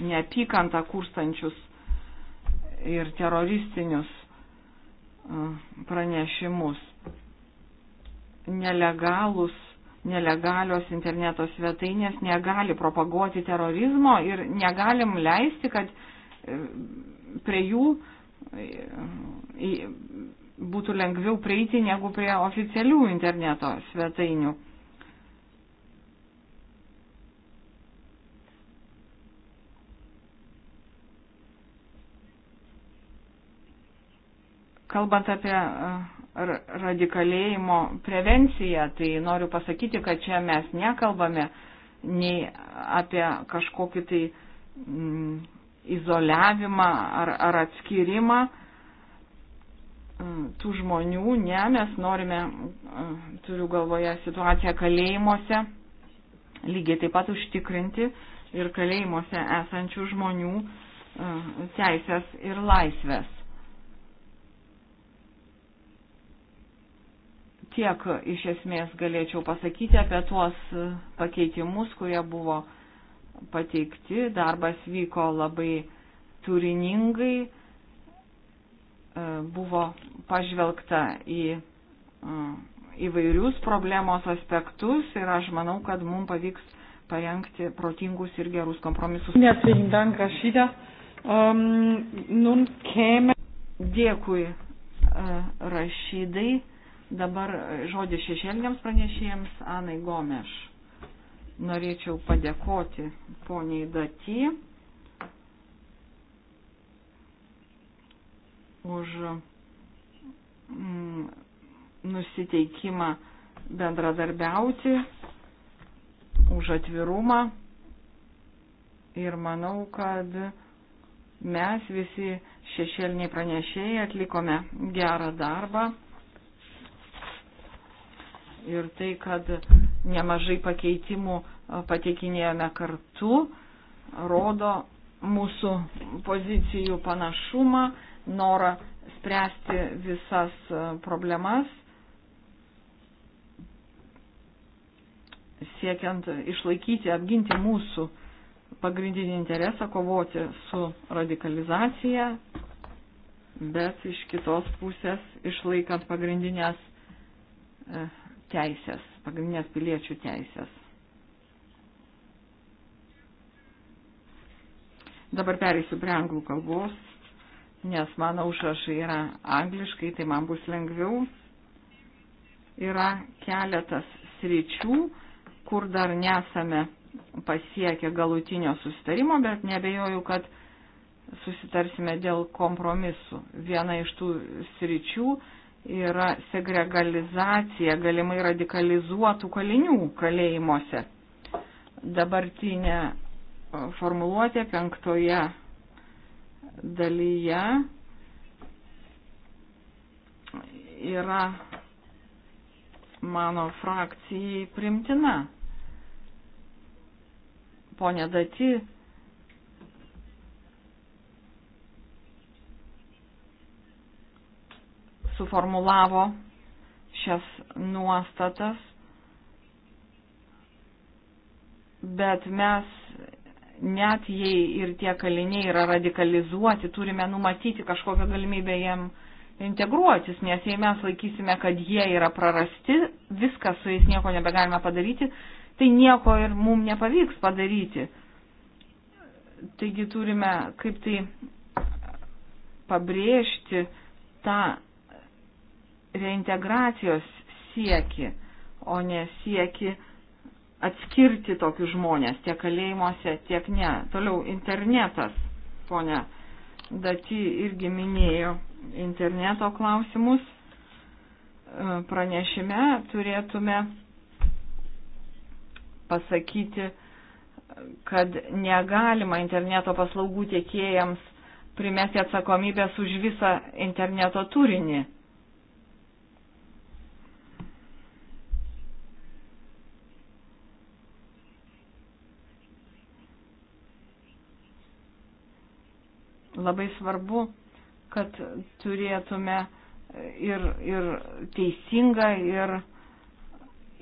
neapykantą kurstančius ir teroristinius e, pranešimus. Nelegalus, nelegalios interneto svetainės negali propaguoti terorizmo ir negalim leisti, kad e, prie jų e, būtų lengviau prieiti negu prie oficialių interneto svetainių. Kalbant apie radikalėjimo prevenciją, tai noriu pasakyti, kad čia mes nekalbame nei apie kažkokį tai mm, izoliavimą ar, ar atskirimą tų žmonių, ne, mes norime, turiu galvoje, situaciją kalėjimuose lygiai taip pat užtikrinti ir kalėjimuose esančių žmonių teisės ir laisvės. tiek iš esmės galėčiau pasakyti apie tuos pakeitimus, kurie buvo pateikti. Darbas vyko labai turiningai, e, buvo pažvelgta į e, įvairius problemos aspektus ir aš manau, kad mums pavyks parengti protingus ir gerus kompromisus. Ähm, Dėkui e, rašydai. Dabar žodį šešėliniams pranešėjams Anai Gomeš. Norėčiau padėkoti poniai Dati už mm, nusiteikimą bendradarbiauti, už atvirumą ir manau, kad mes visi šešėliniai pranešėjai atlikome gerą darbą ir tai, kad nemažai pakeitimų pateikinėjome kartu, rodo mūsų pozicijų panašumą, norą spręsti visas problemas, siekiant išlaikyti, apginti mūsų pagrindinį interesą, kovoti su radikalizacija, bet iš kitos pusės išlaikant pagrindinės e, teisės, pagrindinės piliečių teisės. Dabar pereisiu prie anglų kalbos, nes mano užrašai yra angliškai, tai man bus lengviau. Yra keletas sričių, kur dar nesame pasiekę galutinio sustarimo, bet nebejoju, kad susitarsime dėl kompromisų. Viena iš tų sričių yra segregalizacija galimai radikalizuotų kalinių kalėjimuose. Dabartinė e, formuluotė penktoje dalyje yra mano frakcijai primtina. Pone Dati suformulavo šias nuostatas, bet mes, net jei ir tie kaliniai yra radikalizuoti, turime numatyti kažkokią galimybę jiem integruotis, nes jei mes laikysime, kad jie yra prarasti, viskas su jais nieko nebegalime padaryti, tai nieko ir mums nepavyks padaryti. Taigi turime kaip tai pabrėžti tą reintegracijos sieki, o ne sieki atskirti tokius žmonės tiek kalėjimuose, tiek ne. Toliau internetas, ponia Dati irgi minėjo interneto klausimus. E, pranešime turėtume pasakyti, kad negalima interneto paslaugų tiekėjams primesti atsakomybės už visą interneto turinį Labai svarbu, kad turėtume ir, ir teisingą, ir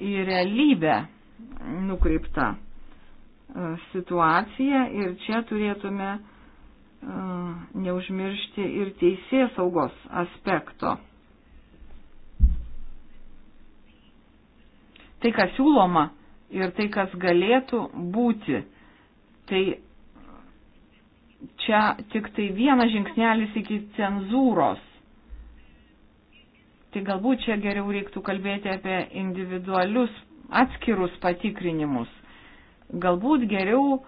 į realybę nukreiptą e, situaciją ir čia turėtume e, neužmiršti ir teisės saugos aspekto. Tai, kas siūloma ir tai, kas galėtų būti, tai čia tik tai vienas žingsnelis iki cenzūros. Tai galbūt čia geriau reiktų kalbėti apie individualius atskirus patikrinimus. Galbūt geriau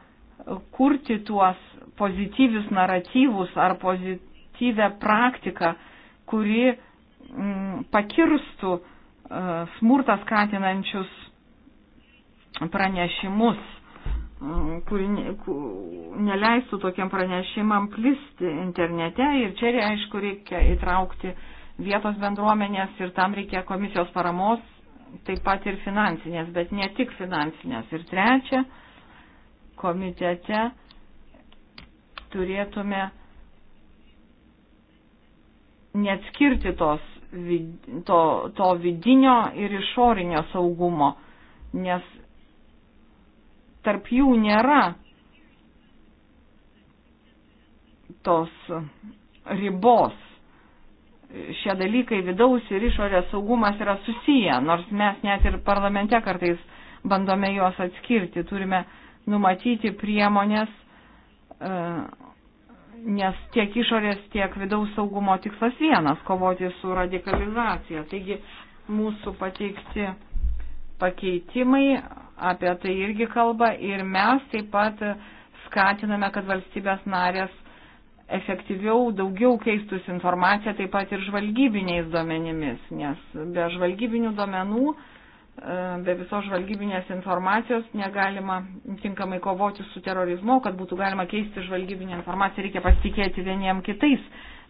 kurti tuos pozityvius naratyvus ar pozityvę praktiką, kuri m, mm, pakirstų e, smurtą skatinančius pranešimus Mm, kuri neleistų tokiam pranešimam plisti internete. Ir čia, aišku, reikia įtraukti vietos bendruomenės ir tam reikia komisijos paramos, taip pat ir finansinės, bet ne tik finansinės. Ir trečia, komitete turėtume neatskirti tos, to, to vidinio ir išorinio saugumo, nes tarp jų nėra tos ribos. Šie dalykai vidaus ir išorės saugumas yra susiję, nors mes net ir parlamente kartais bandome juos atskirti. Turime numatyti priemonės, e, nes tiek išorės, tiek vidaus saugumo tikslas vienas - kovoti su radikalizacija. Taigi mūsų pateikti pakeitimai apie tai irgi kalba ir mes taip pat skatiname, kad valstybės narės efektyviau, daugiau keistus informaciją, taip pat ir žvalgybiniais duomenimis, nes be žvalgybinių duomenų, e, be visos žvalgybinės informacijos negalima tinkamai kovoti su terorizmu, kad būtų galima keisti žvalgybinę informaciją, reikia pasitikėti vieniem kitais,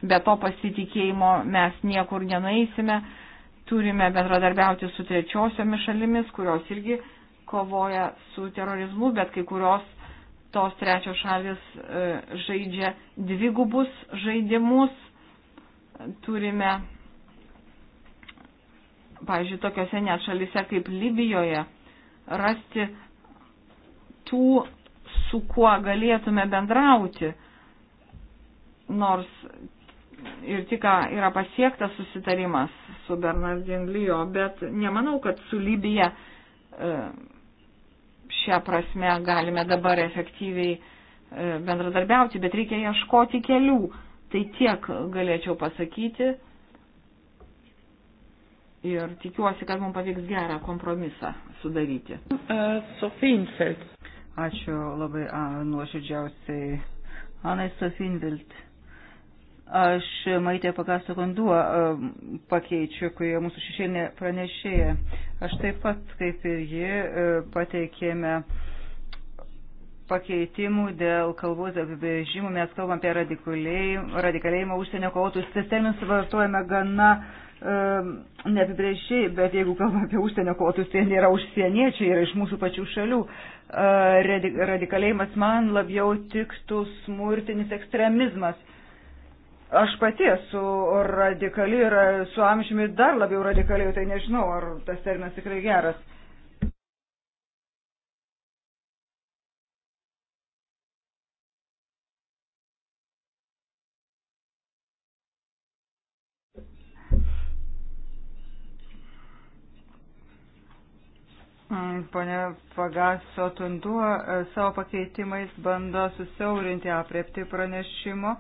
be to pasitikėjimo mes niekur nenaisime, turime bendradarbiauti su trečiosiomis šalimis, kurios irgi kovoja su terorizmu, bet kai kurios tos trečios šalis e, žaidžia dvigubus žaidimus. Turime, pavyzdžiui, tokiuose net šalise kaip Libijoje rasti tų, su kuo galėtume bendrauti, nors ir tik yra pasiektas susitarimas su Bernardin Lijo, bet nemanau, kad su Libija e, šią prasme galime dabar efektyviai e, bendradarbiauti, bet reikia ieškoti kelių. Tai tiek galėčiau pasakyti ir tikiuosi, kad mums pavyks gerą kompromisą sudaryti. E, Sofinfeld. Ačiū labai nuoširdžiausiai. Anai Sofinfeld. Aš Maitė Pakasto Konduo pakeičiu, kurie mūsų šešėlinė pranešėja. Aš taip pat, kaip ir ji, pateikėme pakeitimų dėl kalbos apibrėžimų. Mes kalbam apie radikalėjimą užsienio kovotus. Tas terminas vartojame gana neapibrėžiai, bet jeigu kalbame apie užsienio kovotus, tai nėra užsieniečiai, yra iš mūsų pačių šalių. Radikalėjimas man labiau tiktų smurtinis ekstremizmas Aš pati esu radikali ir su amžiumi dar labiau radikali, tai nežinau, ar tas terminas tikrai geras. Mm, Pone Pagaso Tunduo e, savo pakeitimais bando susiaurinti apriepti pranešimo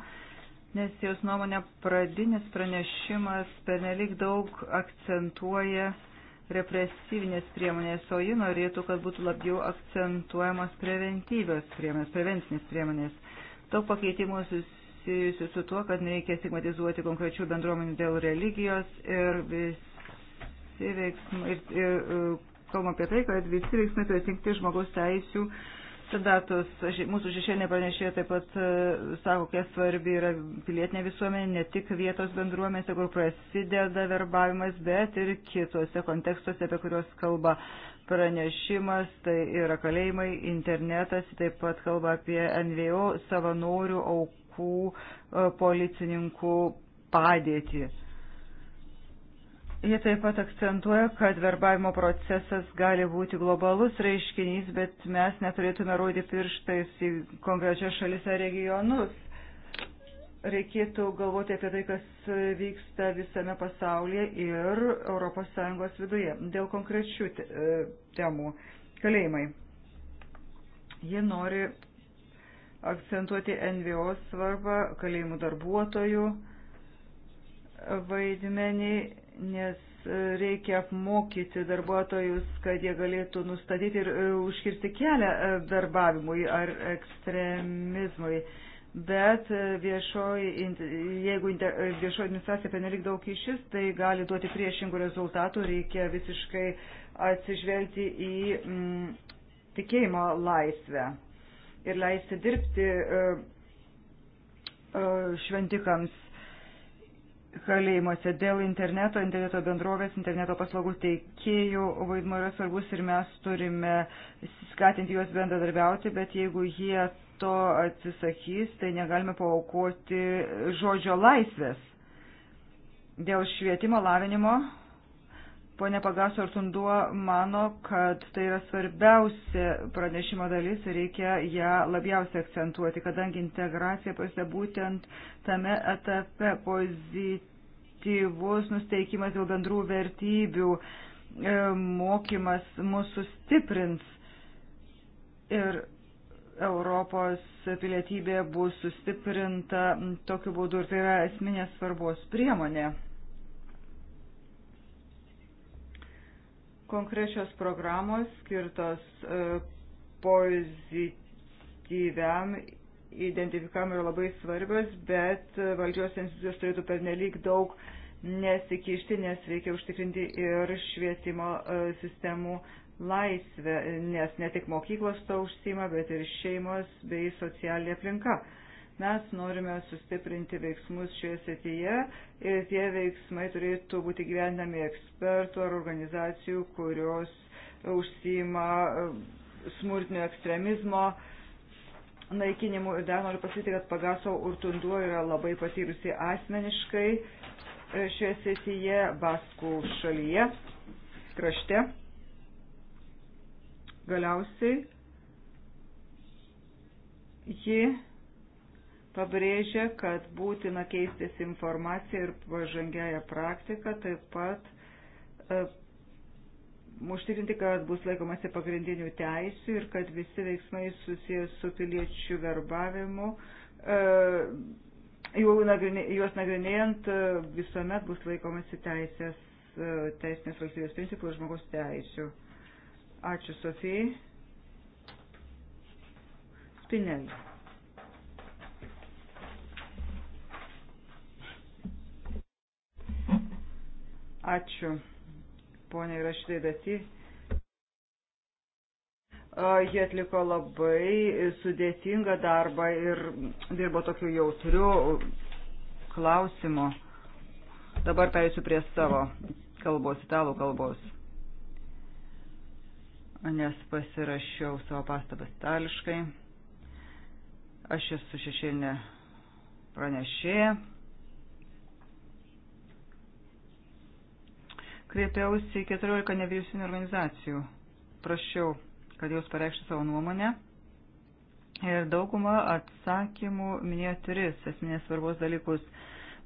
nes jos nuomonė pradinis pranešimas pernelik daug akcentuoja represyvinės priemonės, o ji norėtų, kad būtų labiau akcentuojamos preventyvios priemonės, prevencinės priemonės. Daug pakeitimų susijusių su tuo, kad nereikia stigmatizuoti konkrečių bendruomenių dėl religijos ir visi veiksmai, ir, ir, ir e, kalbam apie tai, kad visi veiksmai turi atitikti žmogaus teisių standartus. Mūsų šešėlinė pranešėja taip pat e, sako, kokia svarbi yra pilietinė visuomenė, ne tik vietos bendruomenėse, kur prasideda verbavimas, bet ir kitose kontekstuose, apie kuriuos kalba pranešimas, tai yra kalėjimai, internetas, taip pat kalba apie NVO savanorių aukų e, policininkų padėtį. Jie taip pat akcentuoja, kad verbavimo procesas gali būti globalus reiškinys, bet mes neturėtume rodyti pirštais į konkrečias šalis ar regionus. Reikėtų galvoti apie tai, kas vyksta visame pasaulyje ir ES viduje. Dėl konkrečių e, temų. Kalėjimai. Jie nori akcentuoti NVO svarbą, kalėjimų darbuotojų vaidmenį nes e, reikia apmokyti darbuotojus, kad jie galėtų nustatyti ir e, užkirsti kelią darbavimui e, ar ekstremizmui. Bet viešoji, jeigu viešoji administracija penelik daug išis, tai gali duoti priešingų rezultatų, reikia visiškai atsižvelgti į m, mm, tikėjimo laisvę ir leisti dirbti e, e, šventikams kalėjimuose. Dėl interneto, interneto bendrovės, interneto paslaugų teikėjų vaidmo yra svarbus ir mes turime skatinti juos bendradarbiauti, bet jeigu jie to atsisakys, tai negalime paukoti žodžio laisvės. Dėl švietimo lavinimo Pone Pagaso ir Tunduo mano, kad tai yra svarbiausia pranešimo dalis ir reikia ją labiausiai akcentuoti, kadangi integracija prasideda būtent tame etape pozityvus nusteikimas dėl bendrų vertybių, e, mokymas mūsų stiprins ir Europos pilietybė bus sustiprinta tokiu būdu ir tai yra esminės svarbos priemonė. Konkrečios programos skirtos e, pozityviam identifikavimui yra labai svarbios, bet e, valdžios institucijos turėtų pernelyg daug nesikišti, nes reikia užtikrinti ir švietimo e, sistemų laisvę, nes ne tik mokyklos to užsima, bet ir šeimos bei socialinė aplinka. Mes norime sustiprinti veiksmus šioje srityje ir tie veiksmai turėtų būti gyvendami ekspertų ar organizacijų, kurios užsima e, smurtinio ekstremizmo naikinimu. Ir dar noriu pasakyti, kad Pagaso Urtunduo yra labai patyrusi asmeniškai e, šioje srityje Baskų šalyje, krašte. Galiausiai ji pabrėžia, kad būtina keistis informacija ir pažangiaja praktika, taip pat e, užtikrinti, kad bus laikomasi pagrindinių teisių ir kad visi veiksmai susijęs su piliečių verbavimu, e, jau nagrinė, juos nagrinėjant e, visuomet bus laikomasi teisės, e, teisinės valstybės principų ir žmogaus teisių. Ačiū Sofijai. Spinelį. Ačiū, ponia Raštai Dati. Jie atliko labai sudėtingą darbą ir dirbo tokiu jautriu klausimu. Dabar perėsiu prie savo kalbos, italų kalbos. Nes pasirašiau savo pastabas itališkai. Aš esu šešėlinė pranešėja. Kreipiausi į 14 nevyriausybinių organizacijų. Prašiau, kad jūs pareikštų savo nuomonę. Ir dauguma atsakymų minėjo tris esminės svarbos dalykus.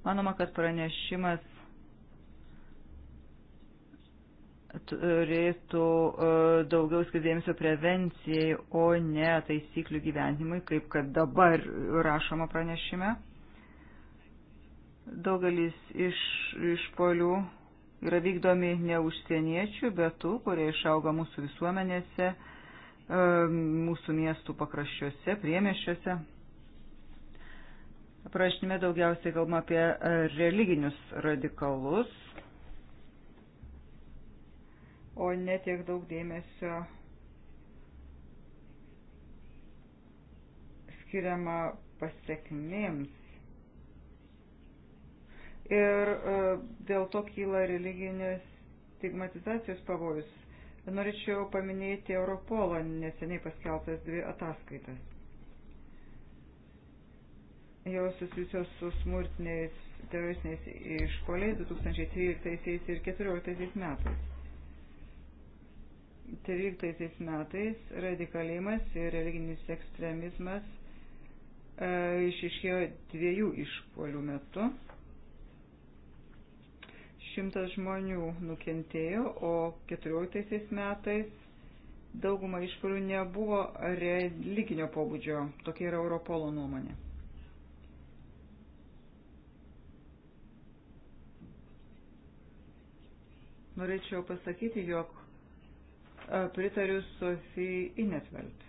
Manoma, kad pranešimas turėtų e, daugiau skirdėmėsio prevencijai, o ne taisyklių gyvenimui, kaip kad dabar rašoma pranešime. Daugelis iš išpolių yra vykdomi ne užsieniečių, bet tų, kurie išauga mūsų visuomenėse, e, mūsų miestų pakraščiuose, priemiščiuose. Prašymė daugiausiai kalbama apie e, religinius radikalus, o netiek daug dėmesio skiriama pasiekmėms ir e, dėl to kyla religinės stigmatizacijos pavojus. Norėčiau paminėti Europolo neseniai paskeltas dvi ataskaitas. Jos susijusios su smurtiniais teroristiniais išpoliais 2013 ir 2014 metais. 13 metais radikalimas ir religinis ekstremizmas e, išiškėjo dviejų išpolių metu šimtas žmonių nukentėjo, o 14 metais dauguma išpolių nebuvo religinio pobūdžio. Tokia yra Europolo nuomonė. Norėčiau pasakyti, jog e, pritariu Sofijai Inetvelt.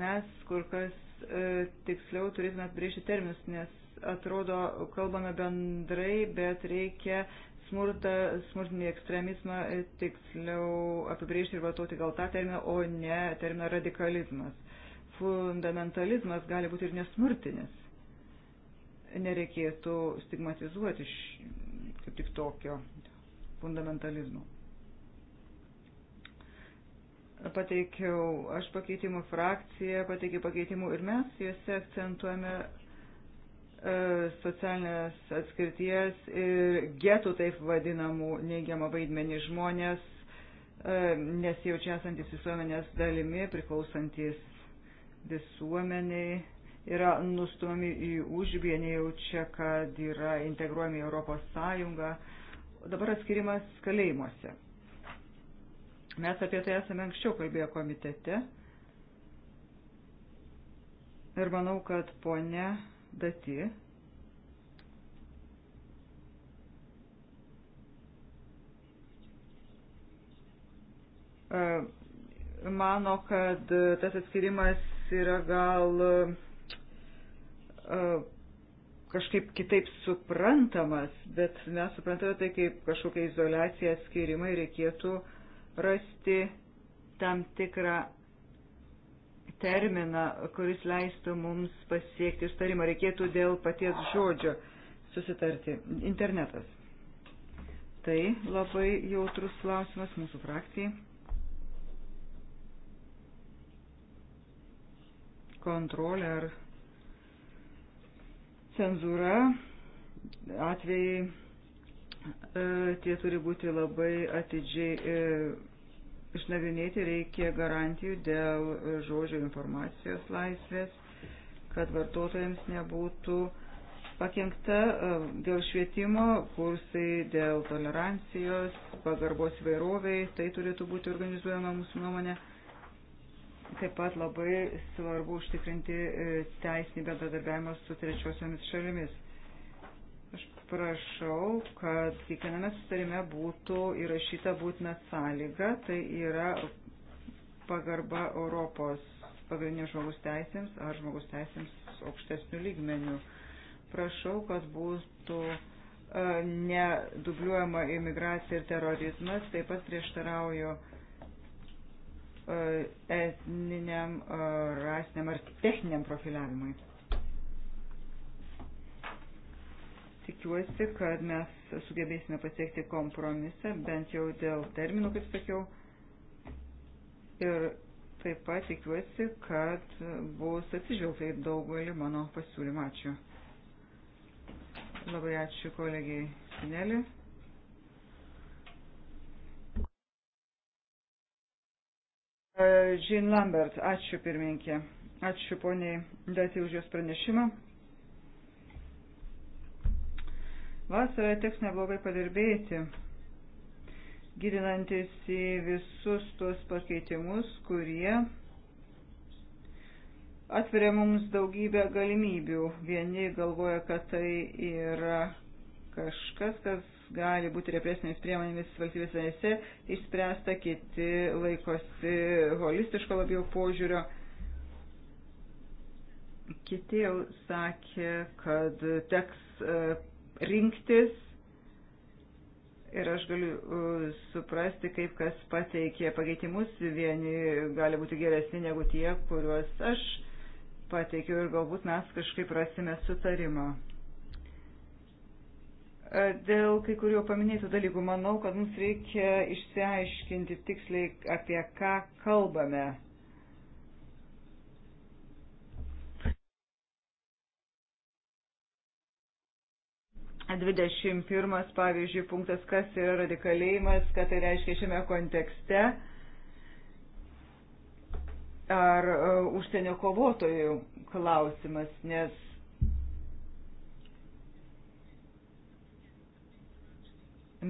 Mes kur kas e, tiksliau turėtume atbrėžti terminus, nes atrodo, kalbame bendrai, bet reikia smurtą, smurtinį ekstremizmą tiksliau apibrėžti ir vartoti gal tą terminą, o ne terminą radikalizmas. Fundamentalizmas gali būti ir nesmurtinis. Nereikėtų stigmatizuoti iš kaip tik tokio fundamentalizmo. Pateikiau aš pakeitimų frakciją, pateikiau pakeitimų ir mes juose akcentuojame E, socialinės atskirties ir getų taip vadinamų neigiamą vaidmenį žmonės e, nesijaučia esantis visuomenės dalimi, priklausantis visuomeniai, yra nustumami į užbį, nejaučia, kad yra integruojami į Europos Sąjungą. Dabar atskirimas kalėjimuose. Mes apie tai esame anksčiau kalbėję komitete. Ir manau, kad ponia Dati. Mano, kad tas atskirimas yra gal kažkaip kitaip suprantamas, bet mes suprantame tai kaip kažkokia izolacija atskirimai reikėtų rasti tam tikrą terminą, kuris leistų mums pasiekti sutarimą. Reikėtų dėl paties žodžio susitarti. Internetas. Tai labai jautrus klausimas mūsų frakcijai. Kontrolė ar cenzūra atvejai e, tie turi būti labai atidžiai e, išnagrinėti reikia garantijų dėl e, žodžio informacijos laisvės, kad vartotojams nebūtų pakengta e, dėl švietimo, kursai dėl tolerancijos, pagarbos vairoviai, tai turėtų būti organizuojama mūsų nuomonė. Taip pat labai svarbu užtikrinti e, teisinį bendradarbiavimą su trečiosiomis šalimis prašau, kad kiekviename sustarime būtų įrašyta būtina sąlyga, tai yra pagarba Europos pagrindinės žmogus teisėms ar žmogus teisėms aukštesnių lygmenių. Prašau, kad būtų e, nedubliuojama imigracija ir terorizmas, taip pat prieštarauju e, etniniam, e, rasiniam ar techniniam profiliavimui. tikiuosi, kad mes sugebėsime pasiekti kompromisą, bent jau dėl terminų, kaip sakiau. Ir taip pat tikiuosi, kad bus atsižvelgta į daugelį mano pasiūlymą. Ačiū. Labai ačiū kolegijai Sinelį. Jean Lambert, ačiū pirmininkė. Ačiū poniai Dati už jos pranešimą. Vasarą teks neblogai padirbėti, gilinantis į visus tuos pakeitimus, kurie atveria mums daugybę galimybių. Vieni galvoja, kad tai yra kažkas, kas gali būti represinėmis priemonėmis valstybės narėse išspręsta, kiti laikosi holistiško labiau požiūrio. Kiti jau sakė, kad teks e, rinktis ir aš galiu uh, suprasti, kaip kas pateikė pakeitimus, vieni gali būti geresni negu tie, kuriuos aš pateikiau ir galbūt mes kažkaip rasime sutarimą. Dėl kai kurio paminėtų dalykų manau, kad mums reikia išsiaiškinti tiksliai, apie ką kalbame 21, pavyzdžiui, punktas, kas yra radikalėjimas, ką tai reiškia šiame kontekste, ar uh, užsienio kovotojų klausimas, nes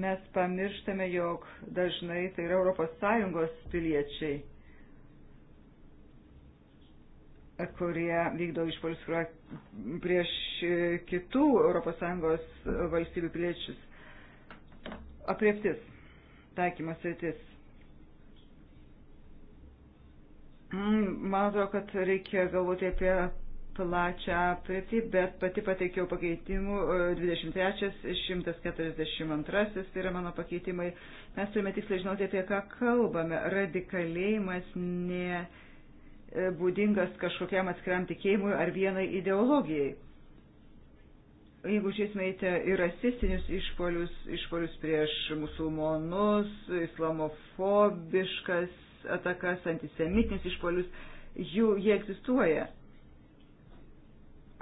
mes pamirštame, jog dažnai tai yra ES piliečiai kurie vykdo išpolius prieš kitų ES valstybių piliečius. Apriptis, taikymas rytis. Mm, man atrodo, kad reikia galvoti apie plačią aprėptį, bet pati pateikiau pakeitimų 23, e, 142, tai yra mano pakeitimai. Mes turime tiksliai žinoti, apie ką kalbame. Radikalėjimas ne E, būdingas kažkokiam atskiram tikėjimui ar vienai ideologijai. Jeigu žiūrėsime į rasistinius išpolius, išpolius prieš musulmonus, islamofobiškas atakas, antisemitinius išpolius, jų jie egzistuoja.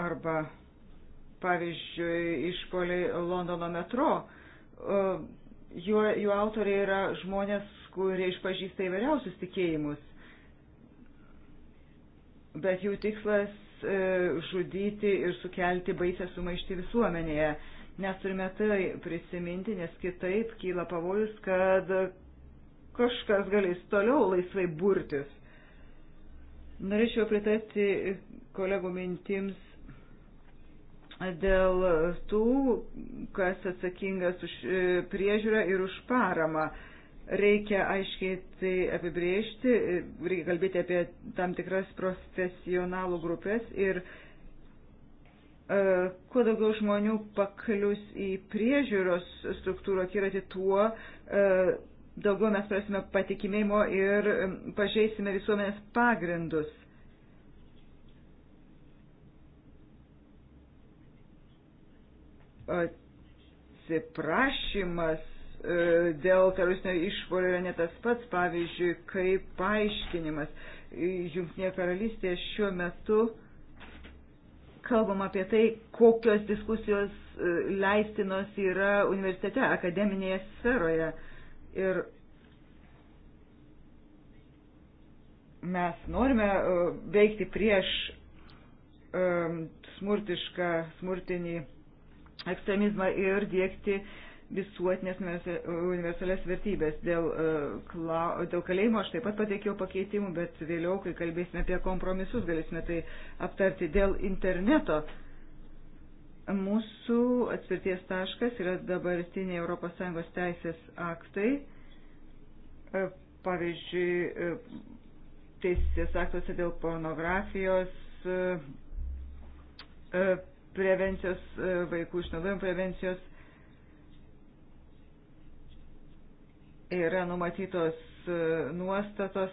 Arba, pavyzdžiui, išpoliai Londono metro. E, jų, jų autoriai yra žmonės, kurie išpažįsta įvairiausius tikėjimus bet jų tikslas e, žudyti ir sukelti baisę sumaišti visuomenėje. Mes turime tai prisiminti, nes kitaip kyla pavojus, kad kažkas galės toliau laisvai burtis. Norėčiau pritarti kolegų mintims dėl tų, kas atsakingas už e, priežiūrą ir už paramą reikia aiškiai tai apibriežti, reikia kalbėti apie tam tikras profesionalų grupės ir uh, kuo daugiau žmonių paklius į priežiūros struktūrą kiratį, tuo uh, daugiau mes prasime patikimėjimo ir pažeisime visuomenės pagrindus. Atsiprašymas E, dėl teroristinio išpolio yra ne tas pats, pavyzdžiui, kaip paaiškinimas. Junktinėje karalystėje šiuo metu kalbam apie tai, kokios diskusijos e, leistinos yra universitete, akademinėje sferoje. Ir mes norime e, veikti prieš smurtišką, smurtinį ekstremizmą ir dėkti uh, visuotinės universalės vertybės. Dėl, e, dėl kalėjimo aš taip pat pateikiau pakeitimų, bet vėliau, kai kalbėsime apie kompromisus, galėsime tai aptarti. Dėl interneto mūsų atspirties taškas yra dabartiniai ES teisės aktai. E, pavyzdžiui, e, teisės aktuose dėl pornografijos prevencijos, vaikų išnaudojimo prevencijos yra numatytos e, nuostatos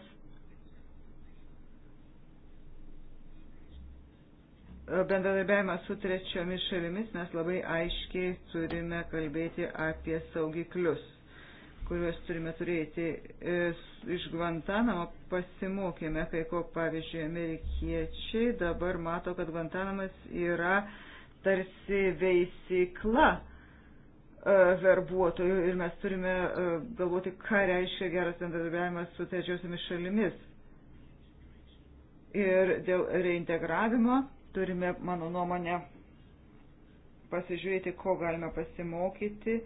e, bendradarbiavimą su trečiomis šalimis mes labai aiškiai turime kalbėti apie saugiklius, kuriuos turime turėti. E, iš Guantanamo pasimokėme, kai ko pavyzdžiui amerikiečiai dabar mato, kad Guantanamas yra tarsi veisikla E, verbuotojų ir mes turime e, galvoti, ką reiškia geras bendradarbiavimas su trečiosiamis šalimis. Ir dėl reintegravimo turime, mano nuomonė, pasižiūrėti, ko galime pasimokyti,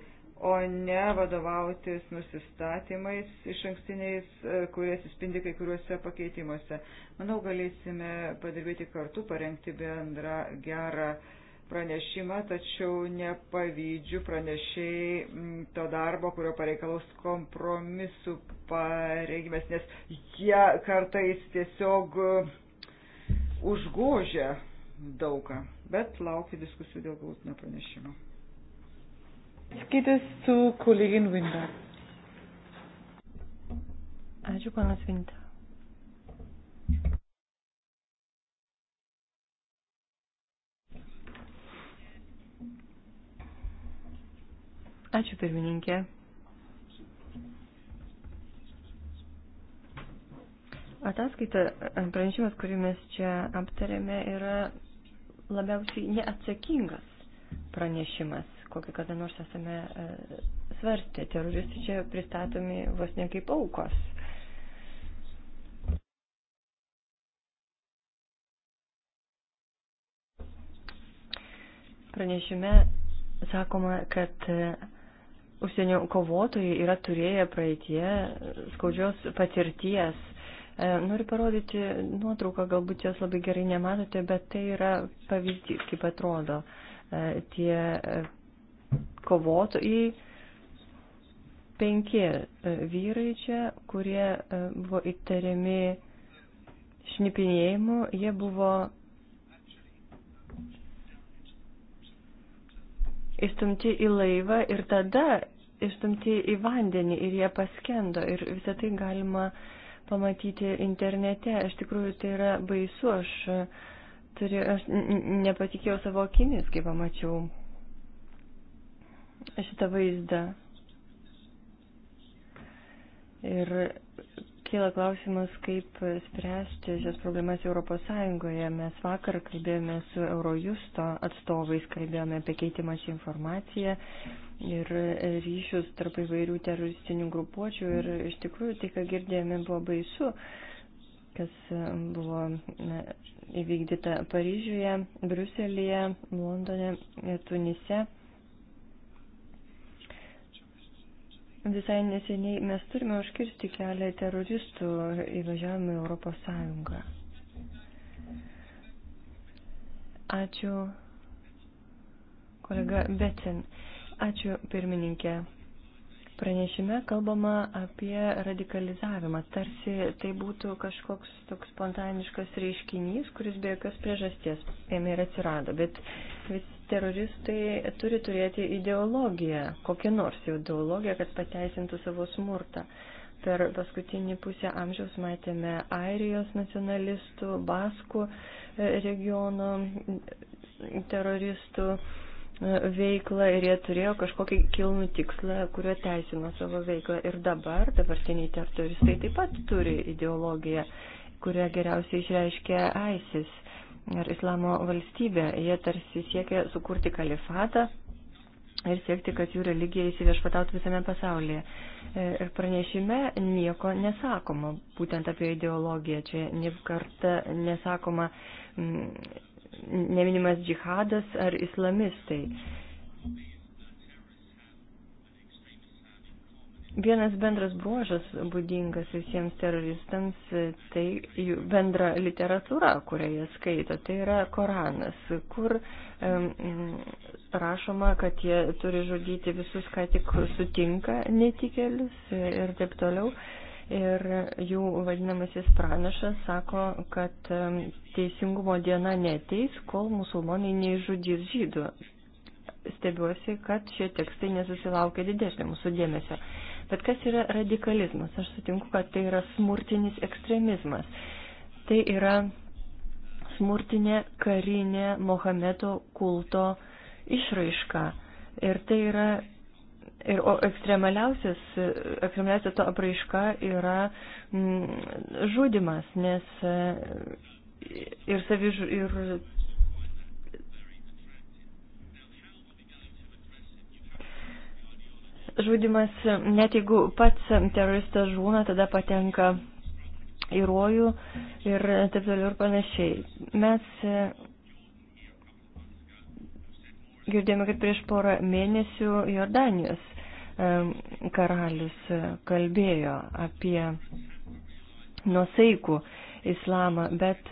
o ne vadovautis nusistatymais iš ankstiniais, e, kurie atsispindi kai kuriuose pakeitimuose. Manau, galėsime padirbėti kartu, parengti bendrą gerą uh, pranešimą, tačiau nepavydžiu pranešiai mm, to darbo, kurio pareikalaus kompromisų pareigimės, nes jie kartais tiesiog mm, užgožia daugą, bet laukiu diskusijų dėl galutinio pranešimo. Skaitis su kolegin Vinda. Ačiū, panas Vinda. Ačiū pirmininkė. Ataskaita, pranešimas, kurį mes čia aptarėme, yra labiausiai neatsakingas pranešimas, kokį kada nors esame e, svarstę. Teroristai čia pristatomi vos ne kaip aukos. Pranešime sakoma, kad e, užsienio kovotojai yra turėję praeitie skaudžios patirties. E, noriu parodyti nuotrauką, galbūt jos labai gerai nematote, bet tai yra pavyzdys, kaip atrodo e, tie e, kovotojai. Penki vyrai čia, kurie buvo įtariami šnipinėjimu, jie buvo įstumti į laivą ir tada išstumti į vandenį ir jie paskendo. Ir visą tai galima pamatyti internete. Aš tikrųjų tai yra baisu. Aš, e, turiu, aš nepatikėjau savo akimis, kai pamačiau šitą vaizdą. Ir Kyla klausimas, kaip spręsti šias problemas ES. Mes vakar kalbėjome su Eurojusto atstovais, kalbėjome apie keitimas informaciją ir ryšius tarp įvairių teroristinių grupuočių ir iš tikrųjų tai, ką girdėjome, buvo baisu kas buvo įvykdyta Paryžiuje, Bruselėje, Londone, Tunise. Visai neseniai mes turime užkirsti kelią teroristų įvažiavimui Europos Sąjungą. Ačiū, kolega Betin. Ačiū, pirmininkė. Pranešime kalbama apie radikalizavimą, tarsi tai būtų kažkoks toks spontaniškas reiškinys, kuris be jokios priežasties jame ir atsirado, bet vis teroristai turi turėti ideologiją, kokią nors ideologiją, kad pateisintų savo smurtą. Per paskutinį pusę amžiaus matėme Airijos nacionalistų, Baskų e, regiono teroristų e, veiklą ir jie turėjo kažkokį kilnų tikslą, kuriuo teisino savo veiklą. Ir dabar dabartiniai teroristai taip pat turi ideologiją, kurią geriausiai išreiškia ISIS ir islamo valstybę. Jie tarsi siekia sukurti kalifatą ir siekti, kad jų religija įsiviešpatautų visame pasaulyje. E, ir pranešime nieko nesakoma būtent apie ideologiją. Čia ne kartą nesakoma, mm, neminimas džihadas ar islamistai. Vienas bendras bruožas būdingas visiems teroristams - tai jų bendra literatūra, kurią jie skaito. Tai yra Koranas, kur um, rašoma, kad jie turi žudyti visus, ką tik sutinka netikėlius ir taip toliau. Ir jų vadinamasis pranašas sako, kad um, teisingumo diena neteis, kol musulmonai neižudys žydų. Stebiuosi, kad šie tekstai nesusilaukia didesnio mūsų dėmesio. Bet kas yra radikalizmas? Aš sutinku, kad tai yra smurtinis ekstremizmas. Tai yra smurtinė karinė Mohameto kulto išraiška. Ir tai yra. Ir o ekstremaliausias, ekstremaliausia to apraiška yra m, mm, žudimas, nes ir, saviž, ir žudimas, net jeigu pats teroristas žūna, tada patenka į rojų ir taip toliau ir panašiai. Mes e, girdėjome, kad prieš porą mėnesių Jordanijos e, karalius e, kalbėjo apie nusaikų islamą, bet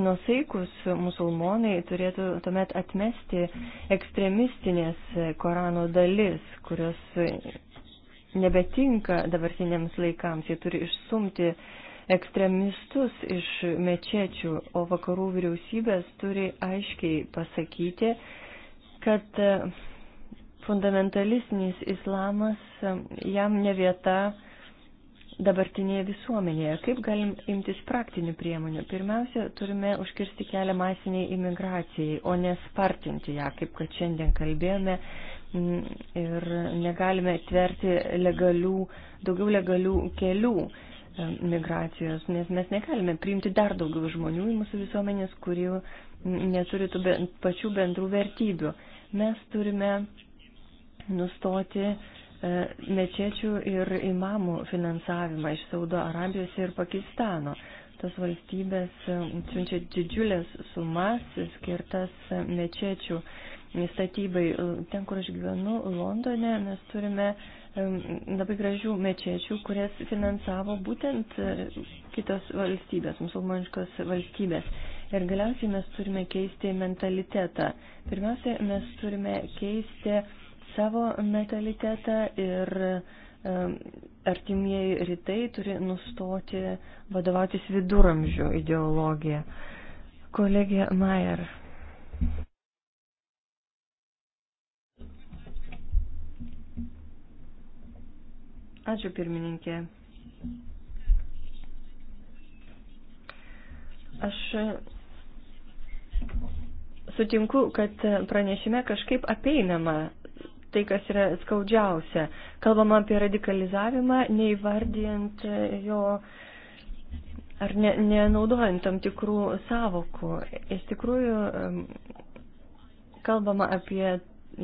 nusaikus musulmonai turėtų tuomet atmesti ekstremistinės Korano dalis, kurios nebetinka dabartiniams laikams. Jie turi išsumti ekstremistus iš mečečių, o vakarų vyriausybės turi aiškiai pasakyti, kad e, fundamentalistinis islamas e, jam ne vieta dabartinėje visuomenėje. Kaip galim imtis praktinių priemonių? Pirmiausia, turime užkirsti kelią masiniai imigracijai, o nespartinti ją, kaip kad šiandien kalbėjome. Mm, ir negalime tverti legalių, daugiau legalių kelių e, migracijos, nes mes negalime priimti dar daugiau žmonių į mūsų visuomenės, kurių neturi tų pačių bendrų vertybių. Mes turime nustoti uh, E, mečečių ir imamų finansavimą iš Saudo Arabijos ir Pakistano. Tos valstybės e, siunčia didžiulės sumas skirtas e, mečečių statybai. Ten, kur aš gyvenu, Londone, mes turime labai gražių mečečių, kurias finansavo būtent kitos valstybės, musulmoniškos valstybės. Ir galiausiai mes turime keisti mentalitetą. Pirmiausia, mes turime keisti savo mentalitetą ir artimieji rytai turi nustoti vadovautis viduramžių ideologija. Kolegė Mayer. Ačiū pirmininkė. Aš sutinku, kad pranešime kažkaip apeinama tai, kas yra skaudžiausia. Kalbama apie radikalizavimą, neįvardijant jo ar ne, nenaudojant tam tikrų savokų. Iš tikrųjų, kalbama apie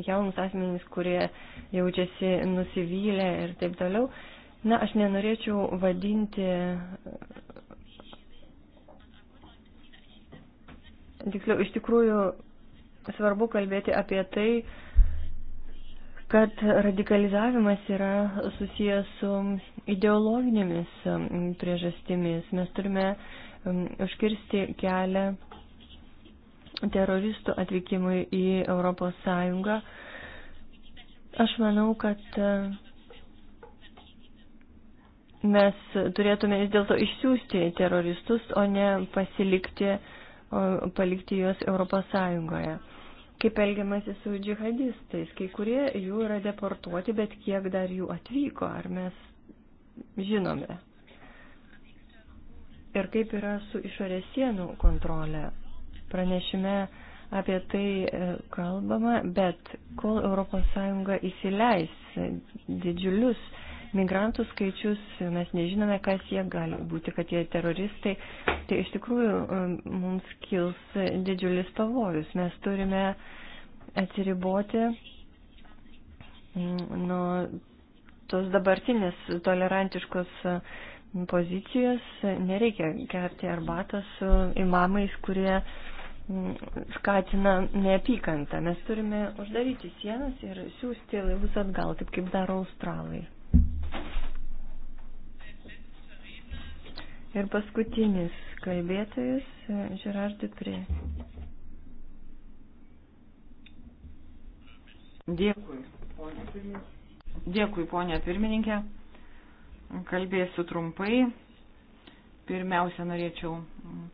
jaunus asmenys, kurie jaučiasi nusivylę ir taip toliau. Na, aš nenorėčiau vadinti Tiksliau, iš tikrųjų svarbu kalbėti apie tai, kad radikalizavimas yra susijęs su ideologinėmis um, priežastimis. Mes turime um, užkirsti kelią teroristų atvykimui į Europos Sąjungą. Aš manau, kad uh, mes turėtume vis dėlto išsiųsti teroristus, o ne pasilikti, palikti juos Europos Sąjungoje kaip elgiamasi su džihadistais. Kai kurie jų yra deportuoti, bet kiek dar jų atvyko, ar mes žinome. Ir kaip yra su išorės sienų kontrolė. Pranešime apie tai e, kalbama, bet kol ES įsileis didžiulius migrantų skaičius, mes nežinome, kas jie gali būti, kad jie teroristai. Tai iš tikrųjų um, mums kils didžiulis pavojus. Mes turime atsiriboti mm, nuo tos dabartinės tolerantiškos mm, pozicijos. Nereikia gerti arbatos su mm, imamais, kurie skatina neapykantą. Mes turime uždaryti sienas ir siūsti laivus atgal, taip kaip daro australai. Ir paskutinis kalbėtojas Žerar e, Dupri. Dėkui, ponė pirmininkė. Dėkui, ponė pirmininkė. Kalbėsiu trumpai. Pirmiausia, norėčiau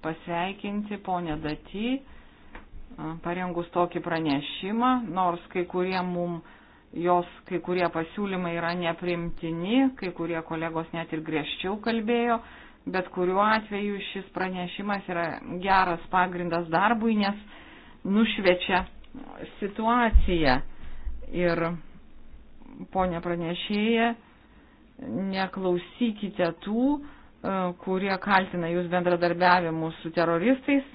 pasveikinti ponę Datį, e, parengus tokį pranešimą, nors kai kurie mums jos kai kurie pasiūlymai yra neprimtini, kai kurie kolegos net ir griežčiau kalbėjo Bet kuriuo atveju šis pranešimas yra geras pagrindas darbui, nes nušvečia situaciją. Ir ponė pranešėja, neklausykite tų, e, kurie kaltina jūs bendradarbiavimu su teroristais.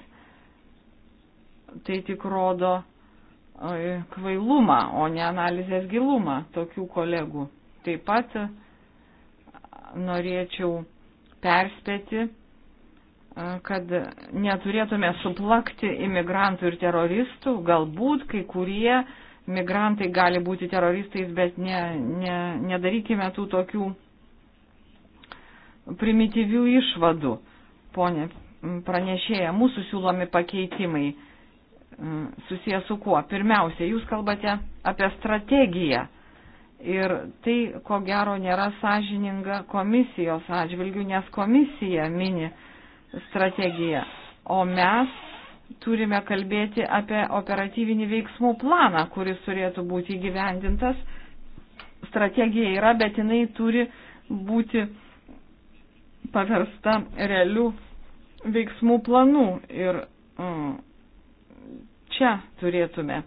Tai tik rodo e, kvailumą, o ne analizės gilumą tokių kolegų. Taip pat norėčiau perspėti, e, kad neturėtume suplakti imigrantų ir teroristų. Galbūt kai kurie migrantai gali būti teroristais, bet ne, ne, nedarykime tų tokių primityvių išvadų, ponė pranešėja. Mūsų siūlomi pakeitimai e, susijęs su kuo? Pirmiausia, jūs kalbate apie strategiją Ir tai, ko gero, nėra sąžininga komisijos atžvilgių, nes komisija mini strategiją, o mes turime kalbėti apie operatyvinį veiksmų planą, kuris turėtų būti įgyvendintas. Strategija yra, bet jinai turi būti paversta realių veiksmų planų ir mm, čia turėtume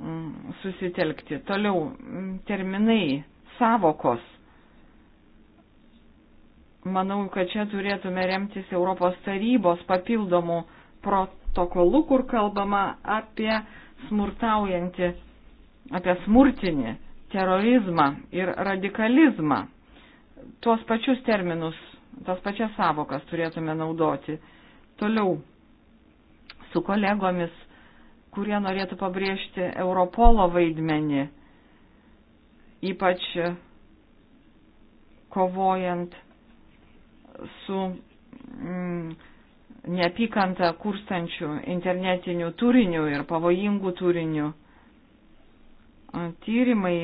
Mm, susitelkti. Toliau mm, terminai, savokos. Manau, kad čia turėtume remtis Europos tarybos papildomų protokolų, kur kalbama apie smurtaujantį, apie smurtinį terorizmą ir radikalizmą. Tuos pačius terminus, tas pačias savokas turėtume naudoti. Toliau su kolegomis kurie norėtų pabrėžti Europolo vaidmenį, ypač kovojant su mm, neapykanta kurstančių internetinių turinių ir pavojingų turinių. Tyrimai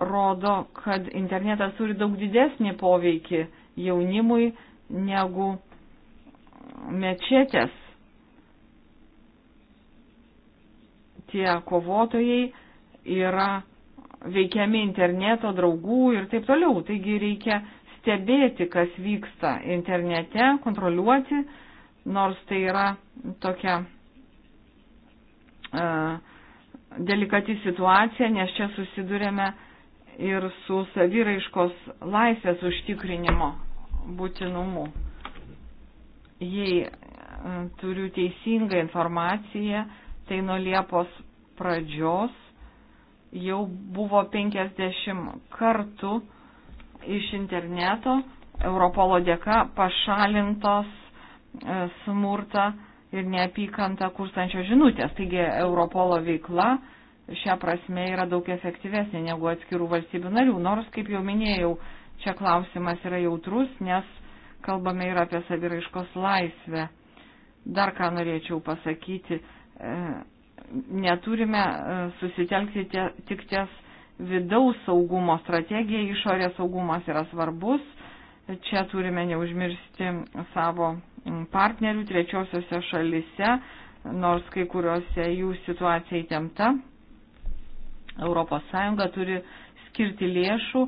rodo, kad internetas turi daug didesnį poveikį jaunimui negu mečetės tie kovotojai yra veikiami interneto draugų ir taip toliau. Taigi reikia stebėti, kas vyksta internete, kontroliuoti, nors tai yra tokia uh, delikati situacija, nes čia susidurėme ir su saviraiškos laisvės užtikrinimo būtinumu. Jei uh, turiu teisingą informaciją, uh, tai nuo Liepos pradžios jau buvo 50 kartų iš interneto Europolo dėka pašalintos e, smurtą ir neapykantą kurstančios žinutės. Taigi Europolo veikla šią prasme yra daug efektyvesnė negu atskirų valstybių narių, nors, kaip jau minėjau, čia klausimas yra jautrus, nes kalbame ir apie saviraiškos laisvę. Dar ką norėčiau pasakyti, E, neturime e, susitelkti tie, tik ties vidaus saugumo strategija, išorės saugumas yra svarbus. Čia turime neužmiršti savo partnerių trečiosiose šalise, nors kai kuriuose jų situacija įtempta. ES turi skirti lėšų,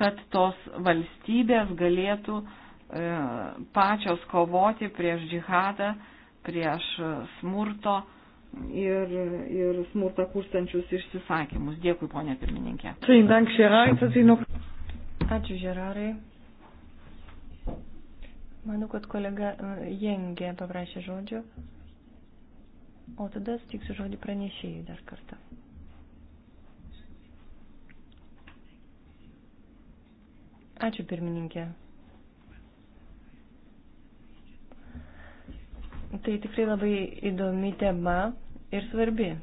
kad tos valstybės galėtų e, pačios kovoti prieš džihadą, prieš smurto ir, ir smurtą kurstančius išsisakymus. Dėkui, ponė pirmininkė. Ačiū, Žerarai. Manau, kad kolega e, Jengė paprašė žodžio. O tada stiksiu žodį pranešėjai dar kartą. Ačiū pirmininkė. Tai tikrai labai įdomi tema ir svarbi.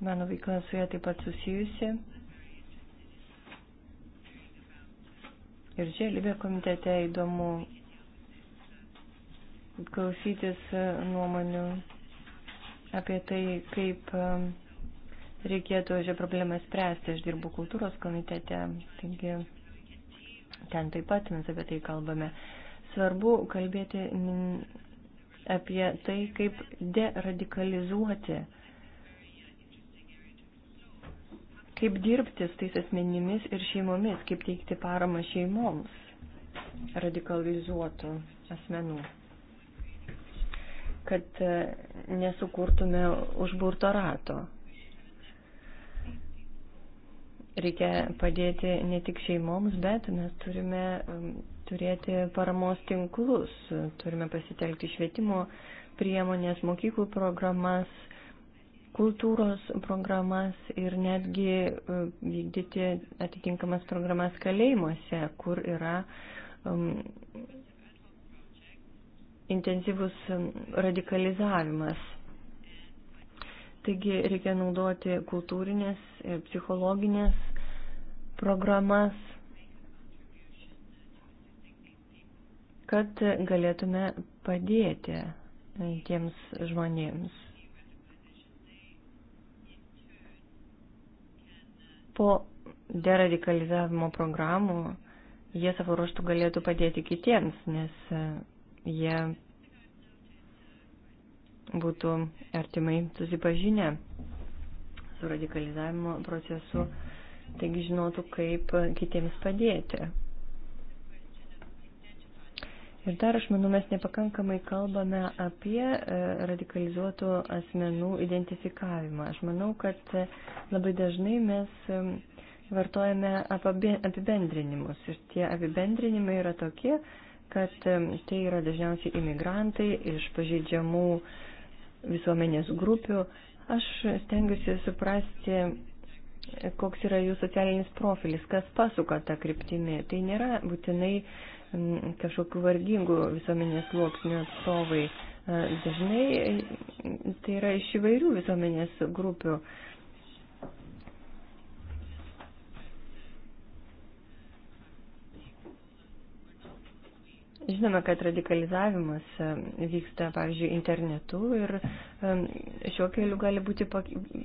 Mano veikla su ja taip pat susijusi. Ir čia Libė komitete įdomu klausytis e, nuomonių apie tai, kaip e, reikėtų šią problemą spręsti. Aš dirbu kultūros komitete, taigi ten taip pat mes apie tai kalbame. Svarbu kalbėti apie tai, kaip deradikalizuoti, kaip dirbti su tais asmenimis ir šeimomis, kaip teikti paramą šeimoms radikalizuotų asmenų kad e, nesukurtume užburto rato. Reikia padėti ne tik šeimoms, bet mes turime turėti paramos tinklus, turime pasitelkti švietimo priemonės, mokyklų programas, kultūros programas ir netgi e, vykdyti atitinkamas programas kalėjimuose, kur yra um, intensyvus radikalizavimas. Taigi reikia naudoti kultūrinės ir e, psichologinės programas kad galėtume padėti tiems žmonėms. Po deradikalizavimo programų jie savo ruoštų galėtų padėti kitiems, nes jie būtų artimai susipažinę su radikalizavimo procesu, taigi žinotų, kaip kitiems padėti. Ir dar aš manau, mes nepakankamai kalbame apie e, radikalizuotų asmenų identifikavimą. Aš manau, kad e, labai dažnai mes e, vartojame apibendrinimus ir tie apibendrinimai yra tokie, kad tai yra dažniausiai imigrantai iš pažeidžiamų visuomenės grupių. Aš stengiuosi suprasti, koks yra jų socialinis profilis, kas pasuka tą kryptimį. Tai nėra būtinai uh, kažkokių vargingų visuomenės sluoksnių atstovai. E, dažnai e, tai yra iš įvairių visuomenės grupių. Žinome, kad radikalizavimas e, vyksta, pavyzdžiui, internetu ir šiuo keliu gali būti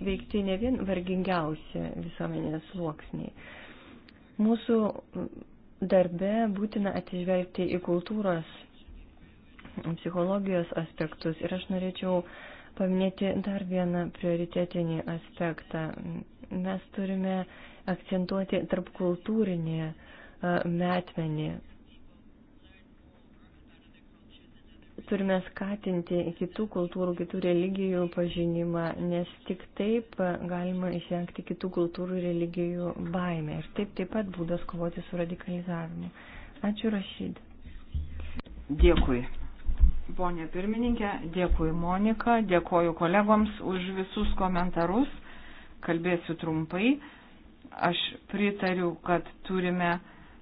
veikti ne vien vargingiausi visuomenės sluoksniai. Mūsų darbe būtina atsižvelgti į kultūros, psichologijos aspektus. Ir aš norėčiau paminėti dar vieną prioritetinį aspektą. Mes turime akcentuoti tarp kultūrinį e, metmenį turime skatinti kitų kultūrų, kitų religijų pažinimą, nes tik taip galima išvengti kitų kultūrų ir religijų baimę. Ir taip taip pat būdas kovoti su radikalizavimu. Ačiū rašyd. Dėkui. Ponė pirmininkė, dėkui Monika, dėkoju kolegoms už visus komentarus. Kalbėsiu trumpai. Aš pritariu, kad turime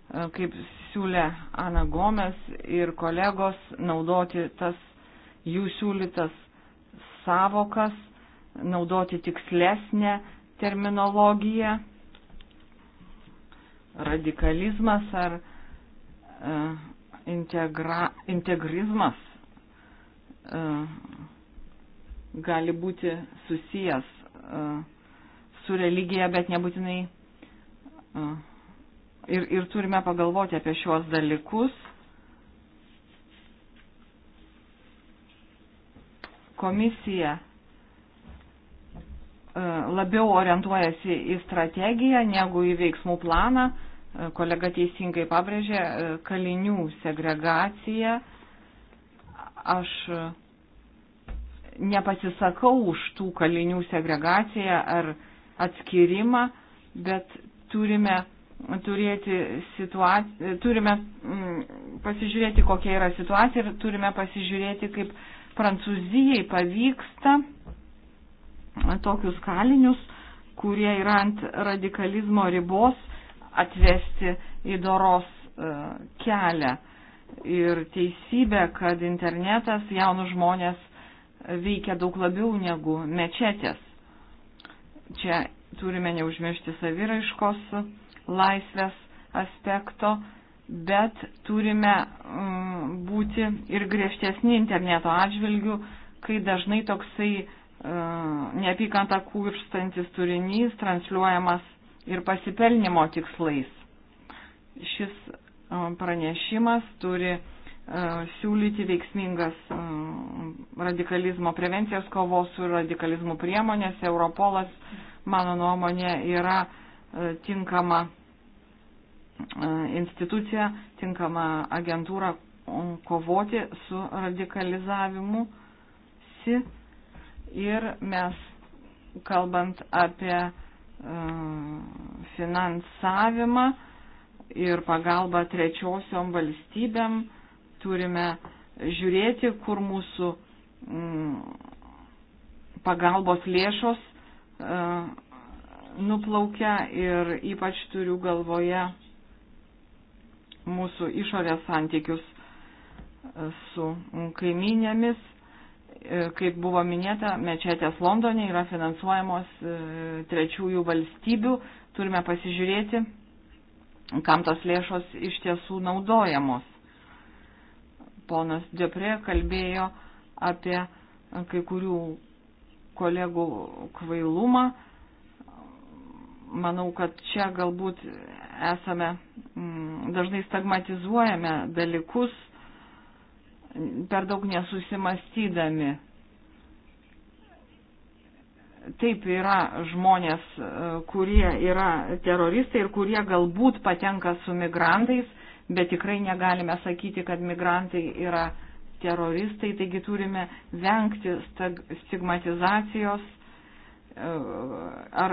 E, kaip siūlė Ana Gomes ir kolegos, naudoti tas jų siūlytas savokas, naudoti tikslesnę terminologiją, radikalizmas ar e, integra, integrizmas e, gali būti susijęs e, su religija, bet nebūtinai e, ir, ir turime pagalvoti apie šios dalykus. Komisija e, labiau orientuojasi į strategiją negu į veiksmų planą. E, kolega teisingai pabrėžė e, kalinių segregaciją. Aš nepasisakau už tų kalinių segregaciją ar atskirimą, bet turime turėti situaciją, turime mm, pasižiūrėti, kokia yra situacija ir turime pasižiūrėti, kaip Prancūzijai pavyksta tokius kalinius, kurie yra ant radikalizmo ribos, atvesti į doros e, kelią. Ir teisybė, kad internetas jaunus žmonės veikia daug labiau negu mečetės. Čia turime neužmiršti saviraiškos laisvės aspekto, bet turime mm, būti ir griežtesni interneto atžvilgių, kai dažnai toksai e, neapykantą kurstantis turinys transliuojamas ir pasipelnimo tikslais. Šis e, pranešimas turi e, siūlyti veiksmingas mm, radikalizmo prevencijos kovos su radikalizmu priemonės. Europolas, mano nuomonė, yra tinkama instituciją, tinkamą agentūrą um, kovoti su radikalizavimu. Ir mes, kalbant apie uh, finansavimą ir pagalbą trečiosiom valstybėm, turime žiūrėti, kur mūsų mm, pagalbos lėšos uh, nuplaukia ir ypač turiu galvoje mūsų išorės santykius e, su kaiminėmis. E, kaip buvo minėta, mečetės Londone yra finansuojamos e, trečiųjų valstybių. Turime pasižiūrėti, kam tos lėšos iš tiesų naudojamos. Ponas Dioprė kalbėjo apie kai kurių kolegų kvailumą manau, kad čia galbūt esame mm, dažnai stagmatizuojame dalykus, per daug nesusimastydami. Taip yra žmonės, kurie yra teroristai ir kurie galbūt patenka su migrantais, bet tikrai negalime sakyti, kad migrantai yra teroristai, taigi turime vengti stigmatizacijos ar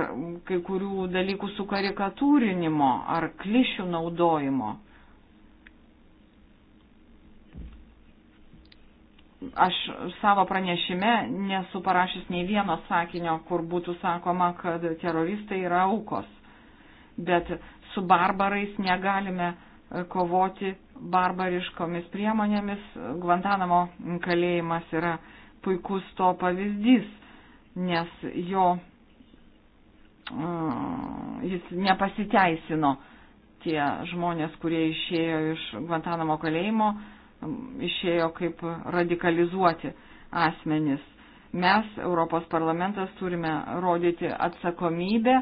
kai kurių dalykų sukarikatūrinimo, ar klišių naudojimo. Aš savo pranešime nesu parašęs nei vieno sakinio, kur būtų sakoma, kad teroristai yra aukos. Bet su barbarais negalime e, kovoti barbariškomis priemonėmis. Guantanamo kalėjimas yra puikus to pavyzdys nes jo jis nepasiteisino tie žmonės, kurie išėjo iš Guantanamo kalėjimo, išėjo kaip radikalizuoti asmenys. Mes, Europos parlamentas, turime rodyti atsakomybę,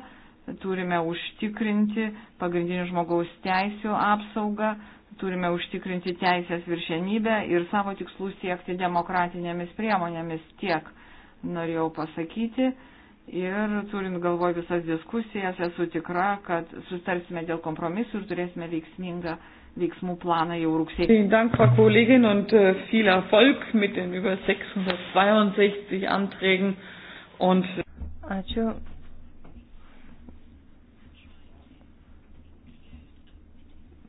turime užtikrinti pagrindinių žmogaus teisių apsaugą, turime užtikrinti teisės viršenybę ir savo tikslų siekti demokratinėmis priemonėmis tiek norėjau pasakyti. Ir turint galvoj visas diskusijas, esu tikra, kad sustarsime dėl kompromisų ir turėsime veiksmingą veiksmų planą jau rugsėjį. Vielen Dank, Frau Kollegin, und äh, viel Erfolg mit den über 662 Anträgen. Und Ačiū,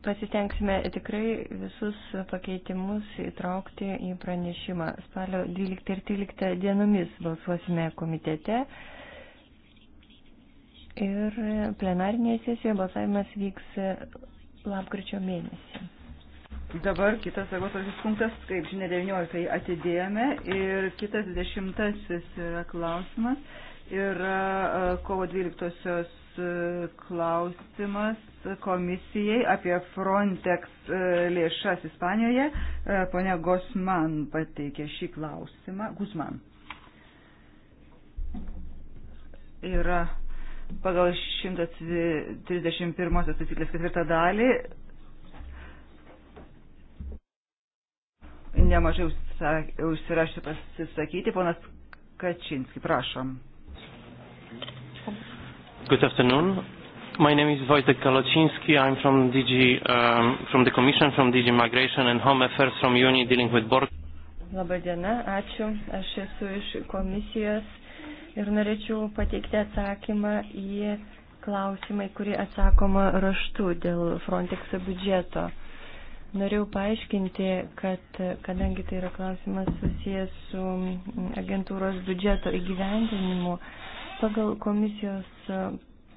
Pasitengsime tikrai visus pakeitimus įtraukti į pranešimą. Spalio 12 ir 13 dienomis balsuosime komitete. Ir plenarinėje sesijoje balsavimas vyks lapkričio mėnesį. Dabar kitas darbotvarkės punktas, kaip žinia, 19 atidėjome ir kitas 20 yra klausimas. Yra e, kovo 12 klausimas komisijai apie Frontex e, lėšas Ispanijoje. E, Pone Gosman pateikė šį klausimą. Guzman. Yra pagal 131 taisyklės ketvirtą dalį nemažai užsirašė pasisakyti. Ponas Kačinski, prašom. Good afternoon. My name is Wojtek Kalociński. I'm from DG, um, from the Commission, from DG Migration and Home Affairs from UNI dealing with border. Labai diena, ačiū. Aš esu iš komisijos ir norėčiau pateikti atsakymą į klausimai, kurį atsakoma raštu dėl Frontexo biudžeto. Norėjau paaiškinti, kad kadangi tai yra klausimas susijęs su agentūros biudžeto įgyvendinimu, pagal komisijos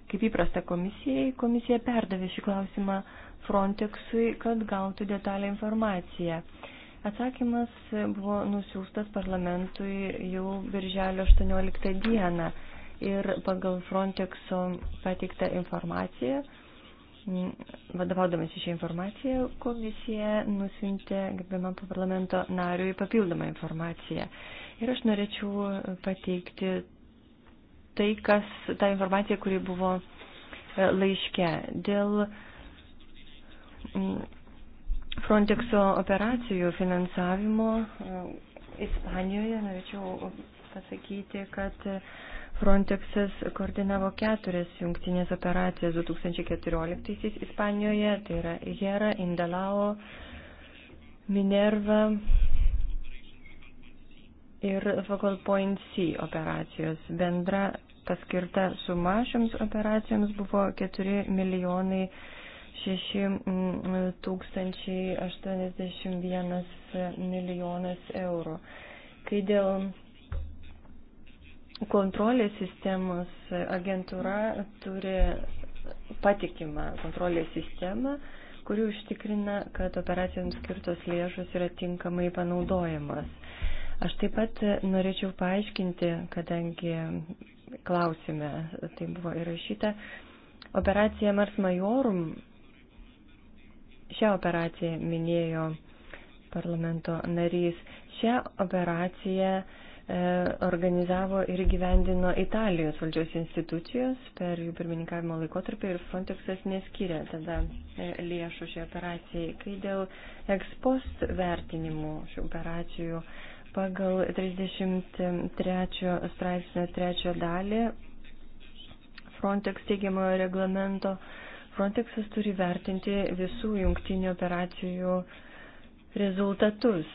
kaip įprasta komisijai, komisija perdavė šį klausimą Frontexui, kad gautų detalę informaciją. Atsakymas buvo nusiųstas parlamentui jau birželio 18 dieną ir pagal Frontexo pateiktą informaciją, vadovaudamas šią informaciją, komisija nusintė gerbiamam parlamento nariui papildomą informaciją. Ir aš norėčiau pateikti tai, kas, ta informacija, kuri buvo e, laiške. Dėl mm, Frontexo operacijų finansavimo e, Ispanijoje norėčiau pasakyti, kad e, Frontexas koordinavo keturias jungtinės operacijas 2014-aisiais Ispanijoje, tai yra Jera, Indalao, Minerva ir Focal Point C operacijos. Bendra paskirta suma šioms operacijoms buvo 4 milijonai 6 mm, tūkstančiai 81 milijonas eurų. Kai dėl kontrolės sistemos agentūra turi patikimą kontrolės sistemą, kuri užtikrina, kad operacijoms skirtos lėšos yra tinkamai panaudojamas. Aš taip pat norėčiau paaiškinti, kadangi klausime, tai buvo įrašyta. Operacija Mars Majorum, šią operaciją minėjo parlamento narys, šią operaciją e, organizavo ir gyvendino Italijos valdžios institucijos per jų pirmininkavimo laikotarpį ir Frontexas neskyrė tada e, lėšų šiai operacijai. Kai dėl ekspost vertinimų šių operacijų Pagal 33 straipsnio 3 dalį Frontex teigiamojo reglamento Frontexas turi vertinti visų jungtinių operacijų rezultatus.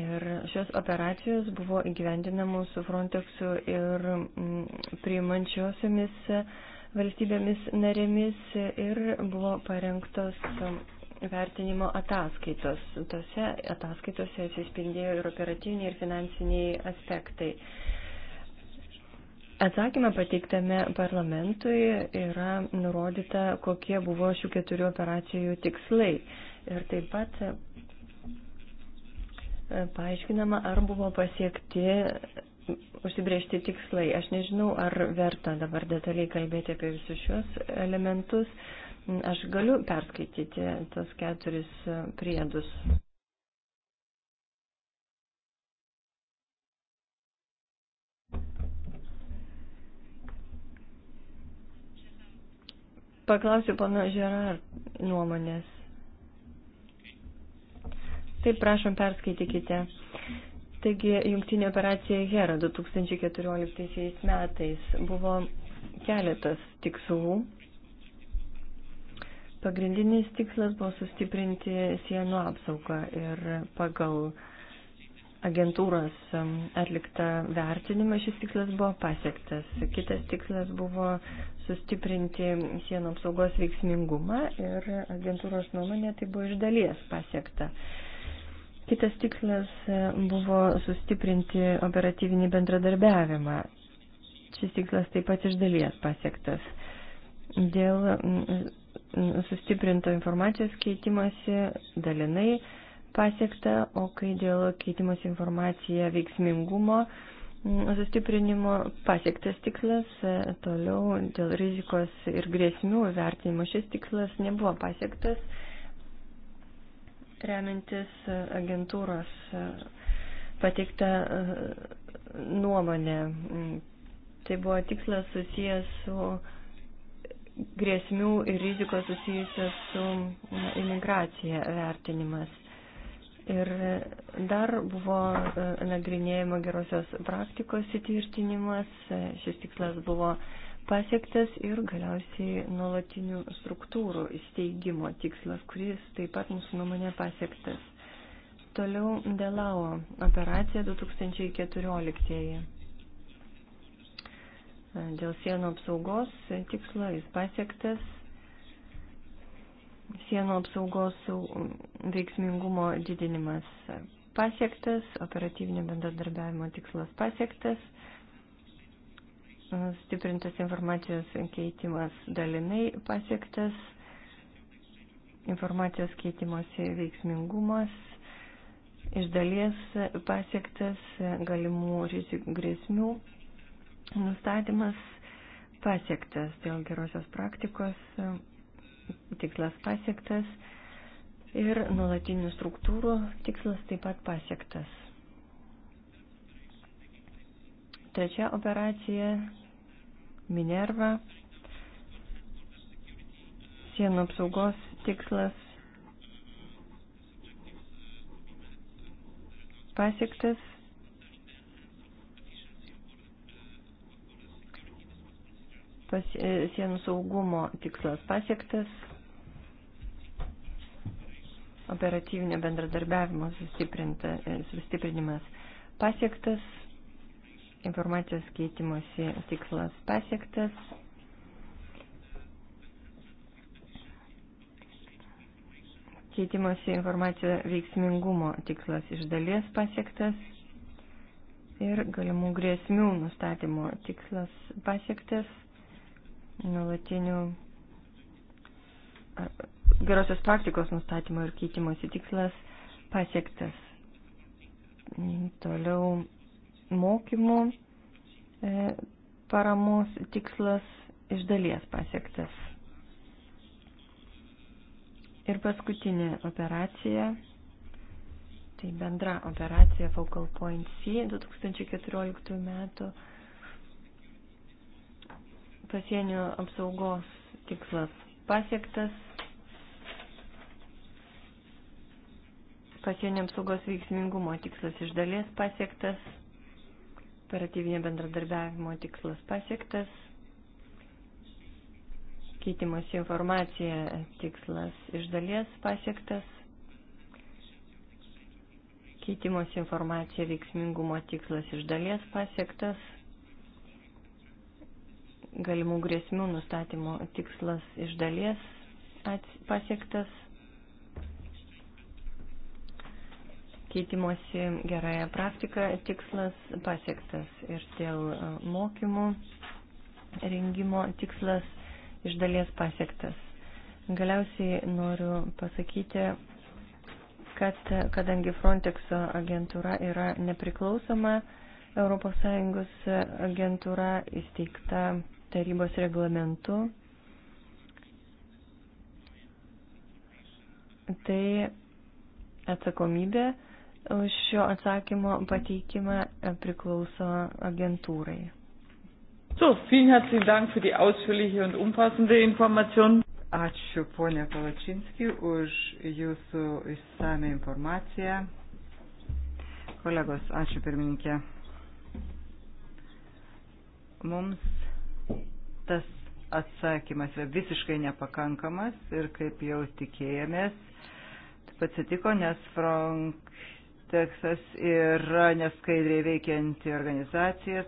Ir šios operacijos buvo įgyvendinamos su Frontexu ir mm, priimančiosiomis valstybėmis narėmis ir buvo parengtos vertinimo ataskaitos. Tose ataskaitose atsispindėjo ir operatyviniai, ir finansiniai aspektai. Atsakymą pateiktame parlamentui yra nurodyta, kokie buvo šių keturių operacijų tikslai. Ir taip pat e, paaiškinama, ar buvo pasiekti užsibriežti tikslai. Aš nežinau, ar verta dabar detaliai kalbėti apie visus šios elementus. Aš galiu perskaityti tos keturis e, priedus. Paklausiu pana Žerar nuomonės. Taip, prašom, perskaitykite. Taigi, jungtinė operacija Hera 2014 metais buvo keletas tikslų Pagrindinis tikslas buvo sustiprinti sienų apsaugą ir pagal agentūros um, atliktą vertinimą šis tikslas buvo pasiektas. Kitas tikslas buvo sustiprinti sienų apsaugos veiksmingumą ir agentūros nuomonė tai buvo iš dalies pasiekta. Kitas tikslas um, buvo sustiprinti operatyvinį bendradarbiavimą. Šis tikslas taip pat iš dalies pasiektas. Dėl um, sustiprinto informacijos keitimasi dalinai pasiekta, o kai dėl keitimas informacija veiksmingumo mm, sustiprinimo pasiektas tikslas, e, toliau dėl rizikos ir grėsmių vertinimo šis tikslas nebuvo pasiektas, remintis e, agentūros e, pateikta nuomonė. Mm, tai buvo tikslas susijęs su grėsmių ir rizikos susijusios su imigracija vertinimas. Ir dar buvo e, nagrinėjama gerosios praktikos įtvirtinimas, e, šis tikslas buvo pasiektas ir galiausiai nuolatinių struktūrų įsteigimo tikslas, kuris taip pat mūsų nuomonė pasiektas. Toliau Delao operacija 2014 dėl sienų apsaugos tikslo, jis pasiektas. Sienų apsaugos veiksmingumo didinimas pasiektas, operatyvinio bendradarbiavimo tikslas pasiektas, stiprintas informacijos keitimas dalinai pasiektas, informacijos keitimosi veiksmingumas iš dalies pasiektas galimų grėsmių nustatymas pasiektas dėl gerosios praktikos, tikslas pasiektas ir nuolatinių struktūrų tikslas taip pat pasiektas. Trečia operacija Minerva. Sienų apsaugos tikslas pasiektas pas, e, sienų saugumo tikslas pasiektas, operatyvinio bendradarbiavimo e, sustiprinimas pasiektas, informacijos keitimosi tikslas pasiektas. Keitimosi informacija veiksmingumo tikslas iš dalies pasiektas ir galimų grėsmių nustatymo tikslas pasiektas nuolatinių gerosios praktikos nustatymo ir keitimosi tikslas pasiektas. Toliau mokymų e, paramos tikslas iš dalies pasiektas. Ir paskutinė operacija, tai bendra operacija Focal Point C 2014 metų pasienio apsaugos tikslas pasiektas. Pasienio apsaugos veiksmingumo tikslas iš dalies pasiektas. Operatyvinio bendradarbiavimo tikslas pasiektas. Keitimas informacija tikslas iš dalies pasiektas. Keitimos informacija veiksmingumo tikslas iš dalies pasiektas galimų grėsmių nustatymo tikslas iš dalies pasiektas. Keitimosi gerąją praktiką tikslas pasiektas ir dėl e, mokymų rengimo tikslas iš dalies pasiektas. Galiausiai noriu pasakyti, kad kadangi Frontexo agentūra yra nepriklausoma, ES agentūra įsteigta tarybos reglamentu, tai atsakomybė už šio atsakymo pateikimą priklauso agentūrai. So, vielen herzlichen Dank für die ausführliche und umfassende Information. Ačiū ponė Palačinski už jūsų išsame informaciją. Kolegos, ačiū pirmininkė. Mums tas atsakymas yra visiškai nepakankamas ir kaip jau tikėjomės, taip atsitiko, nes Frank Teksas yra neskaidriai veikianti organizacija,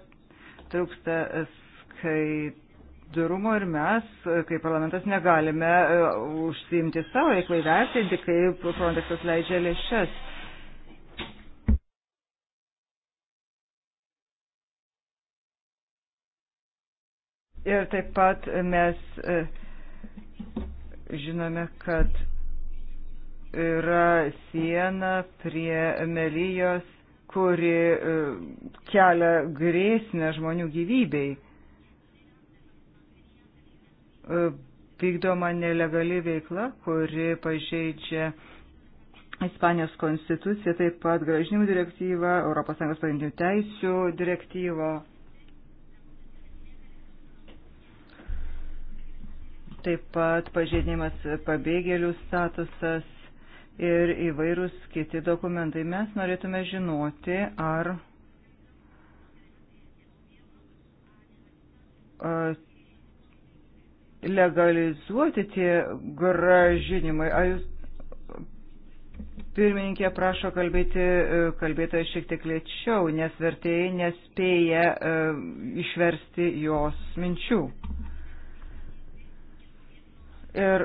trūksta skaidrumo ir mes, kaip parlamentas, negalime e, užsiimti savo veiklą įvertinti, kaip Frontexas leidžia lėšas Ir taip pat mes e, žinome, kad yra siena prie Melyjos, kuri e, kelia grėsmę žmonių gyvybei. E, vykdoma nelegali veikla, kuri pažeidžia Ispanijos konstituciją, taip pat gražinimų direktyvą, ES pagrindinių teisių direktyvą taip pat pažeidimas pabėgėlių statusas ir įvairūs kiti dokumentai. Mes norėtume žinoti, ar legalizuoti tie gražinimai. Ar jūs pirmininkė prašo kalbėti, e, kalbėtoja šiek tiek lėčiau, nes vertėjai nespėja e, išversti jos minčių. Ir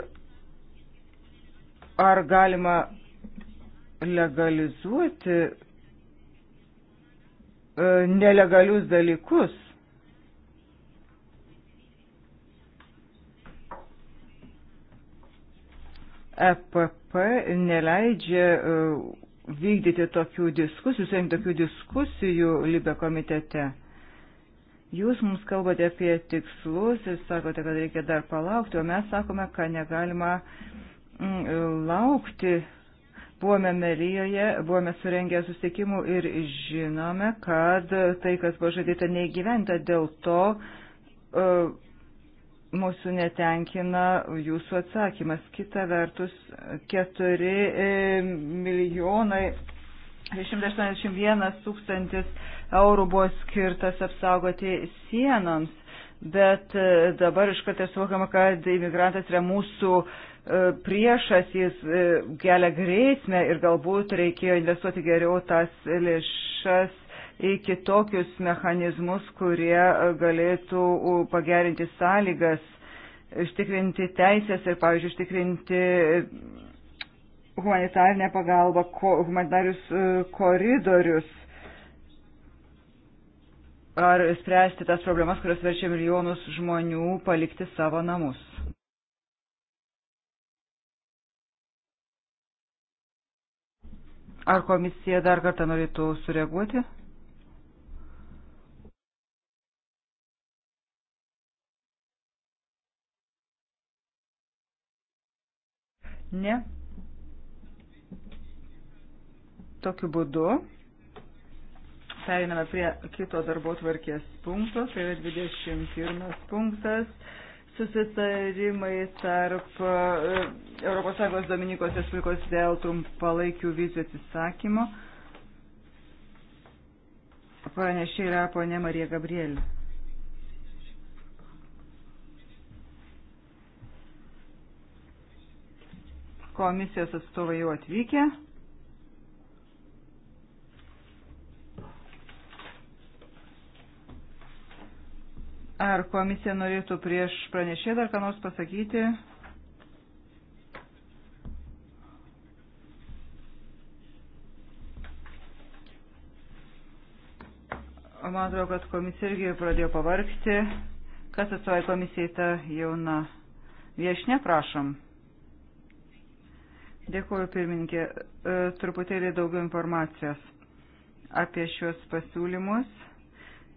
ar galima legalizuoti e, nelegalius dalykus? EPP neleidžia e, vykdyti tokių diskusijų, sakykim, tokių diskusijų Libe komitete. Jūs mums kalbate apie tikslus ir sakote, kad reikia dar palaukti, o mes sakome, kad negalima mm, laukti. Buvome Merijoje, buvome surengę susitikimų ir žinome, kad tai, kas buvo žadėta, neįgyventa. Dėl to uh, mūsų netenkina jūsų atsakymas. Kita vertus, keturi e, milijonai 181 tūkstantis eurų buvo skirtas apsaugoti sienoms, bet e, dabar iš karto suvokiama, kad imigrantas yra mūsų e, priešas, jis e, kelia grėsmę ir galbūt reikėjo investuoti geriau tas lėšas į kitokius mechanizmus, kurie galėtų pagerinti sąlygas, ištikrinti teisės ir, pavyzdžiui, ištikrinti humanitarinė pagalba, ko, humanitarius e, koridorius, ar spręsti tas problemas, kurios verčia milijonus žmonių palikti savo namus. Ar komisija dar kartą norėtų sureaguoti? Ne. Tokiu būdu periname prie kito darbo tvarkės punkto, tai yra 21 punktas susitarimai tarp ES Dominikos Respublikos dėl trumpalaikių vizų atsisakymo. Pranešė yra ponė Marija Gabrielė. Komisijos atstovai jau atvykę. Ar komisija norėtų prieš pranešė dar ką nors pasakyti? Man atrodo, kad komisija irgi pradėjo pavargti. Kas atstovai komisijai ta jauna viešne, prašom. Dėkuoju, pirmininkė. E, truputėlį daugiau informacijos apie šios pasiūlymus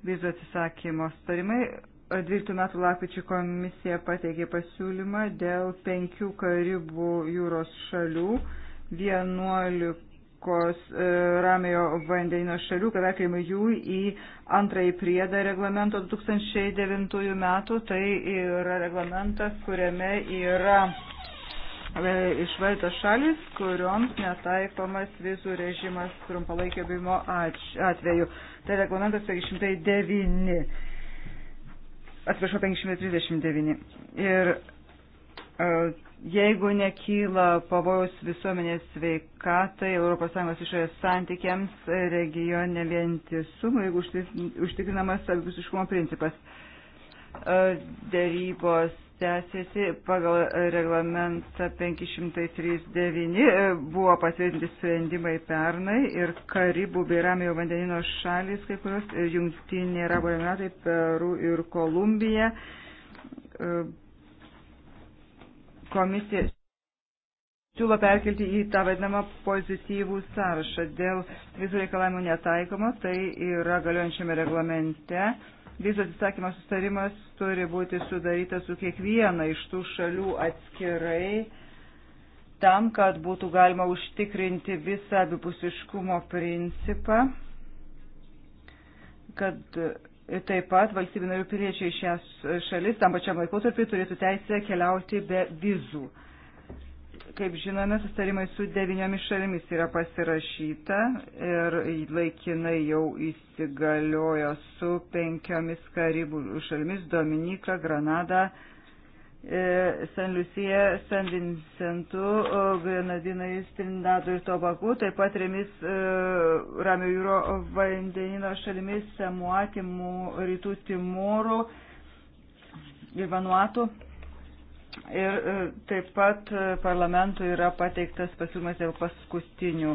vizų atsisakymo starimai. 12 metų lapkričio komisija pateikė pasiūlymą dėl penkių Karibų jūros šalių, 11 e, Ramiojo vandenino šalių, kad atkreimai jų į antrąjį priedą reglamento 2009 metų. Tai yra reglamentas, kuriame yra e, išvaldytos šalis, kurioms netaikomas vizų režimas trumpalaikio bimo atveju. Atveju Tai reglamentas 509. Atsiprašau, 539. Ir e, jeigu nekyla pavojus visuomenės sveikatai, ES išorės santykiams, e, regione vientisumui, jeigu užtikrinamas abipusiškumo principas. E, Dėrybos tęsiasi pagal reglamentą 539. E, buvo patvirtinti sprendimai pernai ir Karibų bei Ramiojo vandenino šalis, kai kurios e, Jungtinė Arabų Emiratai, Peru ir Kolumbija. E, komisija siūlo perkelti į tą vadinamą pozityvų sąrašą. Dėl vizų reikalavimų netaikoma, tai yra galiojančiame reglamente vizos įsakymo sustarimas turi būti sudarytas su kiekviena iš tų šalių atskirai tam, kad būtų galima užtikrinti visą abipusiškumo principą, kad taip pat valstybių narių piliečiai šias šalis tam pačiam laikotarpiu turėtų teisę keliauti be vizų kaip žinome, sustarimai su devyniomis šalimis yra pasirašyta ir laikinai jau įsigaliojo su penkiomis karibų šalimis - Dominika, Granada, e, San Lucija, San Vincentu, e, Grenadinais, Trinidadu ir Tobaku, taip pat remis e, Ramio jūro vandenino šalimis Samuatimų, Rytų Timūrų ir Vanuatu. Ir e, taip pat e, parlamentui yra pateiktas pasiūlymas dėl paskutinių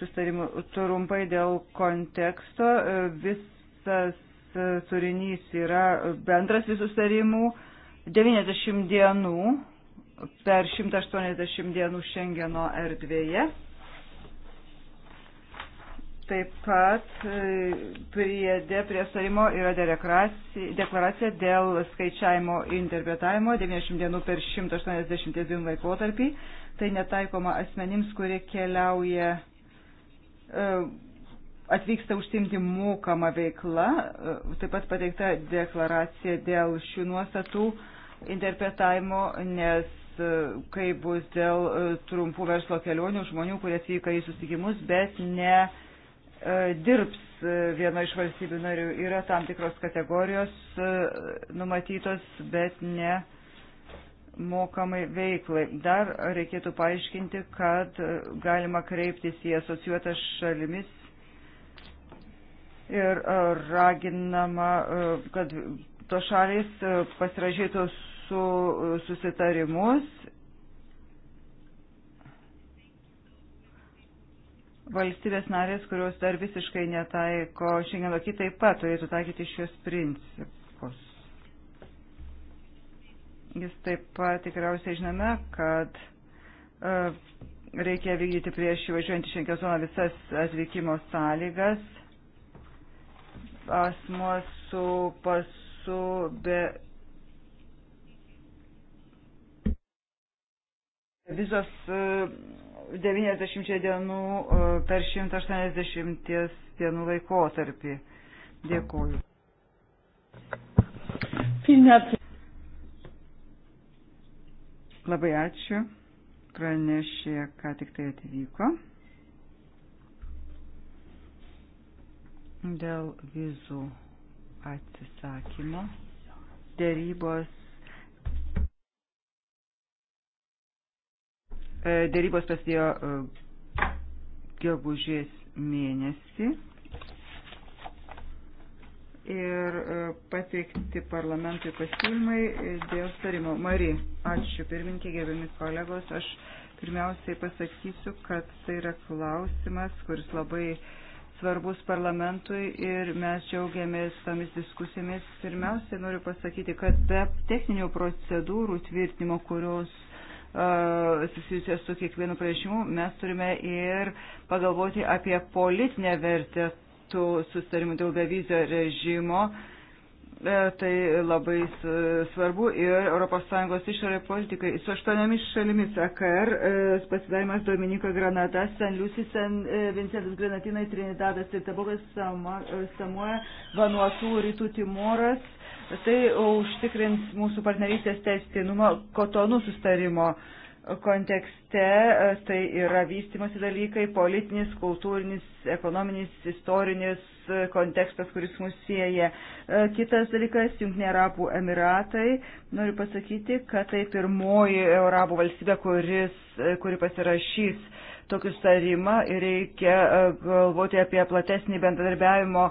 sustarimų. Trumpai dėl konteksto. E, visas turinys yra bendras visų sustarimų. 90 dienų per 180 dienų Šengeno erdvėje Taip pat priedė prie starimo yra deklaracija dėl skaičiavimo interpretavimo 90 dienų per 180 dienų laikotarpį. Tai netaikoma asmenims, kurie keliauja, e, atvyksta užsimti mokamą veiklą. E, taip pat pateikta deklaracija dėl šių nuostatų interpretavimo, nes e, kai bus dėl trumpų verslo kelionių žmonių, kurie atvyka į susitikimus, bet ne E, dirbs e, viena iš valstybių narių. Yra tam tikros kategorijos e, numatytos, bet ne mokamai veiklai. Dar reikėtų paaiškinti, kad galima kreiptis į asociuotas šalimis ir raginama, kad to šalis pasirašytų su susitarimus valstybės narės, kurios dar visiškai netaiko šiandien akį, taip pat turėtų taikyti šios principus. Jis taip pat tikriausiai žinome, kad uh, reikia vykdyti prieš įvažiuojant į šengio zoną visas atvykimo sąlygas. Asmuo su pasu be vizos uh, 90 dienų e, per 180 dienų laikotarpį. Dėkuoju. Labai ačiū. Pranešė, ką tik tai atvyko. Dėl vizų atsisakymo dėrybos E, dėrybos prasidėjo e, gegužės mėnesį ir e, pateikti parlamentui pasiūlymai dėl starimo. Mari, ačiū pirmininkė, gerbiami kolegos. Aš pirmiausiai pasakysiu, kad tai yra klausimas, kuris labai svarbus parlamentui ir mes džiaugiamės tomis diskusijomis. Pirmiausiai noriu pasakyti, kad be techninių procedūrų tvirtinimo, kurios susijusios su kiekvienu pranešimu, mes turime ir pagalvoti apie politinę vertę tų sustarimų dėl bevizio režimo. E, tai labai svarbu ir ES išorė politikai. Su aštuoniomis šalimis AKR e, pasidarimas Dominika Granada, San Liusi, San e, Vincentas Granatinai, Trinidades ir Tabogas, Samoja, Vanuatu, Rytų Timoras Tai užtikrins mūsų partnerystės testinumą kotonų sustarimo kontekste. Tai yra vystimosi dalykai, politinis, kultūrinis, ekonominis, istorinis kontekstas, kuris mus sieja. E, kitas dalykas - Junktinė Arabų Emiratai. Noriu pasakyti, kad tai pirmoji Arabų valstybė, kuris, e, kuri pasirašys tokį starimą ir reikia e, galvoti apie platesnį bendradarbiavimo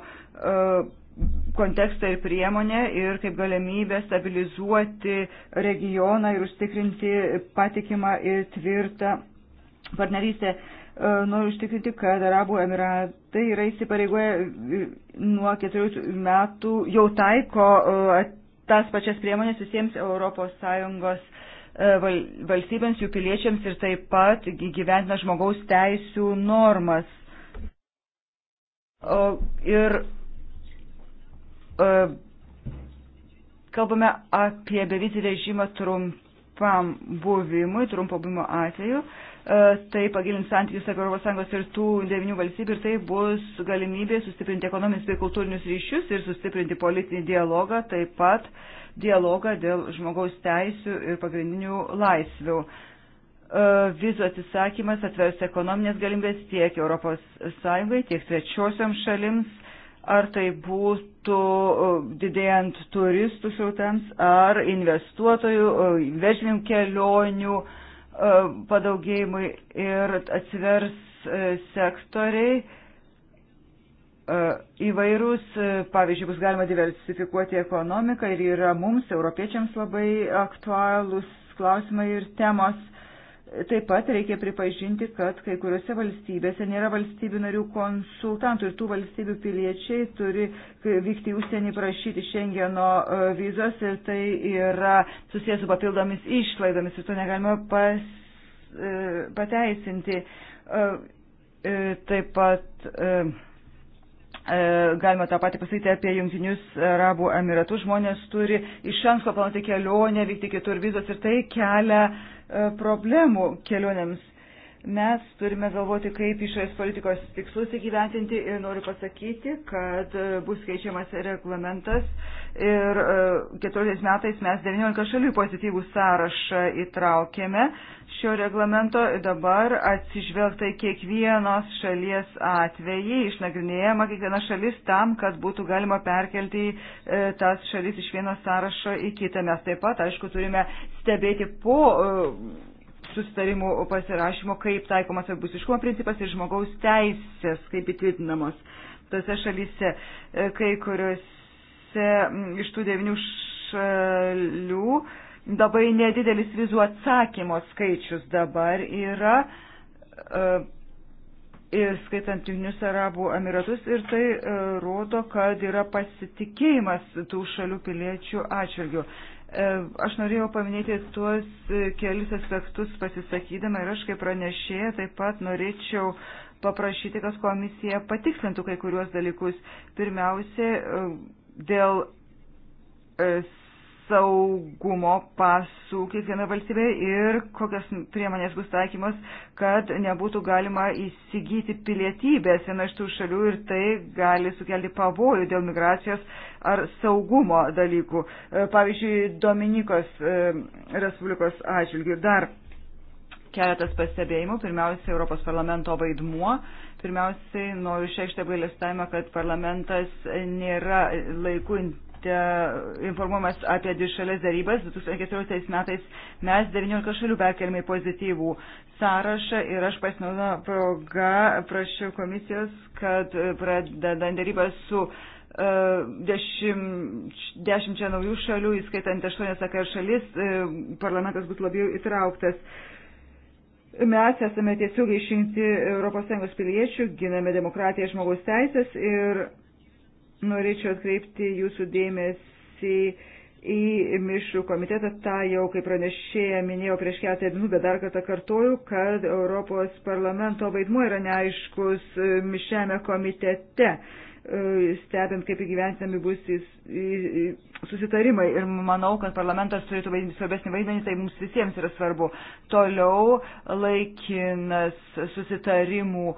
kontekstą ir priemonę ir kaip galimybę stabilizuoti regioną ir užtikrinti patikimą ir tvirtą partnerystę. E, noriu užtikrinti, kad Arabų Emiratai yra įsipareigoję e, nuo 14 metų jau taiko e, tas pačias priemonės visiems ES valstybėms, jų piliečiams ir taip pat gyventina žmogaus teisų normas. Ir E, kalbame apie bevizį režimą trumpam buvimui, trumpo buvimo atveju. E, tai pagilins santykius tarp ES ir tų devinių valstybių ir tai bus galimybė sustiprinti ekonominius bei kultūrinius ryšius ir sustiprinti politinį dialogą, taip pat dialogą dėl žmogaus teisių ir pagrindinių laisvių e, vizų atsisakymas atvers ekonominės galimybės tiek ES, tiek trečiosiam šalims ar tai būtų e, didėjant turistų siautams, ar investuotojų, e, vežinių kelionių e, padaugėjimui ir atsivers sektoriai įvairūs, pavyzdžiui, bus galima diversifikuoti ekonomiką ir yra mums, europiečiams, labai aktualūs klausimai ir temos Taip pat reikia pripažinti, kad kai kuriuose valstybėse nėra valstybių narių konsultantų ir tų valstybių piliečiai turi vykti į užsienį prašyti Schengeno e, vizos ir tai yra susijęs su papildomis išlaidomis ir to negalima pas, e, pateisinti. E, taip pat E, galima tą patį pasakyti apie Junktinius Arabų Emiratus. Žmonės turi iš anksto planuoti kelionę, vykti kitur vizos ir tai kelia e, problemų kelionėms. Mes turime galvoti, kaip išorės politikos tikslus įgyventinti ir noriu pasakyti, kad e, bus keičiamas reglamentas ir 14 e, metais mes 19 šalių pozityvų sąrašą įtraukėme šio reglamento. Dabar atsižvelgta į kiekvienos šalies atvejį, išnagrinėjama kiekviena šalis tam, kad būtų galima perkelti e, tas šalis iš vieno sąrašo į kitą. Mes taip pat, aišku, turime stebėti po e, susitarimų pasirašymo, kaip taikomas abipusiškumo principas ir žmogaus teisės, kaip įtvirtinamos tose šalyse, kai kurios kuriuose iš tų devinių šalių labai nedidelis vizų atsakymo skaičius dabar yra, ir e, skaitant Juninius Arabų Emiratus, ir tai e, rodo, kad yra pasitikėjimas tų šalių piliečių atžvilgių. E, aš norėjau paminėti tuos kelis aspektus pasisakydama ir aš kaip pranešėja taip pat norėčiau paprašyti, kad komisija patikslintų kai kuriuos dalykus. Pirmiausia, dėl e, saugumo pasų kiekvienoje valstybėje ir kokias priemonės bus taikymas, kad nebūtų galima įsigyti pilietybės viena iš tų šalių ir tai gali sukelti pavojų dėl migracijos ar saugumo dalykų. E, pavyzdžiui, Dominikos e, Respublikos atžvilgių dar keletas pastebėjimų. Pirmiausia, Europos parlamento vaidmuo. Pirmiausiai noriu išreikšti apgailestavimą, kad parlamentas nėra laiku informuomas apie dvišalės darybas. 2014 metais mes 19 šalių perkelime į pozityvų sąrašą ir aš pasinaudojau progą, prašiau komisijos, kad pradedant darybas su e, dešimt, dešimčia naujų šalių, įskaitant aštuonias AKR šalis, e, parlamentas bus labiau įtrauktas. Mes esame tiesiog išrinkti ES piliečių, giname demokratiją žmogaus teisės ir norėčiau atkreipti jūsų dėmesį į mišrų komitetą. Ta jau, kaip pranešėja, minėjau prieš keletą dienų, bet dar kartą kartoju, kad Europos parlamento vaidmuo yra neaiškus mišriame komitete. E, stebint, kaip įgyvensinami bus susitarimai. Ir manau, kad parlamentas turėtų vaidinti svarbesnį vaidmenį, tai mums visiems yra svarbu. Toliau laikinas susitarimų e,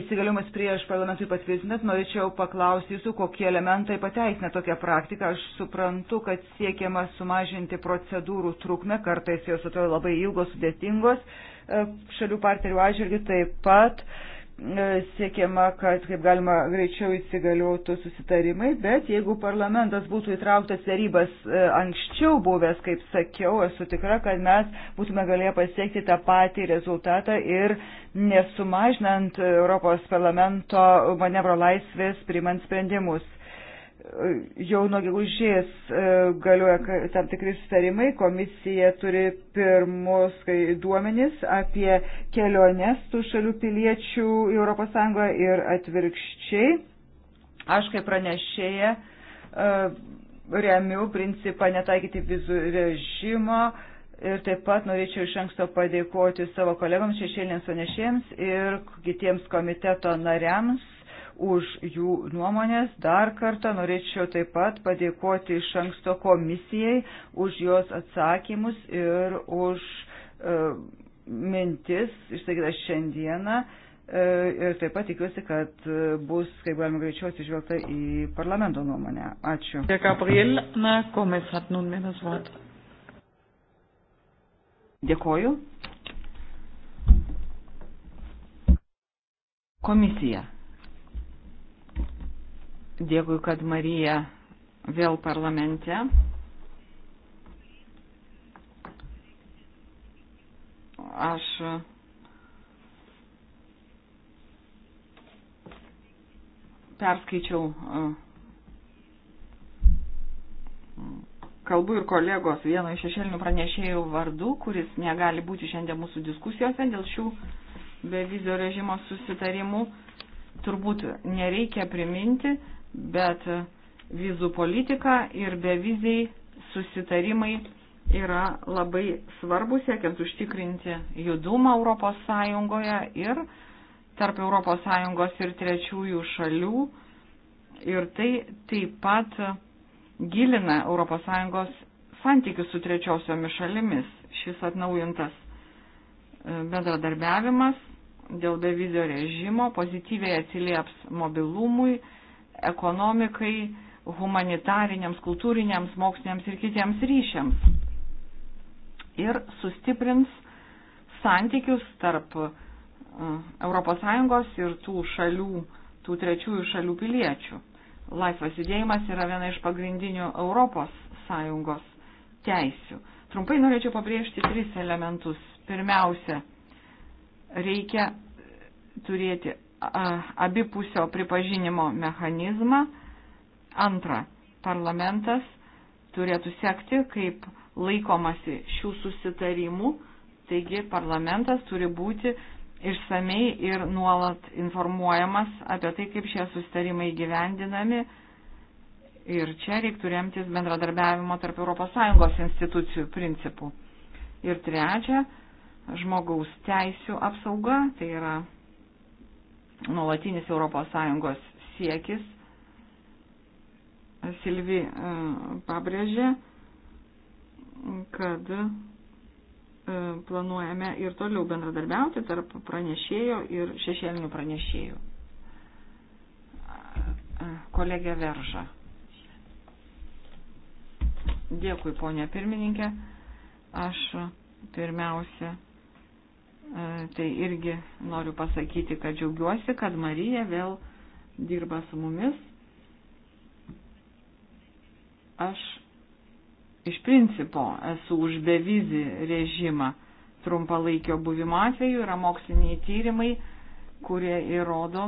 įsigaliumas prieš parlamentui patvirtinat, norėčiau paklausti jūsų, kokie elementai pateisina tokią praktiką. Aš suprantu, kad siekiama sumažinti procedūrų trukmę, kartais jos atrodo labai ilgos, sudėtingos e, šalių partnerių atžvilgių taip pat. Uh, E, siekiama, kad kaip galima greičiau įsigaliotų susitarimai, bet jeigu parlamentas būtų įtrauktas darybas e, anksčiau buvęs, kaip sakiau, esu tikra, kad mes būtume galėję pasiekti tą patį rezultatą ir nesumažinant Europos parlamento manevro laisvės primant sprendimus jau nuo gegužės e, galioja tam tikri starimai, komisija turi pirmus duomenis apie keliones tų šalių piliečių į ES ir atvirkščiai. Aš kaip pranešėja e, remiu principą netaikyti vizų režimo ir taip pat norėčiau iš anksto padėkoti savo kolegoms šešėlinės panešėjams ir kitiems komiteto nariams už jų nuomonės. Dar kartą norėčiau taip pat padėkoti iš anksto komisijai už jos atsakymus ir už e, mintis išsakytas šiandieną. E, ir taip pat tikiuosi, kad bus, kaip galima greičiau, atsižvelgta į parlamento nuomonę. Ačiū. Gabriel, na, komis hat nun mir das Wort. Dėkoju. Komisija. Dėkui, kad Marija vėl parlamente. Aš perskaičiau kalbų ir kolegos vieno iš šešėlinių pranešėjų vardų, kuris negali būti šiandien mūsų diskusijose dėl šių bevizio režimo susitarimų. Turbūt nereikia priminti, bet e, vizų politika ir beviziai susitarimai yra labai svarbus, siekiant užtikrinti judumą ES ir tarp ES ir trečiųjų šalių. Ir tai taip pat gilina ES santykius su trečiosiomis šalimis. Šis atnaujintas e, bendradarbiavimas dėl bevizio režimo pozityviai atsilieps mobilumui ekonomikai, humanitariniams, kultūriniams, moksliniams ir kitiems ryšiams. Ir sustiprins santykius tarp uh, ES ir tų šalių, tų trečiųjų šalių piliečių. Laisvas judėjimas yra viena iš pagrindinių ES teisių. Trumpai norėčiau pabrėžti tris elementus. Pirmiausia, reikia turėti abipusio pripažinimo mechanizmą. Antra, parlamentas turėtų sekti, kaip laikomasi šių susitarimų, taigi parlamentas turi būti išsamei ir nuolat informuojamas apie tai, kaip šie susitarimai gyvendinami. Ir čia reiktų remtis bendradarbiavimo tarp ES institucijų principų. Ir trečia, žmogaus teisų apsauga, tai yra nuolatinis ES siekis. Silvi e, pabrėžė, kad e, planuojame ir toliau bendradarbiauti tarp pranešėjo ir šešėlinių pranešėjų. E, kolegė Verža. Dėkui, ponė pirmininkė. Aš pirmiausia E, tai irgi noriu pasakyti, kad džiaugiuosi, kad Marija vėl dirba su mumis. Aš iš principo esu už bevizį režimą trumpalaikio buvimo atveju. Yra moksliniai tyrimai, kurie įrodo,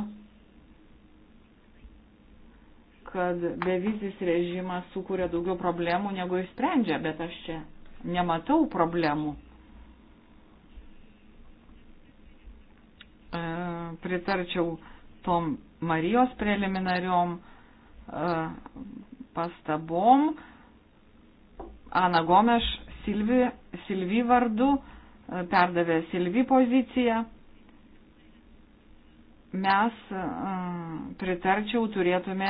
kad bevizis režimas sukuria daugiau problemų negu išsprendžia, bet aš čia nematau problemų E, pritarčiau tom Marijos preliminariom e, pastabom. Ana Gomeš Silvi, Silvi vardu e, perdavė Silvi poziciją. Mes pritarčiau turėtume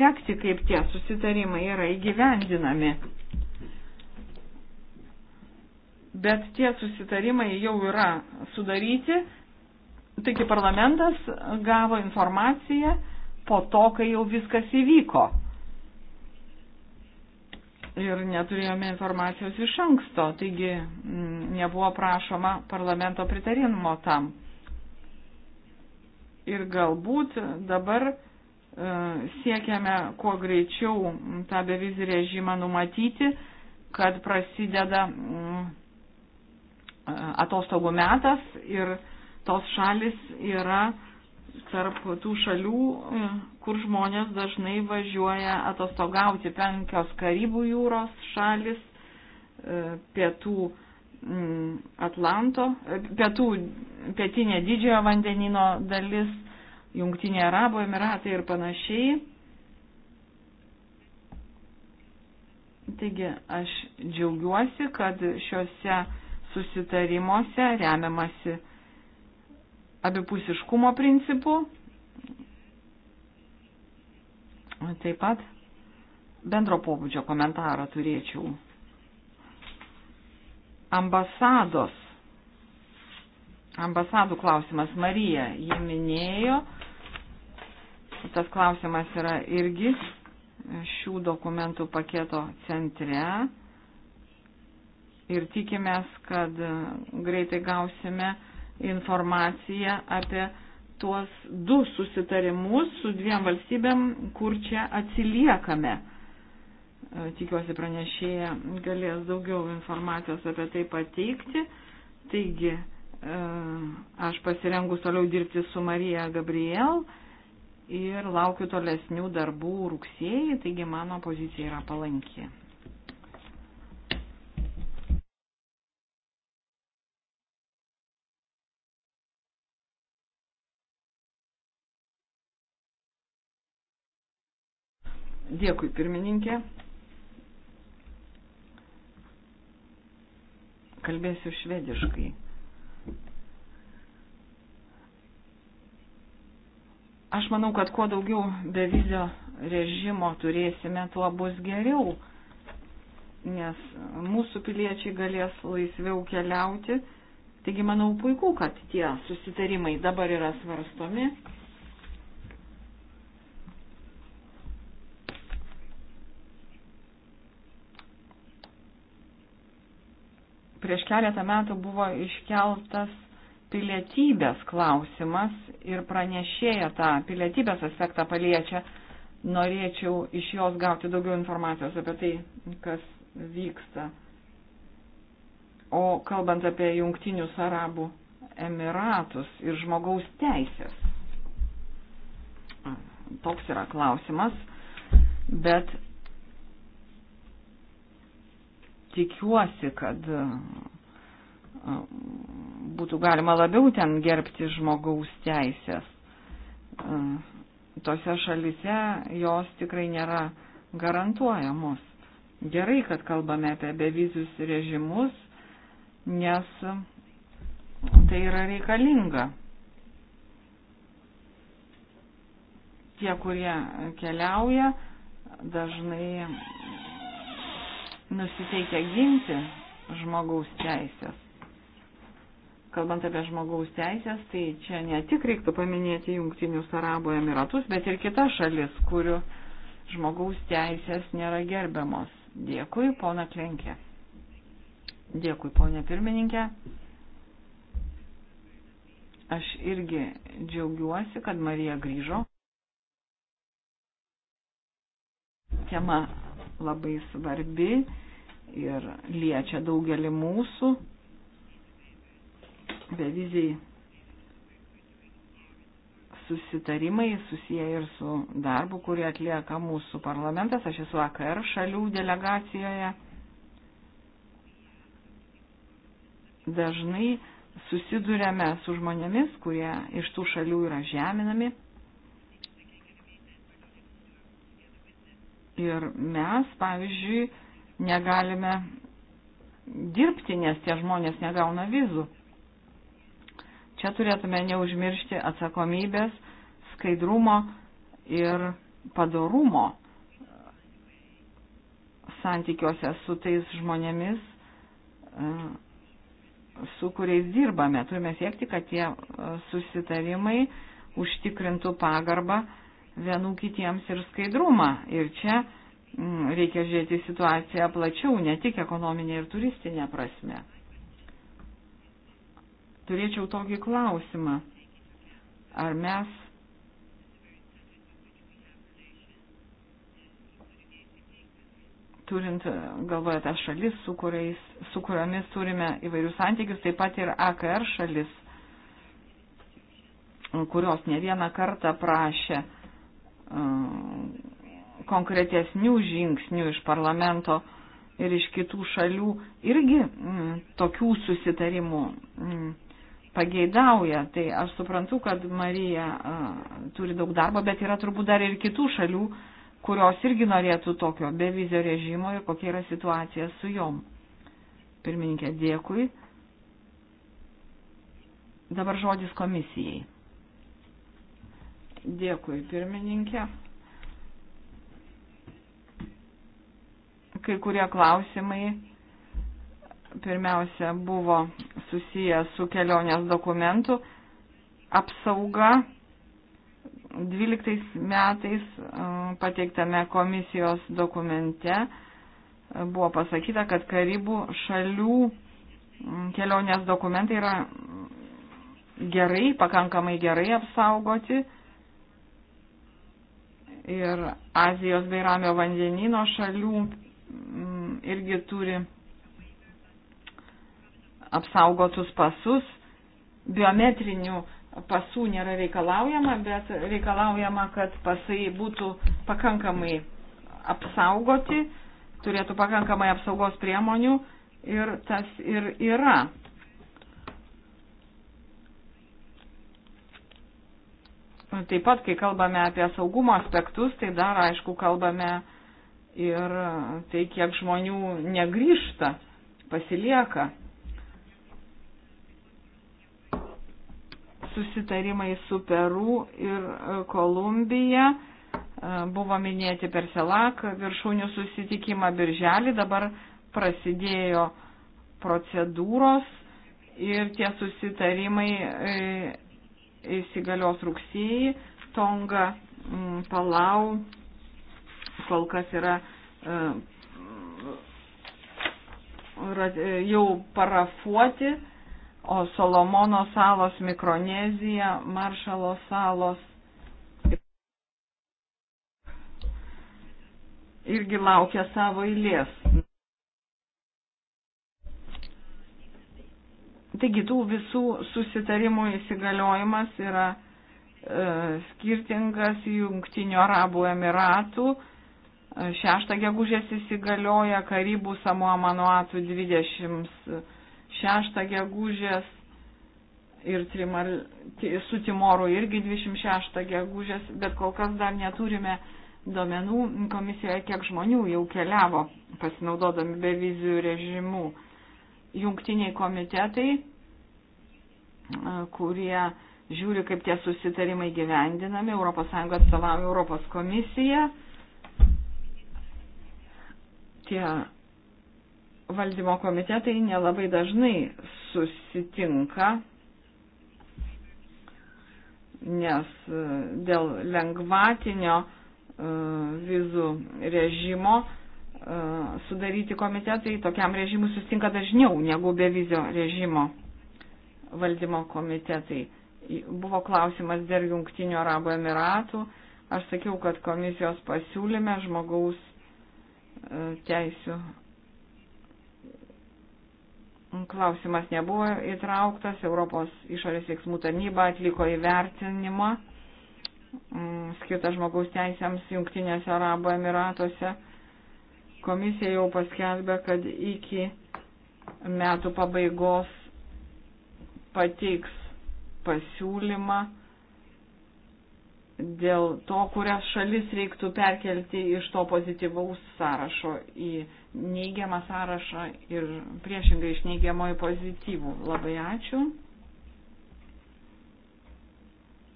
sekti, kaip tie susitarimai yra įgyvendinami. Bet tie susitarimai jau yra sudaryti Taigi parlamentas gavo informaciją po to, kai jau viskas įvyko. Ir neturėjome informacijos iš anksto, taigi mm, nebuvo prašoma parlamento pritarimo tam. Ir galbūt dabar e, siekiame kuo greičiau tą bevizį režimą numatyti, kad prasideda mm, e, atostogų metas ir tos šalis yra tarp tų šalių, kur žmonės dažnai važiuoja atostogauti. Penkios Karibų jūros šalis, e, pietų Atlanto, e, pietų, pietinė didžiojo vandenino dalis, Jungtinė Arabo Emiratai ir panašiai. Taigi aš džiaugiuosi, kad šiuose susitarimuose remiamasi abipusiškumo principu. Taip pat bendro pobūdžio komentarą turėčiau. Ambasados. Ambasadų klausimas Marija jį minėjo. Tas klausimas yra irgi šių dokumentų paketo centre. Ir tikimės, kad greitai gausime informaciją apie tuos du susitarimus su dviem valstybėm, kur čia atsiliekame. E, tikiuosi pranešėja galės daugiau informacijos apie tai pateikti. Taigi, e, aš pasirengus toliau dirbti su Marija Gabriel ir laukiu tolesnių darbų rugsėjai, taigi mano pozicija yra palanki. Dėkui, pirmininkė. Kalbėsiu švediškai. Aš manau, kad kuo daugiau bevizio režimo turėsime, tuo bus geriau, nes mūsų piliečiai galės laisviau keliauti. Taigi, manau, puiku, kad tie susitarimai dabar yra svarstomi Prieš keletą metų buvo iškeltas pilietybės klausimas ir pranešėja tą pilietybės aspektą paliečia. Norėčiau iš jos gauti daugiau informacijos apie tai, kas vyksta. O kalbant apie Jungtinius Arabų Emiratus ir žmogaus teisės. Toks yra klausimas, bet tikiuosi, kad e, būtų galima labiau ten gerbti žmogaus teisės. E, tose šalise jos tikrai nėra garantuojamos. Gerai, kad kalbame apie bevizius režimus, nes tai yra reikalinga. Tie, kurie keliauja, dažnai nusiteikę ginti žmogaus teisės. Kalbant apie žmogaus teisės, tai čia ne tik reiktų paminėti Junktinius Arabų Emiratus, bet ir kitas šalis, kurių žmogaus teisės nėra gerbiamos. Dėkui, pona Klenkė. Dėkui, ponė pirmininkė. Aš irgi džiaugiuosi, kad Marija grįžo. Tema labai svarbi ir liečia daugelį mūsų. Beviziai susitarimai susiję ir su darbu, kurį atlieka mūsų parlamentas. Aš esu AKR šalių delegacijoje. Dažnai susidurėme su žmonėmis, kurie iš tų šalių yra žeminami. Ir mes, pavyzdžiui, negalime dirbti, nes tie žmonės negauna vizų. Čia turėtume neužmiršti atsakomybės, skaidrumo ir padarumo santykiuose su tais žmonėmis, e, su kuriais dirbame. Turime siekti, kad tie e, susitarimai užtikrintų pagarbą vienų kitiems ir skaidrumą. Ir čia Mm, reikia žiūrėti situaciją plačiau, ne tik ekonominė ir turistinė prasme. Turėčiau tokį klausimą. Ar mes turint galvoje tas šalis, su, kuriais, su kuriomis turime įvairius santykius, taip pat ir AKR šalis, kurios ne vieną kartą prašė uh, konkretesnių žingsnių iš parlamento ir iš kitų šalių irgi m, mm, tokių susitarimų m, mm, pageidauja. Tai aš suprantu, kad Marija a, turi daug darbo, bet yra turbūt dar ir kitų šalių, kurios irgi norėtų tokio bevizio režimo ir kokia yra situacija su jom. Pirmininkė, dėkui. Dabar žodis komisijai. Dėkui, pirmininkė. kai kurie klausimai pirmiausia buvo susiję su kelionės dokumentų apsauga. 12 metais e, pateiktame komisijos dokumente e, buvo pasakyta, kad Karibų šalių kelionės dokumentai yra gerai, pakankamai gerai apsaugoti. Ir Azijos bei Ramio vandenino šalių Mm, irgi turi apsaugotus pasus. Biometrinių pasų nėra reikalaujama, bet reikalaujama, kad pasai būtų pakankamai apsaugoti, turėtų pakankamai apsaugos priemonių ir tas ir yra. Taip pat, kai kalbame apie saugumo aspektus, tai dar aišku kalbame ir tai, kiek žmonių negrįžta, pasilieka. Susitarimai su Peru ir e, Kolumbija e, buvo minėti per Selak viršūnių susitikimą birželį, dabar prasidėjo procedūros ir tie susitarimai e, įsigalios rugsėjai, Tonga, Palau, kol kas yra e, e, jau parafuoti, o Solomono salos, Mikronezija, Maršalo salos irgi laukia savo eilės. Taigi tų visų susitarimų įsigaliojimas yra e, skirtingas jungtinių Arabų Emiratų, e, 6 gegužės įsigalioja Karibų Samoa Manuatų 26 gegužės ir trimar, su Timoru irgi 26 gegužės, bet kol kas dar neturime duomenų komisijoje, kiek žmonių jau keliavo pasinaudodami bevizijų režimų. Jungtiniai komitetai, kurie žiūri, kaip tie susitarimai gyvendinami, ES atstovauja Europos komisiją tie valdymo komitetai nelabai dažnai susitinka, nes e, dėl lengvatinio e, vizų režimo e, sudaryti komitetai tokiam režimui susitinka dažniau negu be vizio režimo valdymo komitetai. Buvo klausimas dėl Junktinių Arabų Emiratų. Aš sakiau, kad komisijos pasiūlyme žmogaus teisių klausimas nebuvo įtrauktas, Europos išorės veiksmų tarnyba atliko įvertinimą mm, skirtą žmogaus teisėms Junktinėse Arabo Emiratuose. Komisija jau paskelbė, kad iki metų pabaigos pateiks pasiūlymą dėl to, kurias šalis reiktų perkelti iš to pozityvaus sąrašo į neigiamą sąrašą ir priešingai iš neigiamo į pozityvų. Labai ačiū.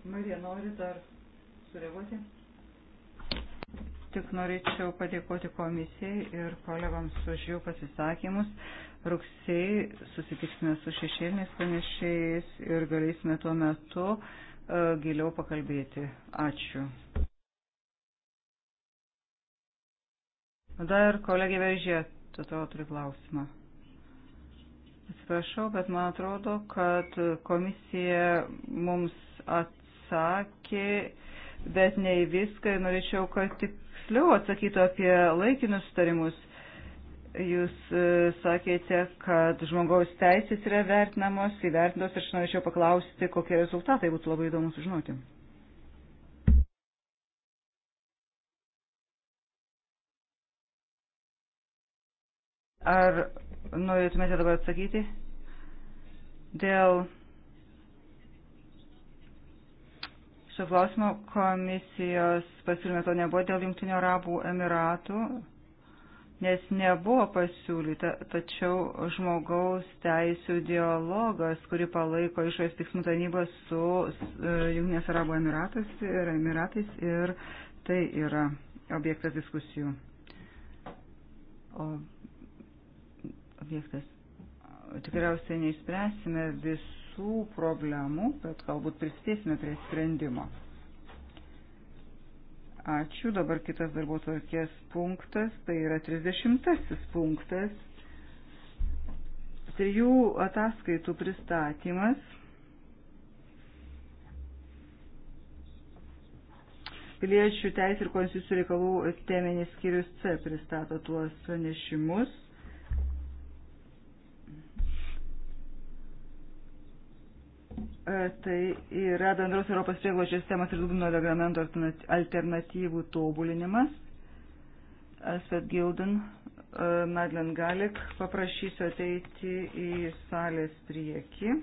Marija, nori dar sureaguoti? Tik norėčiau padėkoti komisijai ir kolegams už jų pasisakymus. Rugsėjai susitiksime su šešėliniais pranešėjais ir galėsime tuo metu uh, E, giliau pakalbėti. Ačiū. Dar kolegė Veržė, tu to turi klausimą. Atsiprašau, bet man atrodo, kad komisija mums atsakė, bet ne į viską ir norėčiau, kad tiksliau atsakytų apie laikinus sutarimus. Jūs e, sakėte, kad žmogaus teisės yra vertinamos, įvertintos ir aš norėčiau paklausti, kokie rezultatai būtų labai įdomu sužinoti. Ar norėtumėte dabar atsakyti dėl šio klausimo komisijos pasiūlymo to nebuvo dėl Junktinio Arabų Emiratų? nes nebuvo pasiūlyta, tačiau žmogaus teisų dialogas, kurį palaiko išorės tiksmų tarnyba su e, Junginės Arabų Emiratais ir, Emiratais ir tai yra objektas diskusijų. O objektas. Tikriausiai neišspręsime visų problemų, bet galbūt prisidėsime prie sprendimo. Ačiū. Dabar kitas darbo tvarkės punktas, tai yra 30 punktas. Trijų ataskaitų pristatymas. Piliečių teisų ir konstitucijų reikalų teminis skyrius C pristato tuos pranešimus. E, tai yra bendros Europos prieglošės sistemos ir Dublino reglamento alternatyvų tobulinimas. Svet Gilden, e, Madlen Galik, paprašysiu ateiti į salės priekį.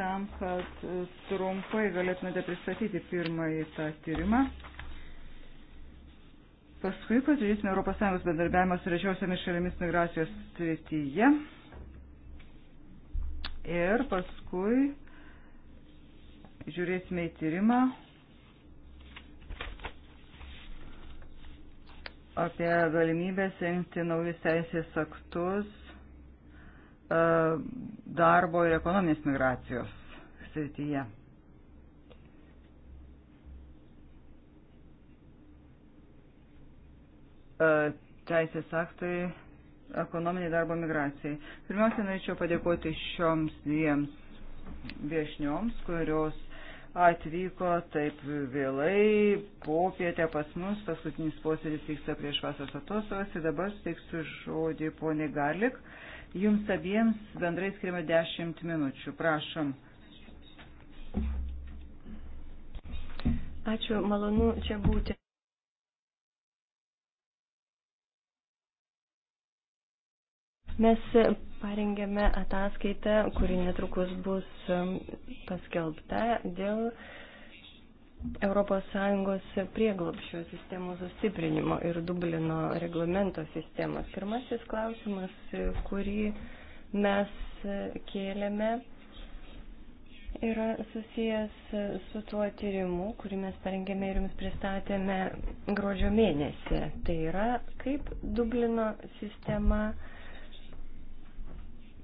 Tam, kad e, trumpai galėtumėte pristatyti pirmąjį tą tyrimą. Paskui pažiūrėsime ES bendarbiavimą su rečiosiamis šalimis migracijos srityje. Ir paskui žiūrėsime į tyrimą apie galimybės rengti naujus teisės aktus e, darbo ir ekonominės migracijos srityje. E, teisės aktai ekonominiai darbo migracijai. Pirmiausia, norėčiau padėkoti šioms dviems viešnioms, kurios atvyko taip vėlai, popietę pas mus, paskutinis posėdis vyksta prieš vasaros atostogas ir dabar steiksiu žodį poniai Garlik. Jums abiems bendrai skiriame 10 minučių. Prašom. Ačiū, malonu čia būti. Mes parengėme ataskaitą, kuri netrukus bus um, paskelbta dėl ES prieglopščio sistemos sustiprinimo ir Dublino reglamento sistemos. Pirmasis klausimas, kurį mes kėlėme, yra susijęs su tuo tyrimu, kurį mes parengėme ir jums pristatėme gruodžio mėnesį. Tai yra, kaip Dublino sistema uh,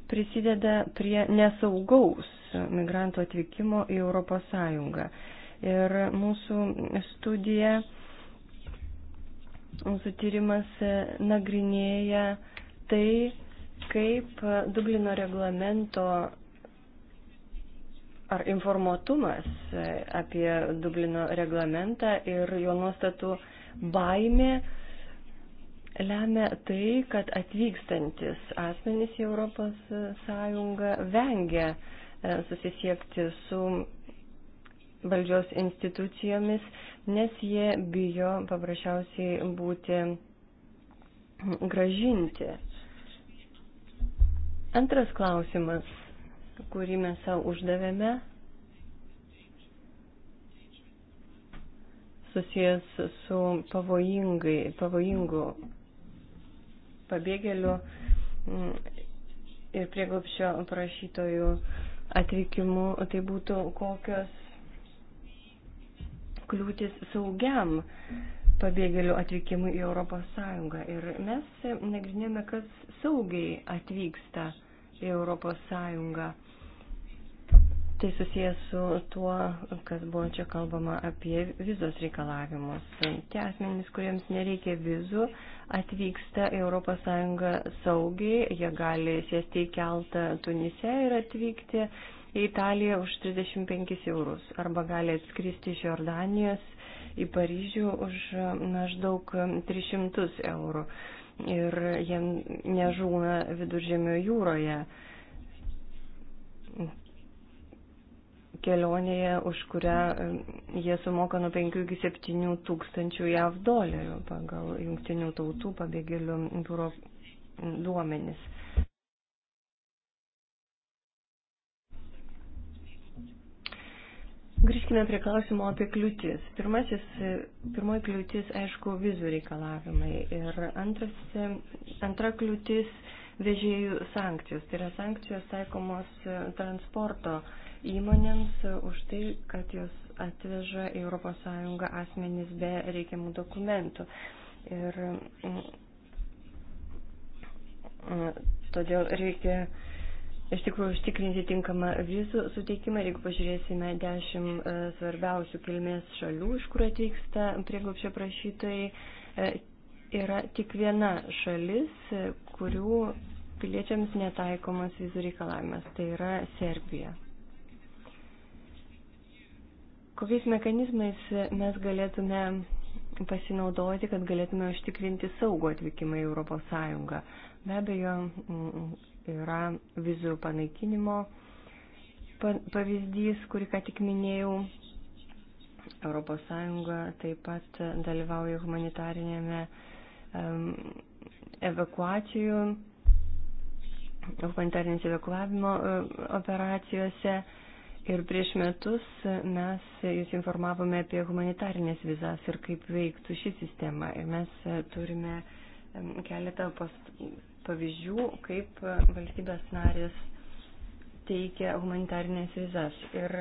prisideda prie nesaugaus migrantų atvykimo į ES. Ir mūsų studija, mūsų tyrimas nagrinėja tai, kaip Dublino reglamento ar informuotumas apie Dublino reglamentą ir jo nuostatų baimė lemia tai, kad atvykstantis asmenys į ES vengia e, susisiekti su valdžios institucijomis, nes jie bijo paprasčiausiai būti gražinti. Antras klausimas, kurį mes savo uždavėme, susijęs su pavojingu pabėgėlių mm, ir prieglopščio prašytojų atvykimu, tai būtų kokios kliūtis saugiam pabėgėlių atvykimui į Europos Sąjungą. Ir mes nagrinėjame, kas saugiai atvyksta į Europos Sąjungą. Tai susijęs su tuo, kas buvo čia kalbama apie vizos reikalavimus. Tai tie asmenys, kuriems nereikia vizų, atvyksta į ES saugiai, jie gali sėsti į keltą Tunise ir atvykti į Italiją už 35 eurus. Arba gali atskristi iš Jordanijos į Paryžių už maždaug 300 eurų. Ir jie nežūna viduržėmio jūroje kelionėje, už kurią e, jie sumoka nuo 5 iki 7 tūkstančių JAV dolerių pagal jungtinių tautų pabėgėlių biuro duomenis. Grįžkime prie klausimo apie kliūtis. Pirmasis, e, pirmoji kliūtis, aišku, vizų reikalavimai. Ir antras, e, antra kliūtis vežėjų sankcijos. Tai yra sankcijos taikomos transporto uh, įmonėms e, už tai, kad jos atveža į ES asmenys be reikiamų dokumentų. Ir mm, mm, todėl reikia iš tikrųjų užtikrinti tinkamą vizų suteikimą. Jeigu pažiūrėsime dešimt e, svarbiausių kilmės šalių, iš kur atvyksta prieglopšio prašytojai, e, yra tik viena šalis, kurių piliečiams netaikomas vizų reikalavimas. Tai yra Serbija. Kokiais mechanizmais mes galėtume pasinaudoti, kad galėtume užtikrinti saugų atvykimą į Europos Sąjungą? Be abejo, mm, yra vizų panaikinimo pavyzdys, kurį ką tik minėjau. Europos Sąjunga taip pat dalyvauja humanitarinėme evakuacijų, humanitarinės evakuavimo e, operacijose. Ir prieš metus mes jūs informavome apie humanitarinės vizas ir kaip veiktų ši sistema. Ir mes turime keletą pavyzdžių, kaip valstybės narės teikia humanitarinės vizas. Ir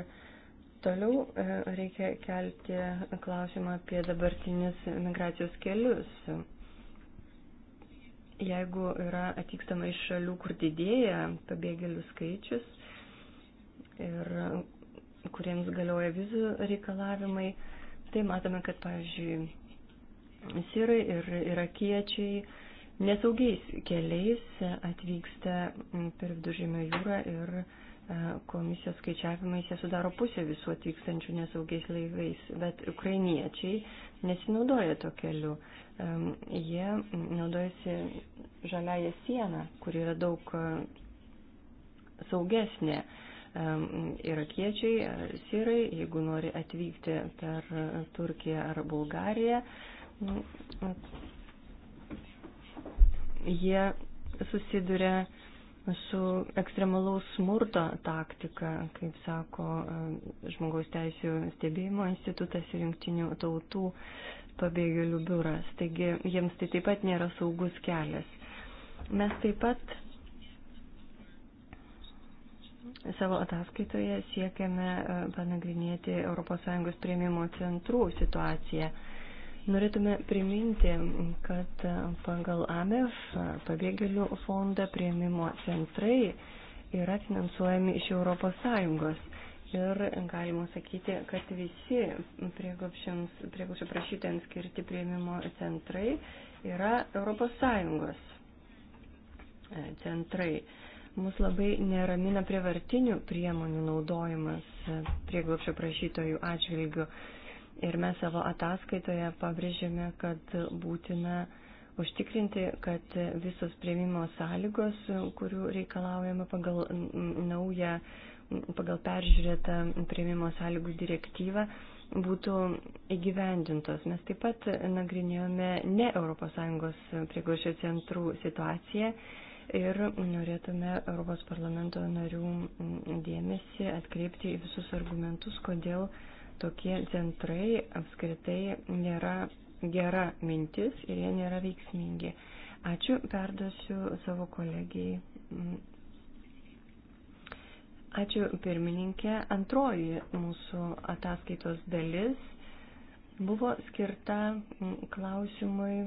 toliau e, reikia kelti klausimą apie dabartinius migracijos kelius. Jeigu yra atvykstama iš šalių, kur didėja pabėgėlių skaičius, ir kuriems galioja vizų reikalavimai. Tai matome, kad, pavyzdžiui, sirai ir irakiečiai nesaugiais keliais atvyksta per viduržėmio jūrą ir e, komisijos skaičiavimais jie sudaro pusę visų atvykstančių nesaugiais laivais, bet ukrainiečiai nesinaudoja to keliu. E, jie naudojasi žaliają sieną, kuri yra daug e, saugesnė irakiečiai ar e, sirai, jeigu nori atvykti per Turkiją ar Bulgariją, jie susiduria su ekstremalaus smurto taktika, kaip sako e, žmogaus teisų stebėjimo institutas ir jungtinių tautų pabėgėlių biuras. Taigi jiems tai taip pat nėra saugus kelias. Mes taip pat Savo ataskaitoje siekiame e, panagrinėti ES prieimimo centrų situaciją. Norėtume priminti, kad pagal AMEF e, pabėgėlių fondą prieimimo centrai yra finansuojami iš ES. Ir galima sakyti, kad visi prieglobšio prašytėms skirti prieimimo centrai yra ES e, centrai Mus labai neramina prievartinių priemonių naudojimas e, prieglopšio prašytojų atžvilgių. Ir mes savo ataskaitoje pabrėžėme, kad būtina užtikrinti, kad visos prieimimo sąlygos, kurių reikalaujama pagal naują, pagal peržiūrėtą prieimimo sąlygų direktyvą, būtų įgyvendintos. Mes taip pat nagrinėjome ne ES prieglošio centrų situaciją ir norėtume Europos parlamento narių mm, dėmesį atkreipti į visus argumentus, kodėl tokie centrai apskritai nėra gera mintis ir jie nėra veiksmingi. Ačiū, perduosiu savo kolegijai. Ačiū pirmininkė. Antroji mūsų ataskaitos dalis buvo skirta mm, klausimui,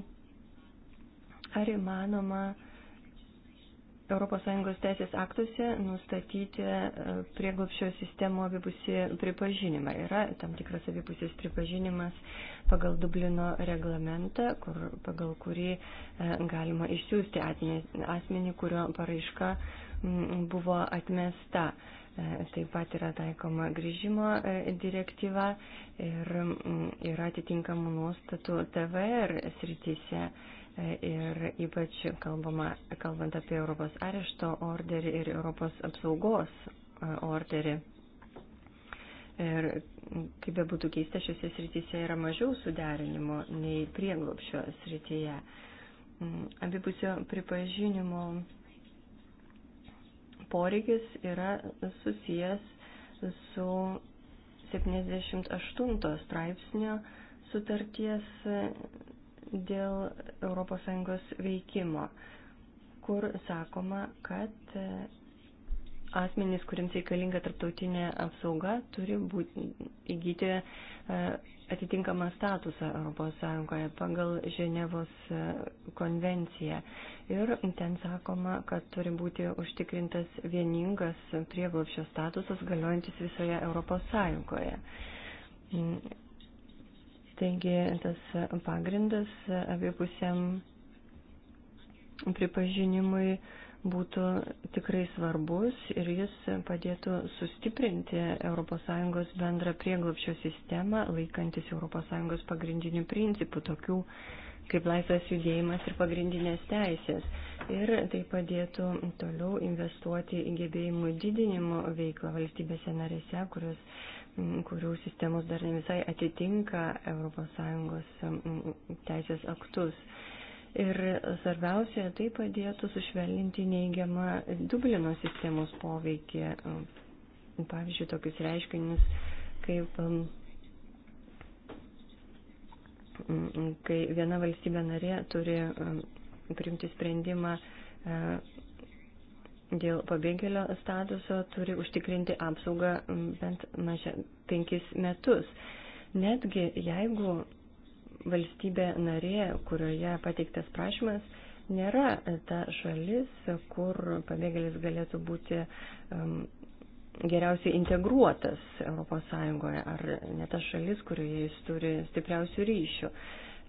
ar įmanoma ES teisės aktuose nustatyti e, prieglopščio sistemų abipusį pripažinimą. Yra tam tikras abipusis pripažinimas pagal Dublino reglamentą, kur, pagal kurį e, galima išsiųsti asmenį, kurio paraiška buvo atmesta. E, taip pat yra taikoma grįžimo e, direktyva ir mm, yra atitinkamų nuostatų TVR srityse. E, ir ypač kalbama, kalbant apie Europos arešto orderį ir Europos apsaugos orderį. Ir kaip be būtų keista, šiuose srityse yra mažiau suderinimo nei prieglopšio srityje. Mm, abipusio pripažinimo poreikis yra susijęs su 78 straipsnio sutarties dėl ES veikimo, kur sakoma, kad asmenys, kuriems reikalinga tarptautinė apsauga, turi būti įgyti e, atitinkamą statusą ES pagal Ženevos e, konvenciją. Ir ten sakoma, kad turi būti užtikrintas vieningas prieglopšio statusas galiojantis visoje ES. Mm. Taigi tas pagrindas abipusiam pripažinimui būtų tikrai svarbus ir jis padėtų sustiprinti ES bendrą prieglopščio sistemą, laikantis ES pagrindinių principų, tokių kaip laisvas judėjimas ir pagrindinės teisės. Ir tai padėtų toliau investuoti į gebėjimų didinimo veiklą valstybėse narėse, kurios, kurių sistemos dar ne visai atitinka ES teisės aktus. Ir svarbiausia, tai padėtų sušvelninti neigiamą Dublino sistemos poveikį. Pavyzdžiui, tokius reiškinius kaip um, mm, kai viena valstybė narė turi um, priimti sprendimą e, dėl pabėgėlio statuso, turi užtikrinti apsaugą bent mažia, penkis metus. Netgi jeigu valstybė narė, kurioje pateiktas prašymas, nėra ta šalis, kur pabėgėlis galėtų būti um, geriausiai integruotas ES ar ne ta šalis, kurioje jis turi stipriausių ryšių.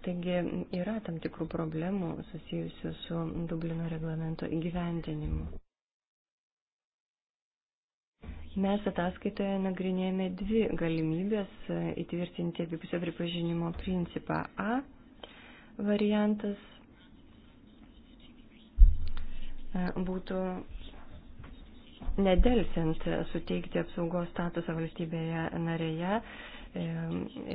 Taigi yra tam tikrų problemų susijusių su Dublino reglamento įgyvendinimu. Mes ataskaitoje nagrinėjame dvi galimybės e, įtvirtinti abipusio pripažinimo principą. A variantas e, būtų nedelsiant suteikti apsaugos statusą valstybėje narėje e,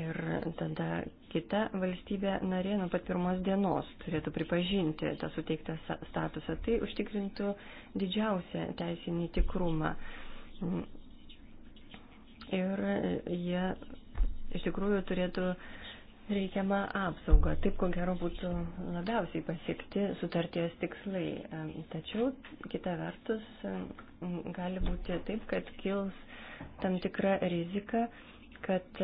ir tada kita valstybė narė nuo pat pirmos dienos turėtų pripažinti tą suteiktą statusą. Tai užtikrintų didžiausią teisinį tikrumą ir jie iš tikrųjų turėtų reikiamą apsaugą. Taip, ko gero, būtų labiausiai pasiekti sutarties tikslai. Tačiau, kita vertus, gali būti taip, kad kils tam tikra rizika, kad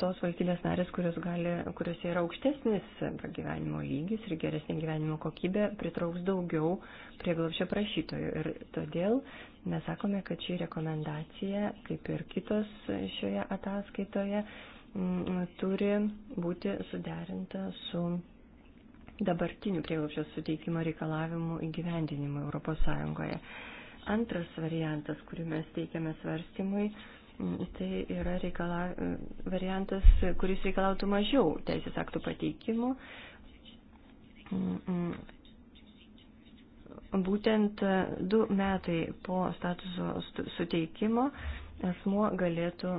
tos valstybės narės, kurios gali, kuriuose yra aukštesnis gyvenimo lygis ir geresnė gyvenimo kokybė, pritrauks daugiau prieglapšio prašytojų. Ir todėl Mes sakome, kad ši rekomendacija, kaip ir kitos šioje ataskaitoje, mm, turi būti suderinta su dabartiniu prieglobščio suteikimo reikalavimu įgyvendinimu ES. Antras variantas, kurį mes teikiame svarstymui, mm, tai yra reikala, variantas, kuris reikalautų mažiau teisės aktų pateikimų mm, būtent e, du metai po statuso suteikimo asmuo galėtų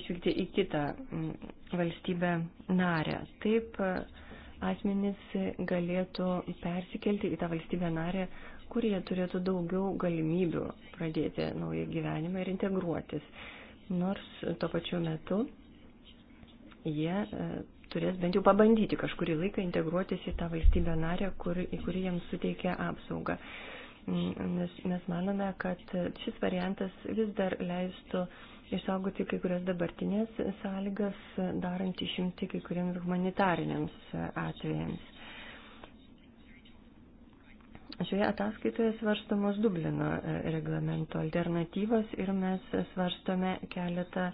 išvykti į kitą valstybę narę. Taip e, asmenys galėtų persikelti į tą valstybę narę, kur jie turėtų daugiau galimybių pradėti naują gyvenimą ir integruotis. Nors tuo pačiu metu jie e, turės bent jau pabandyti kažkurį laiką integruotis į tą valstybę narę, kur, į kurį jiems suteikia apsaugą. Mm, nes mes manome, kad šis variantas vis dar leistų išsaugoti kai kurias dabartinės sąlygas, darant išimti kai kuriems humanitariniams atvejams. Šioje ataskaitoje svarstamos Dublino e, reglamento alternatyvos ir mes svarstome keletą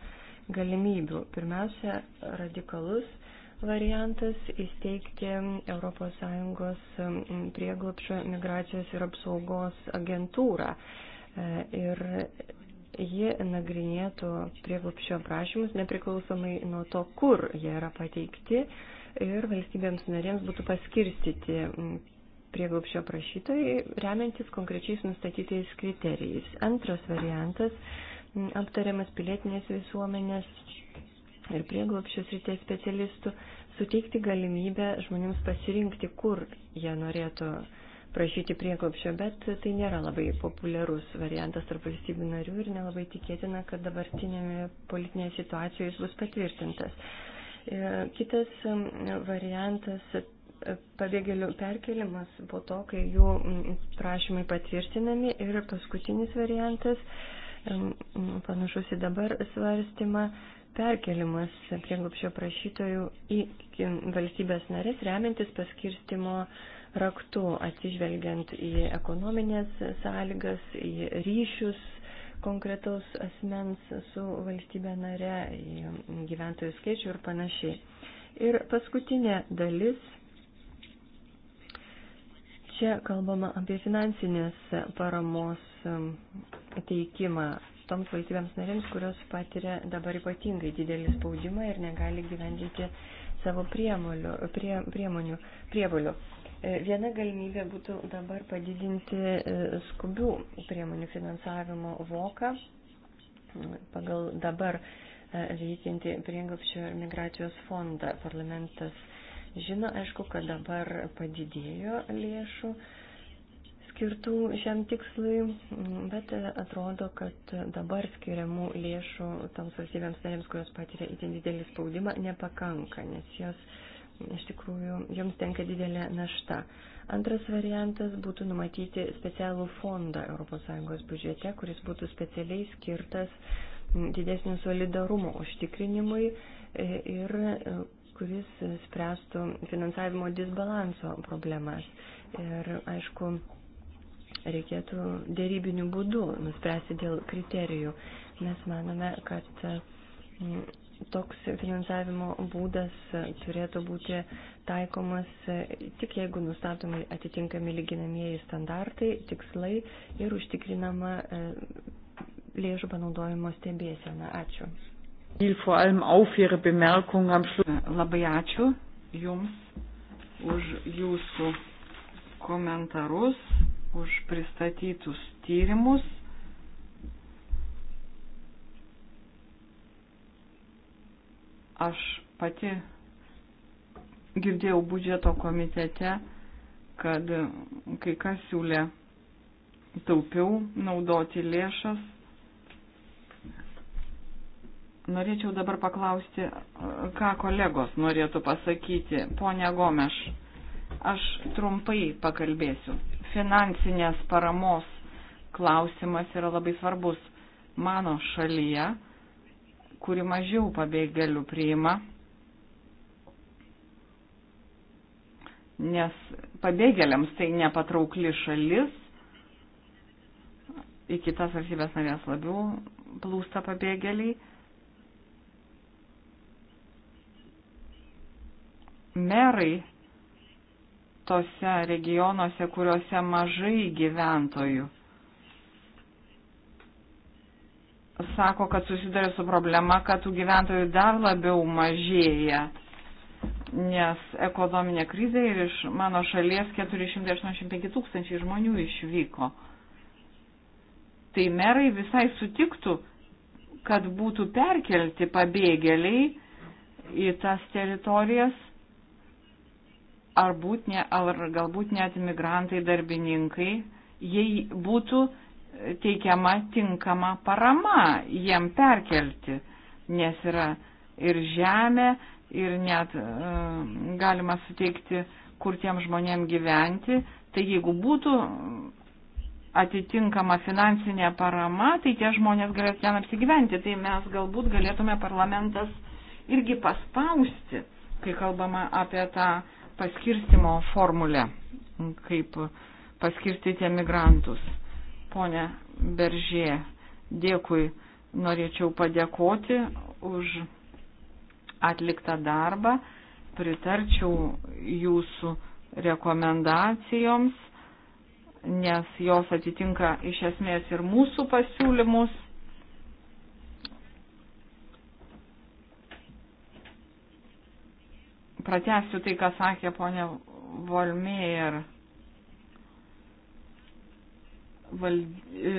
galimybių. Pirmiausia, radikalus variantas įsteigti ES mm, prieglapšio migracijos ir apsaugos agentūrą. E, ir ji nagrinėtų prieglapšio prašymus nepriklausomai nuo to, kur jie yra pateikti ir valstybėms narėms būtų paskirstyti mm, prieglapšio prašytojai, remiantis konkrečiais nustatytais kriterijais. Antras variantas mm, aptariamas pilietinės visuomenės ir prieglopščios ryties specialistų, suteikti galimybę žmonėms pasirinkti, kur jie norėtų prašyti prieglopščio, bet tai nėra labai populiarus variantas tarp valstybių narių ir nelabai tikėtina, kad dabartinėme politinėje situacijoje jis bus patvirtintas. E, kitas variantas e, pabėgėlių perkelimas po to, kai jų prašymai patvirtinami ir paskutinis variantas, panašus į dabar svarstymą, perkelimas prieglopšio prašytojų į valstybės narės remiantis paskirstimo raktu, atsižvelgiant į ekonominės sąlygas, į ryšius konkretaus asmens su valstybė nare, į gyventojų skaičių ir panašiai. Ir paskutinė dalis. Čia kalbama apie finansinės paramos teikimą toms valstybėms narėms, kurios patiria dabar ypatingai didelį spaudimą ir negali gyvendyti savo priemonių. Prie, priemonių prievolių. E, viena galimybė būtų dabar padidinti e, skubių priemonių finansavimo voką pagal dabar e, veikianti prieglapščio ir migracijos fondą. Parlamentas žino, aišku, kad dabar padidėjo lėšų skirtų šiam tikslui, bet atrodo, kad dabar skiriamų lėšų toms valstybėms narėms, kurios patiria itin didelį spaudimą, nepakanka, nes jos iš tikrųjų joms tenka didelė našta. Antras variantas būtų numatyti specialų fondą ES biudžete, kuris būtų specialiai skirtas didesnio solidarumo užtikrinimui ir kuris spręstų finansavimo disbalanso problemas. Ir aišku, reikėtų dėrybinių būdų nuspręsti dėl kriterijų. Mes manome, kad mm, toks finansavimo būdas turėtų būti taikomas tik jeigu nustatomi atitinkami lyginamieji standartai, tikslai ir užtikrinama e, lėšų panaudojimo stebėsena. Ačiū. E, labai ačiū Jums už Jūsų komentarus už pristatytus tyrimus. Aš pati girdėjau budžeto komitete, kad kai kas siūlė taupiau naudoti lėšas. Norėčiau dabar paklausti, ką kolegos norėtų pasakyti. Pone Gomeš, aš trumpai pakalbėsiu finansinės paramos klausimas yra labai svarbus mano šalyje, kuri mažiau pabėgėlių priima, nes pabėgėliams tai nepatraukli šalis, į kitas valstybės narės labiau plūsta pabėgėliai. Merai tose regionuose, kuriuose mažai gyventojų. Sako, kad susidarė su problema, kad tų gyventojų dar labiau mažėja, nes ekonominė krizė ir iš mano šalies 485 tūkstančiai žmonių išvyko. Tai merai visai sutiktų, kad būtų perkelti pabėgėliai į tas teritorijas ar, būt ne, ar galbūt net migrantai darbininkai, jei būtų e, teikiama tinkama parama jiem perkelti, nes yra ir žemė, ir net e, galima suteikti, kur tiem žmonėm gyventi. Tai jeigu būtų e, atitinkama finansinė parama, tai tie žmonės galės ten apsigyventi. Tai mes galbūt galėtume parlamentas irgi paspausti, kai kalbama apie tą paskirstimo formulę, kaip paskirstyti emigrantus. Pone Beržė, dėkui, norėčiau padėkoti už atliktą darbą, pritarčiau jūsų rekomendacijoms, nes jos atitinka iš esmės ir mūsų pasiūlymus pratęsiu tai, ką sakė ponė Volmėjer. Val, e,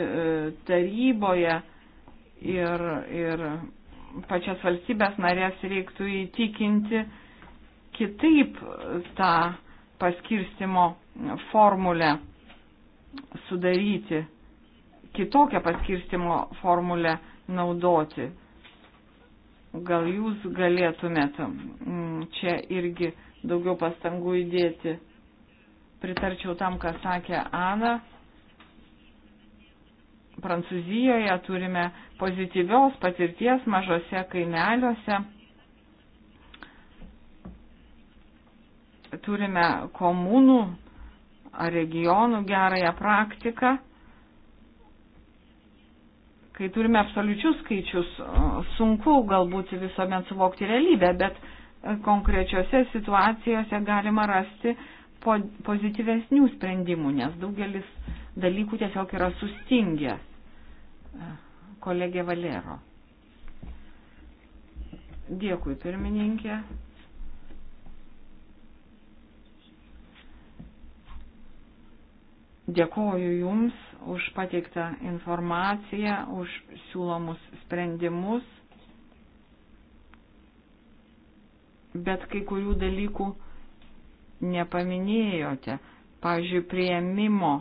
taryboje ir, ir pačias valstybės narės reiktų įtikinti kitaip tą paskirstimo formulę sudaryti, kitokią paskirstimo formulę naudoti. Gal jūs galėtumėt mm, čia irgi daugiau pastangų įdėti. Pritarčiau tam, ką sakė Ana. Prancūzijoje turime pozityvios patirties mažose kaimeliuose. Turime komunų ar regionų gerąją praktiką kai turime absoliučius skaičius, sunku galbūt visuomet suvokti realybę, bet e, konkrečiose situacijose galima rasti pozityvesnių sprendimų, nes daugelis dalykų tiesiog yra sustingę. E, kolegė Valero. Dėkui, pirmininkė. Dėkuoju Jums už pateiktą informaciją, už siūlomus sprendimus, bet kai kurių dalykų nepaminėjote. Pavyzdžiui, prieimimo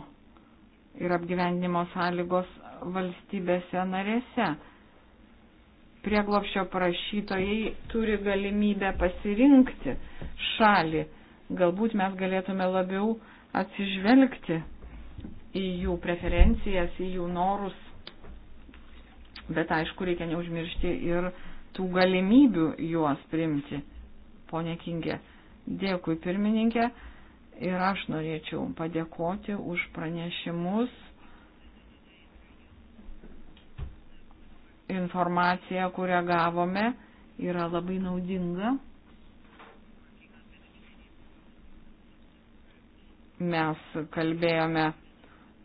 ir apgyvendimo sąlygos valstybėse narėse. Prieglopščio prašytojai turi galimybę pasirinkti šalį. Galbūt mes galėtume labiau atsižvelgti į jų preferencijas, į jų norus, bet aišku, reikia neužmiršti ir tų galimybių juos priimti, ponė Kingė. Dėkui pirmininkė ir aš norėčiau padėkoti už pranešimus, informacija, kurią gavome, yra labai naudinga. Mes kalbėjome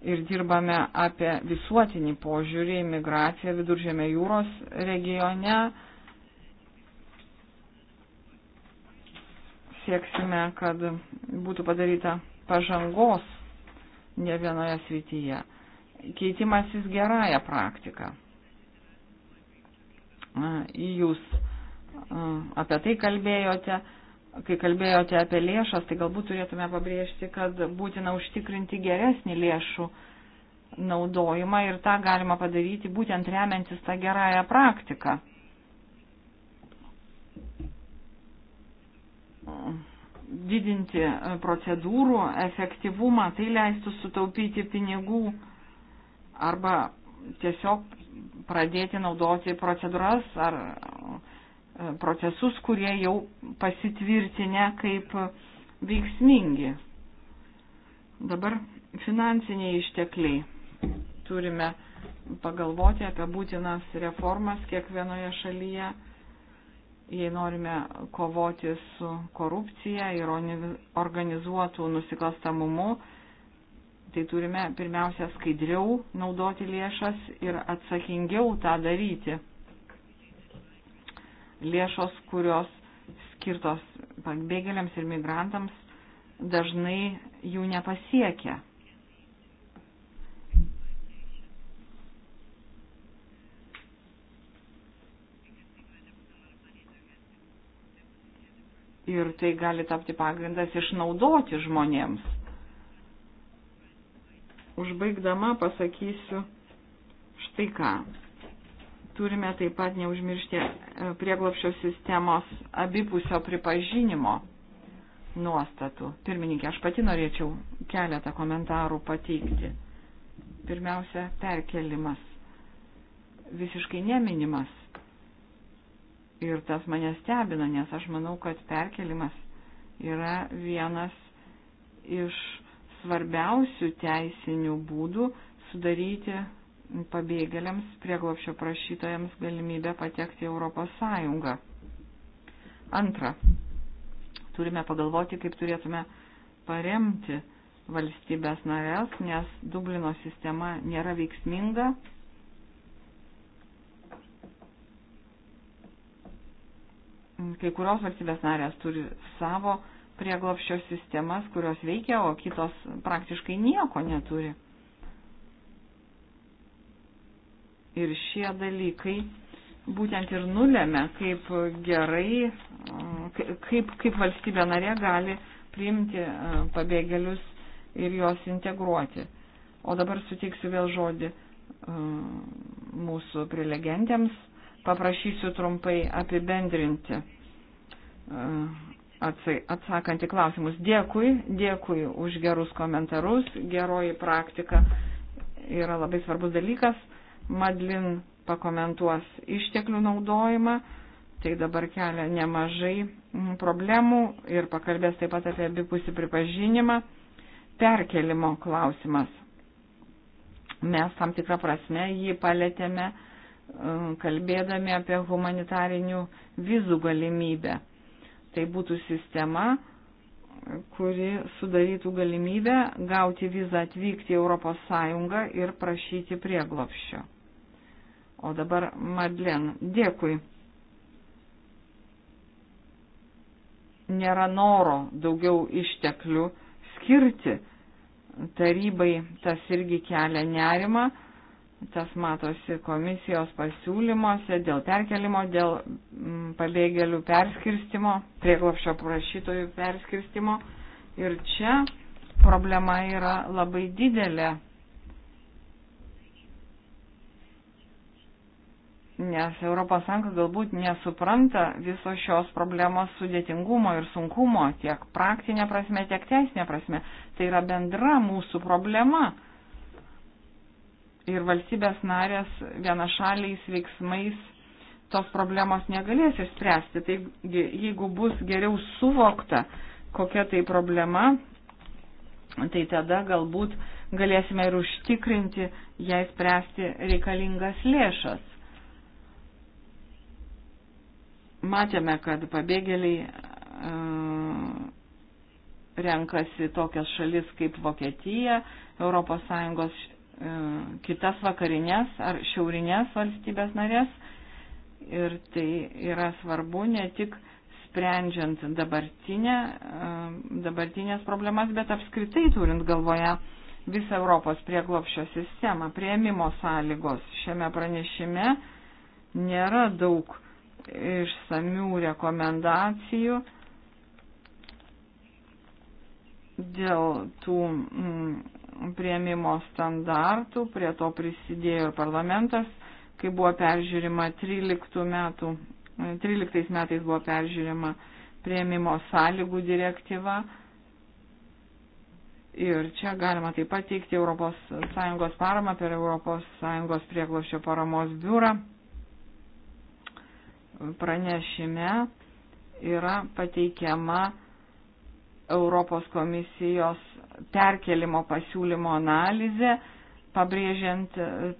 ir dirbame apie visuotinį požiūrį į migraciją viduržėme jūros regione. Sieksime, kad būtų padaryta pažangos ne vienoje srityje. Keitimasis gerąją praktiką. Jūs apie tai kalbėjote kai kalbėjote apie lėšas, tai galbūt turėtume pabrėžti, kad būtina užtikrinti geresnį lėšų naudojimą ir tą galima padaryti būtent remiantis tą gerąją praktiką. Didinti procedūrų efektyvumą, tai leistų sutaupyti pinigų arba tiesiog pradėti naudoti procedūras ar procesus, kurie jau pasitvirtinę kaip veiksmingi. Dabar finansiniai ištekliai. Turime pagalvoti apie būtinas reformas kiekvienoje šalyje, jei norime kovoti su korupcija ir organizuotų nusikalstamumu, tai turime pirmiausia skaidriau naudoti lėšas ir atsakingiau tą daryti lėšos, kurios skirtos pabėgėliams ir migrantams, dažnai jų nepasiekia. ir tai gali tapti pagrindas išnaudoti žmonėms. Užbaigdama pasakysiu štai ką. Turime taip pat neužmiršti e, prieglopščio sistemos abipusio pripažinimo nuostatų. Pirmininkė, aš pati norėčiau keletą komentarų pateikti. Pirmiausia, perkelimas visiškai neminimas. Ir tas mane stebina, nes aš manau, kad perkelimas yra vienas iš svarbiausių teisinių būdų sudaryti pabėgėliams, prieglopšio prašytojams galimybę patekti į Europos Sąjungą. Antra, turime pagalvoti, kaip turėtume paremti valstybės narės, nes Dublino sistema nėra veiksminga. Kai kurios valstybės narės turi savo prieglopščio sistemas, kurios veikia, o kitos praktiškai nieko neturi. Ir šie dalykai būtent ir nulėmė, kaip gerai, kaip, kaip valstybė narė gali priimti e, pabėgėlius ir juos integruoti. O dabar sutiksiu vėl žodį e, mūsų prelegentėms, paprašysiu trumpai apibendrinti e, atsakant į klausimus. Dėkui, dėkui už gerus komentarus, geroji praktika yra labai svarbus dalykas Madlin pakomentuos išteklių naudojimą, tai dabar kelia nemažai mm, problemų ir pakalbės taip pat apie abipusį pripažinimą. Perkelimo klausimas. Mes tam tikrą prasme jį palėtėme, mm, kalbėdami apie humanitarinių vizų galimybę. Tai būtų sistema, kuri sudarytų galimybę gauti vizą atvykti į ES ir prašyti prieglopščio. O dabar Madlen, dėkui. Nėra noro daugiau išteklių skirti. Tarybai tas irgi kelia nerimą, tas matosi komisijos pasiūlymuose dėl perkelimo, dėl mm, pabėgėlių perskirstimo, prieglapšio prašytojų perskirstimo. Ir čia problema yra labai didelė nes ES galbūt nesupranta viso šios problemos sudėtingumo ir sunkumo tiek praktinė prasme, tiek teisinė prasme. Tai yra bendra mūsų problema. Ir valstybės narės vienašaliais veiksmais tos problemos negalės išspręsti. Taigi, jeigu bus geriau suvokta, kokia tai problema, tai tada galbūt galėsime ir užtikrinti jai spręsti reikalingas lėšas matėme, kad pabėgėliai e, renkasi tokias šalis kaip Vokietija, ES e, kitas vakarinės ar šiaurinės valstybės narės. Ir tai yra svarbu ne tik sprendžiant dabartinę, e, dabartinės problemas, bet apskritai turint galvoje visą Europos prieglopščio sistemą, prieimimo sąlygos. Šiame pranešime nėra daug uh, išsamių rekomendacijų dėl tų mm, prieimimo standartų, prie to prisidėjo ir parlamentas, kai buvo peržiūrima 13 metų, 13 metais buvo peržiūrima prieimimo sąlygų direktyva. Ir čia galima taip pat teikti ES paramą per ES prieglošio paramos biurą pranešime yra pateikiama Europos komisijos perkelimo pasiūlymo analizė, pabrėžiant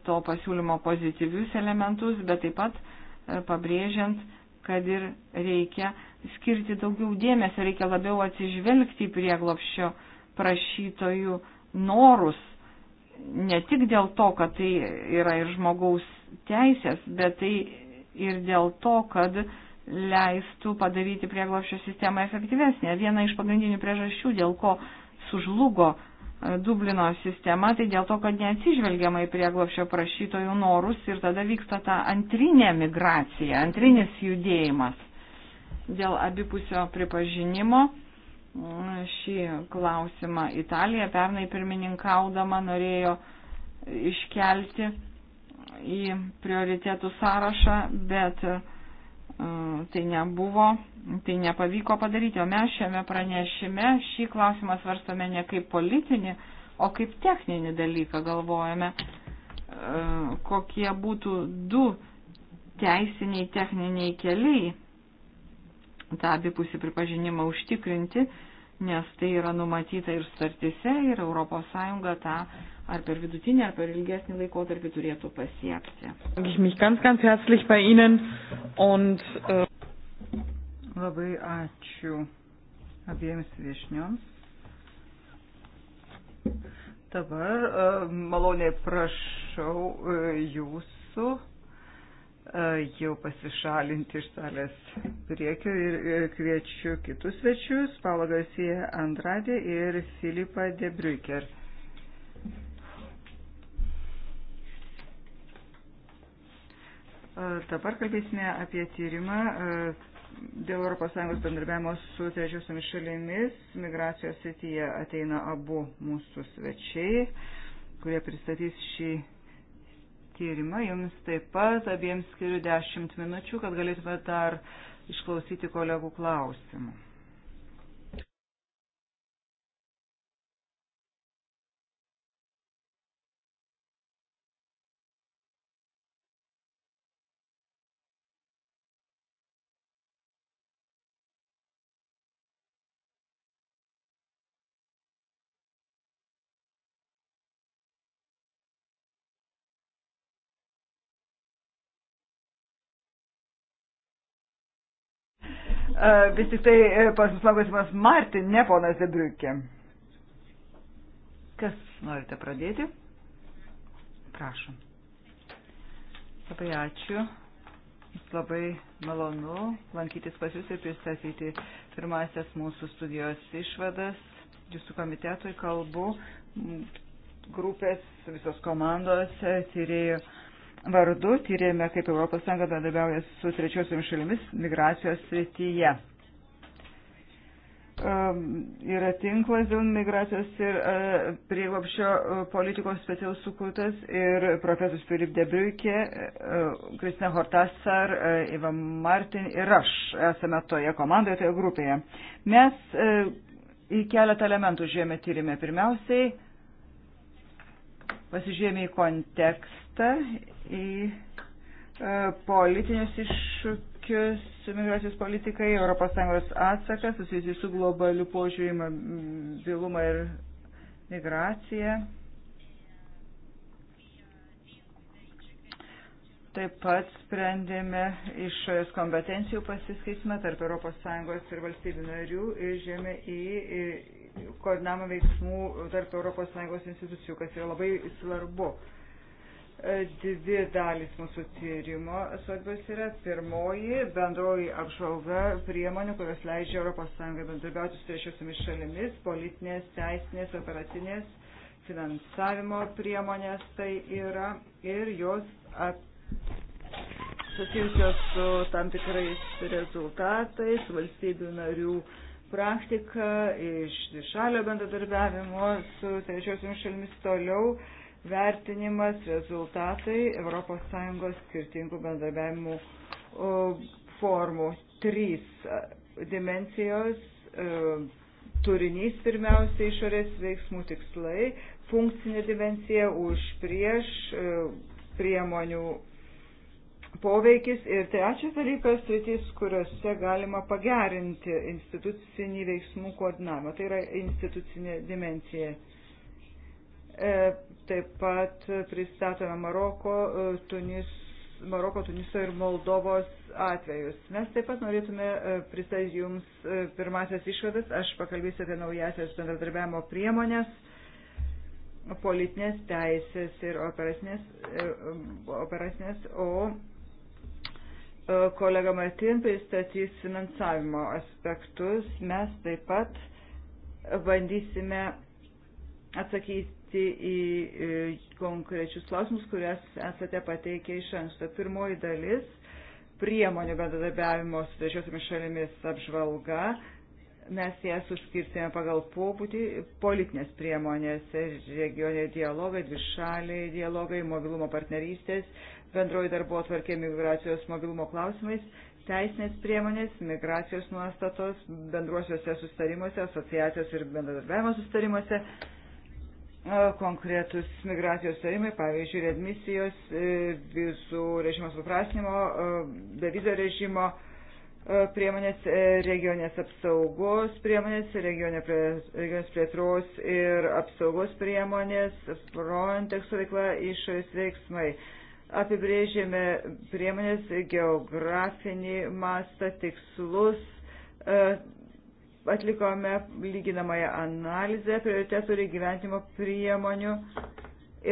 to pasiūlymo pozityvius elementus, bet taip pat e, pabrėžiant, kad ir reikia skirti daugiau dėmesio, reikia labiau atsižvelgti į prieglopščio prašytojų norus. Ne tik dėl to, kad tai yra ir žmogaus teisės, bet tai ir dėl to, kad leistų padaryti prieglopščio sistemą efektyvesnę. Viena iš pagrindinių priežasčių, dėl ko sužlugo e, Dublino sistema, tai dėl to, kad neatsižvelgiama į prieglopščio prašytojų norus ir tada vyksta ta antrinė migracija, antrinis judėjimas. Dėl abipusio pripažinimo šį klausimą Italija pernai pirmininkaudama norėjo iškelti į prioritėtų sąrašą, bet e, tai nebuvo, tai nepavyko padaryti, o mes šiame pranešime šį klausimą svarstome ne kaip politinį, o kaip techninį dalyką galvojame, e, kokie būtų du teisiniai, techniniai keliai tą abipusį pripažinimą užtikrinti, nes tai yra numatyta ir startise, ir ES tą ar per vidutinį, ar per ilgesnį laikotarpį turėtų pasiekti. Äh, Labai ačiū abiems viešnioms. Dabar äh, maloniai prašau äh, jūsų jau pasišalinti iš salės priekio ir kviečiu kitus svečius, Paula Garcia Andradė ir Filipą Debriuker. Dabar kalbėsime apie tyrimą dėl ES bendarbiavimo su trečiosiomis šalimis. Migracijos srityje ateina abu mūsų svečiai, kurie pristatys šį tyrimą. Jums taip pat abiems skiriu 10 minučių, kad galėtume dar išklausyti kolegų klausimų. E, vis tik tai e, pas mus lankosi Martin, ne ponas Debriukė. Kas norite pradėti? Prašom. Labai ačiū. Labai malonu lankytis pas Jūs ir pristatyti pirmasias mūsų studijos išvadas. Jūsų komitetui kalbu grupės, visos komandos, e, tyrėjų vardu tyrėme, kaip ES bendradarbiauja su trečiosiomis šalimis migracijos srityje. Yra tinklas dėl migracijos ir e, prieglopščio e, politikos specialus sukurtas ir profesorius Filip Debriukė, e, Kristina Hortasar, Iva Martin ir aš esame toje komandoje, toje grupėje. Mes į keletą elementų žiemė tyrimė. Pirmiausiai pasižiūrėjome į kontekstą atsižvelgta į e, politinius iššūkius, migracijos politikai, ES atsakas susijusi su globaliu požiūriu į mobilumą ir migraciją. Taip pat sprendėme išorės kompetencijų pasiskaitimą tarp ES ir valstybių narių ir žemė į koordinavimą veiksmų tarp ES institucijų, kas yra labai svarbu. Uh, E, dvi dalys mūsų tyrimo svarbios yra. Pirmoji - bendroji apžvalga priemonių, kurios leidžia ES bendradarbiauti su trečiosiomis šalimis - politinės, teisinės, operacinės, finansavimo priemonės tai yra ir jos ap... susijusios su tam tikrais rezultatais valstybių narių praktika iš dvišalio bendradarbiavimo su trečiosiomis šalimis toliau vertinimas, rezultatai ES skirtingų bendradarbiavimų formų. Trys dimensijos e, turinys pirmiausia išorės veiksmų tikslai, funkcinė dimensija už prieš e, priemonių poveikis ir trečias dalykas sritis, kuriuose galima pagerinti institucinį veiksmų koordinavimą. Tai yra institucinė dimensija. E, taip pat pristatome Maroko, e, Tunis, Maroko, Tuniso ir Moldovos atvejus. Mes taip pat norėtume e, pristatyti Jums pirmasias išvadas. Aš pakalbėsiu apie naujasias bendradarbiavimo priemonės, politinės teisės ir operacinės, operacinės o kolega Martin pristatys finansavimo aspektus. Mes taip pat bandysime atsakyti atsakyti į konkrečius klausimus, kurias esate pateikę iš anksto. Pirmoji dalis - priemonių bendradarbiavimo su trečiosiomis šalimis apžvalga. Mes ją suskirstėme pagal pobūdį - politinės priemonės, regioniai dialogai, dvišaliai dialogai, mobilumo partnerystės, bendroji darbo atvarkė migracijos mobilumo klausimais teisinės priemonės, migracijos nuostatos, bendruosiuose sustarimuose, asociacijos ir bendradarbiavimo sustarimuose, konkretus migracijos tarimai, pavyzdžiui, redmisijos, e, visų režimo suprasnimo, e, bevizio režimo e, priemonės, regionės apsaugos priemonės, regionė prie, regionės plėtros ir apsaugos priemonės, Frontex veikla, išorės veiksmai. Apibrėžėme priemonės geografinį mastą, tikslus, atlikome lyginamąją analizę prioritetų ir įgyventimo priemonių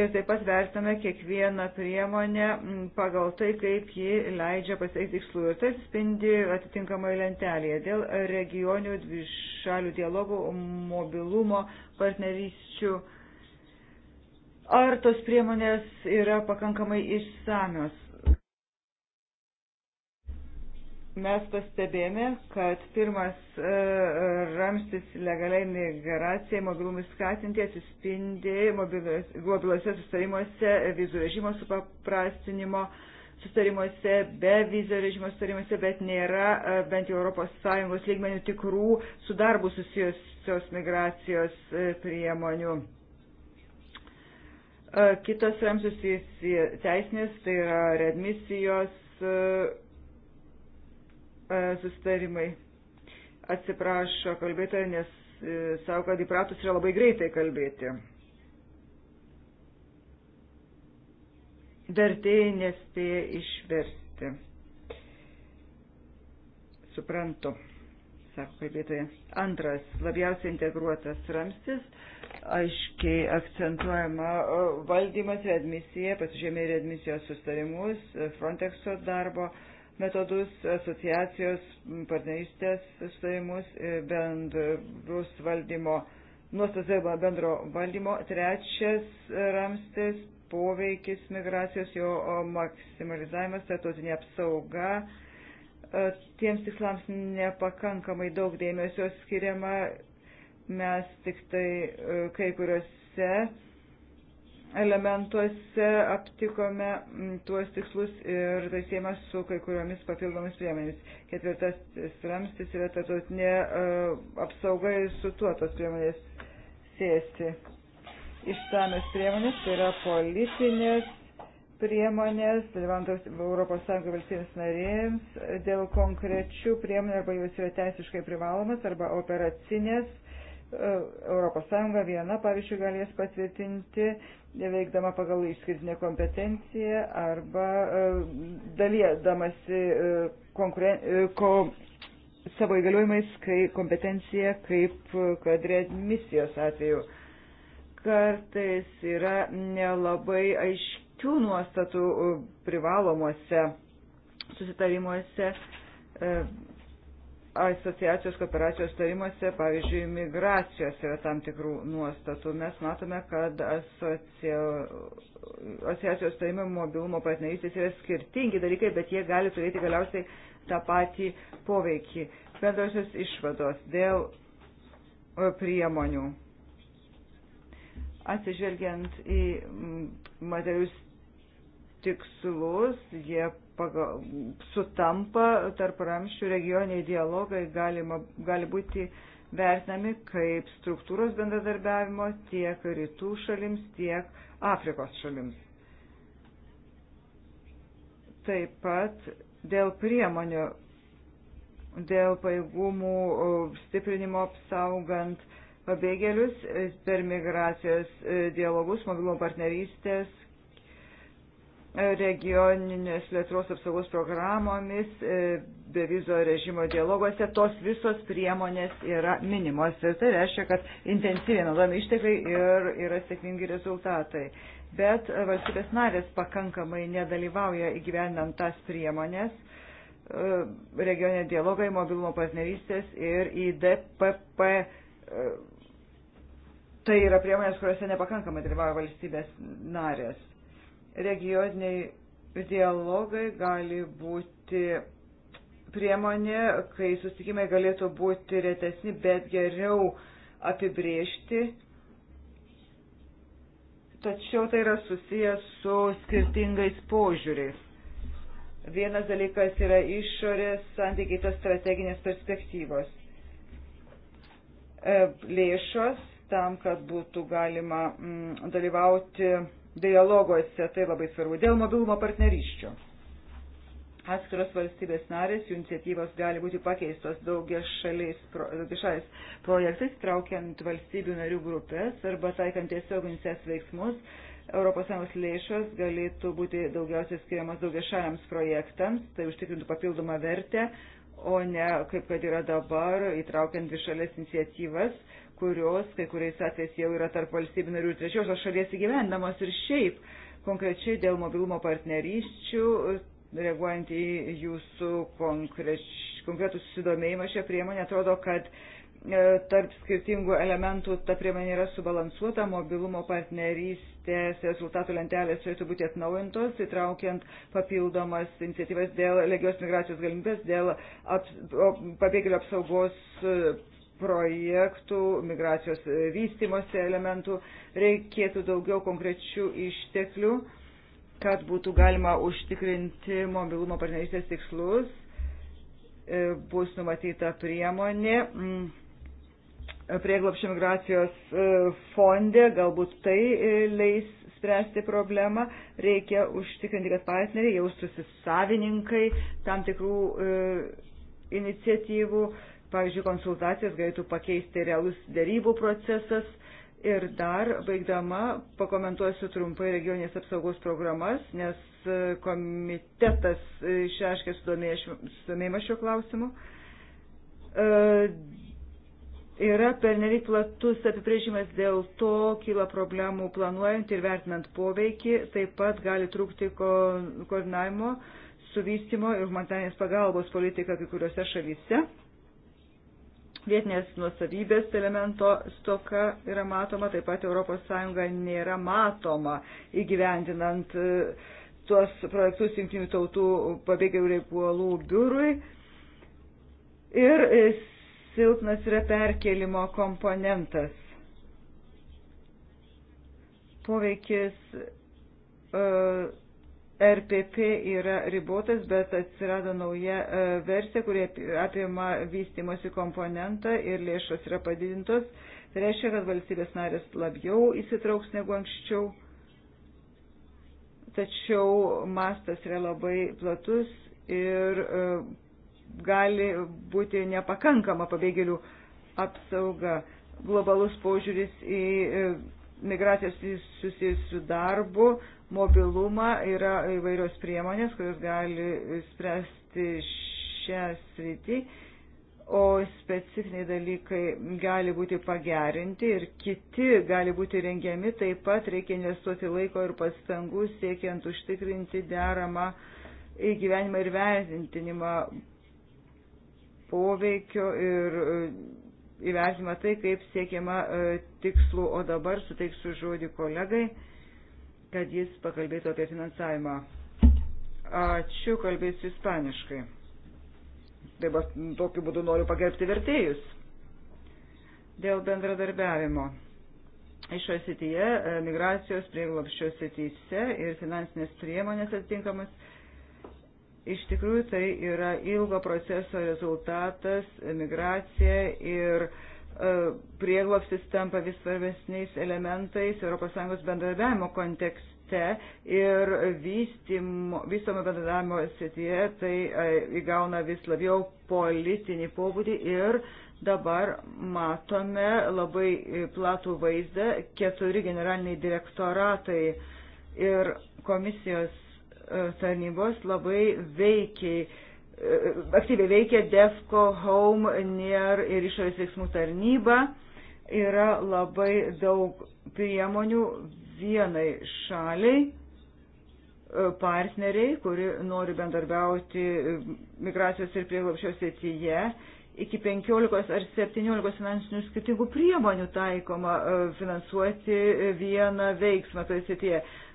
ir taip pat vertiname kiekvieną priemonę pagal tai, kaip ji leidžia pasiekti tikslų. Ir tai spindi atitinkamai lentelėje dėl regionių dvišalių dialogų, mobilumo, partnerysčių. Ar tos priemonės yra pakankamai išsamios? mes pastebėjome, kad pirmas e, ramstis legaliai migracijai mobilumui skatinti atsispindi mobiliuose sustarimuose, vizų režimo supaprastinimo sustarimuose, be vizų režimo sustarimuose, bet nėra e, bent jau ES lygmenių tikrų su darbu susijusios migracijos e, priemonių. E, Kitas ramstis teisinės, tai yra redmisijos e, E, sustarimai. Atsiprašo kalbėtoja, nes e, savo, kad įpratus yra labai greitai kalbėti. Vertėjai nespėja išversti. Suprantu, sako kalbėtoja. Antras, labiausiai integruotas ramstis aiškiai akcentuojama e, valdymas, readmisija, pasižymė readmisijos sustarimus, Frontexo darbo metodus, asociacijos, partnerystės sustarimus, bendrus valdymo, nuostatas bendro valdymo. Trečias ramstis - poveikis migracijos, jo maksimalizavimas, tarptautinė apsauga. E, tiems tikslams nepakankamai daug dėmesio skiriama, mes tik tai e, kai kuriuose elementuose aptikome mm, tuos tikslus ir tai siejama su kai kuriomis papildomis priemonėmis. Ketvirtas ramstis yra tarptautinė e, apsauga ir su tuo tos priemonės siejasi. Išsamios priemonės tai yra politinės priemonės, dalyvantos ES valstybės narėms, dėl konkrečių priemonių arba jos yra teisiškai privalomas arba operacinės ES viena, pavyzdžiui, gali jas patvirtinti, veikdama pagal išskirtinę kompetenciją arba e, dalėdamasi e, konkuren... E, ko... savo įgaliojimais kai kompetencija, kaip kad readmisijos atveju. Kartais yra nelabai aiškių nuostatų privalomuose susitarimuose asociacijos kooperacijos tarimuose, pavyzdžiui, migracijos yra tam tikrų nuostatų. Mes matome, kad asocia... asociacijos tarimai mobilumo partnerystės yra skirtingi dalykai, bet jie gali turėti galiausiai tą patį poveikį. Bendrosios išvados dėl e, priemonių. Atsižvelgiant į materialius tikslus, jie pagal, sutampa tarp ramščių regioniai dialogai, galima, gali būti vertinami kaip struktūros bendradarbiavimo tiek rytų šalims, tiek Afrikos šalims. Taip pat dėl priemonių, dėl paėgumų stiprinimo apsaugant pabėgėlius per migracijos e, dialogus, mobilumo partnerystės, regioninės plėtros apsaugos programomis, e, bevizo režimo dialoguose, tos visos priemonės yra minimos. Ir tai reiškia, kad intensyviai naudojami ištekliai ir yra sėkmingi rezultatai. Bet valstybės narės pakankamai nedalyvauja įgyvendant tas priemonės e, regionė dialogai, mobilumo partnerystės ir IDPP e, Tai yra priemonės, kuriuose nepakankamai dalyvauja valstybės narės. Regioniniai dialogai gali būti priemonė, kai susitikimai galėtų būti retesni, bet geriau apibriežti. Tačiau tai yra susijęs su skirtingais požiūriais. Vienas dalykas yra išorės santykiai tos strateginės perspektyvos. E, lėšos tam, kad būtų galima mm, dalyvauti dialoguose, tai labai svarbu, dėl mobilumo partneriščio. Atskiros valstybės narės, jų iniciatyvos gali būti pakeistos daugia šaliais pro, projektais, traukiant valstybių narių grupės arba taikant tiesioginis veiksmus. ES lėšos galėtų būti daugiausiai skiriamas daugia šaliams projektams, tai užtikrintų papildomą vertę, o ne kaip kad yra dabar, įtraukiant dvi šalės iniciatyvas, kurios kai kuriais atvejais jau yra tarp valstybių narių ir trečiosios šalies įgyvendamos ir šiaip konkrečiai dėl mobilumo partnerysčių, reaguojant į jūsų konkreč, konkretų susidomėjimą šią priemonę, atrodo, kad e, tarp skirtingų elementų ta priemonė yra subalansuota, mobilumo partnerystės rezultatų lentelės turėtų būti atnaujintos, įtraukiant papildomas iniciatyvas dėl legios migracijos galimybės, dėl ap, pabėgėlių apsaugos projektų, migracijos e, vystimosi elementų, reikėtų daugiau konkrečių išteklių, kad būtų galima užtikrinti mobilumo partnerystės tikslus, e, bus numatyta priemonė prieglopščio migracijos e, fonde, galbūt tai leis spręsti problemą, reikia užtikrinti, kad partneriai jaustųsi savininkai tam tikrų iniciatyvų, Pavyzdžiui, konsultacijas galėtų pakeisti realus dėrybų procesas. Ir dar, baigdama, pakomentuosiu trumpai regioninės apsaugos programas, nes e, komitetas e, išreiškė sudomėjimą šiuo klausimu. E, yra pernelyg platus apibrėžimas, dėl to kyla problemų planuojant ir vertinant poveikį, taip pat gali trūkti ko, koordinavimo, suvystimo ir humanitarės pagalbos politika kai kuriuose šalyse vietinės nuosavybės elemento stoka yra matoma, taip pat ES nėra matoma įgyvendinant e, tuos projektus Junktinių tautų pabėgėlių reikalų biurui. Ir e, silpnas yra perkelimo komponentas. Poveikis uh, RPP yra ribotas, bet atsirado nauja e, versija, kurie apima vystimosi komponentą ir lėšos yra padidintos. Tai reiškia, kad valstybės narės labiau įsitrauks negu anksčiau, tačiau mastas yra labai platus ir e, gali būti nepakankama pabėgėlių apsauga. Globalus požiūris į e, migracijas susijusius su darbu mobilumą, yra įvairios priemonės, kurios gali spręsti šią sritį, o specifiniai dalykai gali būti pagerinti ir kiti gali būti rengiami, taip pat reikia investuoti laiko ir pastangų siekiant užtikrinti deramą įgyvenimą ir vertinimą poveikio ir e, įvertinimą tai, kaip siekiama e, tikslų, o dabar suteiksiu žodį kolegai kad jis pakalbėtų apie finansavimą. Ačiū, kalbėsiu ispaniškai. Taip pat tokiu būdu noriu pagerbti vertėjus. Dėl bendradarbiavimo. Išorės sityje, e, migracijos prieglopščio sityse ir finansinės priemonės atitinkamas. Iš tikrųjų tai yra ilgo proceso rezultatas, migracija ir uh, E, prieglopstis tampa vis svarbesniais elementais ES bendradarbiavimo kontekste ir vystymo, vystomo bendradarbiavimo srityje tai e, įgauna vis labiau politinį pobūdį ir dabar matome labai platų vaizdą keturi generaliniai direktoratai ir komisijos e, tarnybos labai veikiai E, aktyviai veikia DEFCO, HOME, NIR ir išorės veiksmų tarnyba. Yra labai daug priemonių vienai šaliai, e, partneriai, kuri nori bendarbiauti e, migracijos ir prieglapščio srityje. Iki 15 ar 17 finansinių skirtingų priemonių taikoma finansuoti vieną veiksmą toje srityje. Tai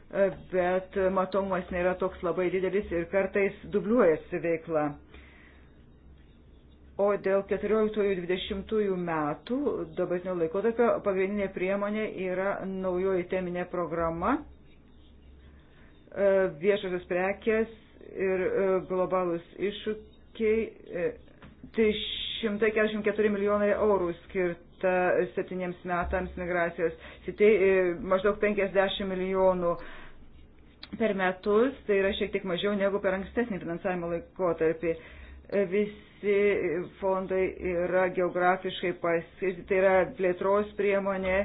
bet matomumas nėra toks labai didelis ir kartais dubliuojasi veikla. O dėl 14-20 metų dabartinio laikotarpio pagrindinė priemonė yra naujoji teminė programa e, viešosios prekės ir e, globalus iššūkiai. 344 e, milijonai eurų skirt numatyta septyniems metams migracijos. Sitai, e, maždaug 50 milijonų per metus, tai yra šiek tiek mažiau negu per ankstesnį finansavimo laikotarpį. E, visi fondai yra geografiškai paskirti, tai yra plėtros priemonė,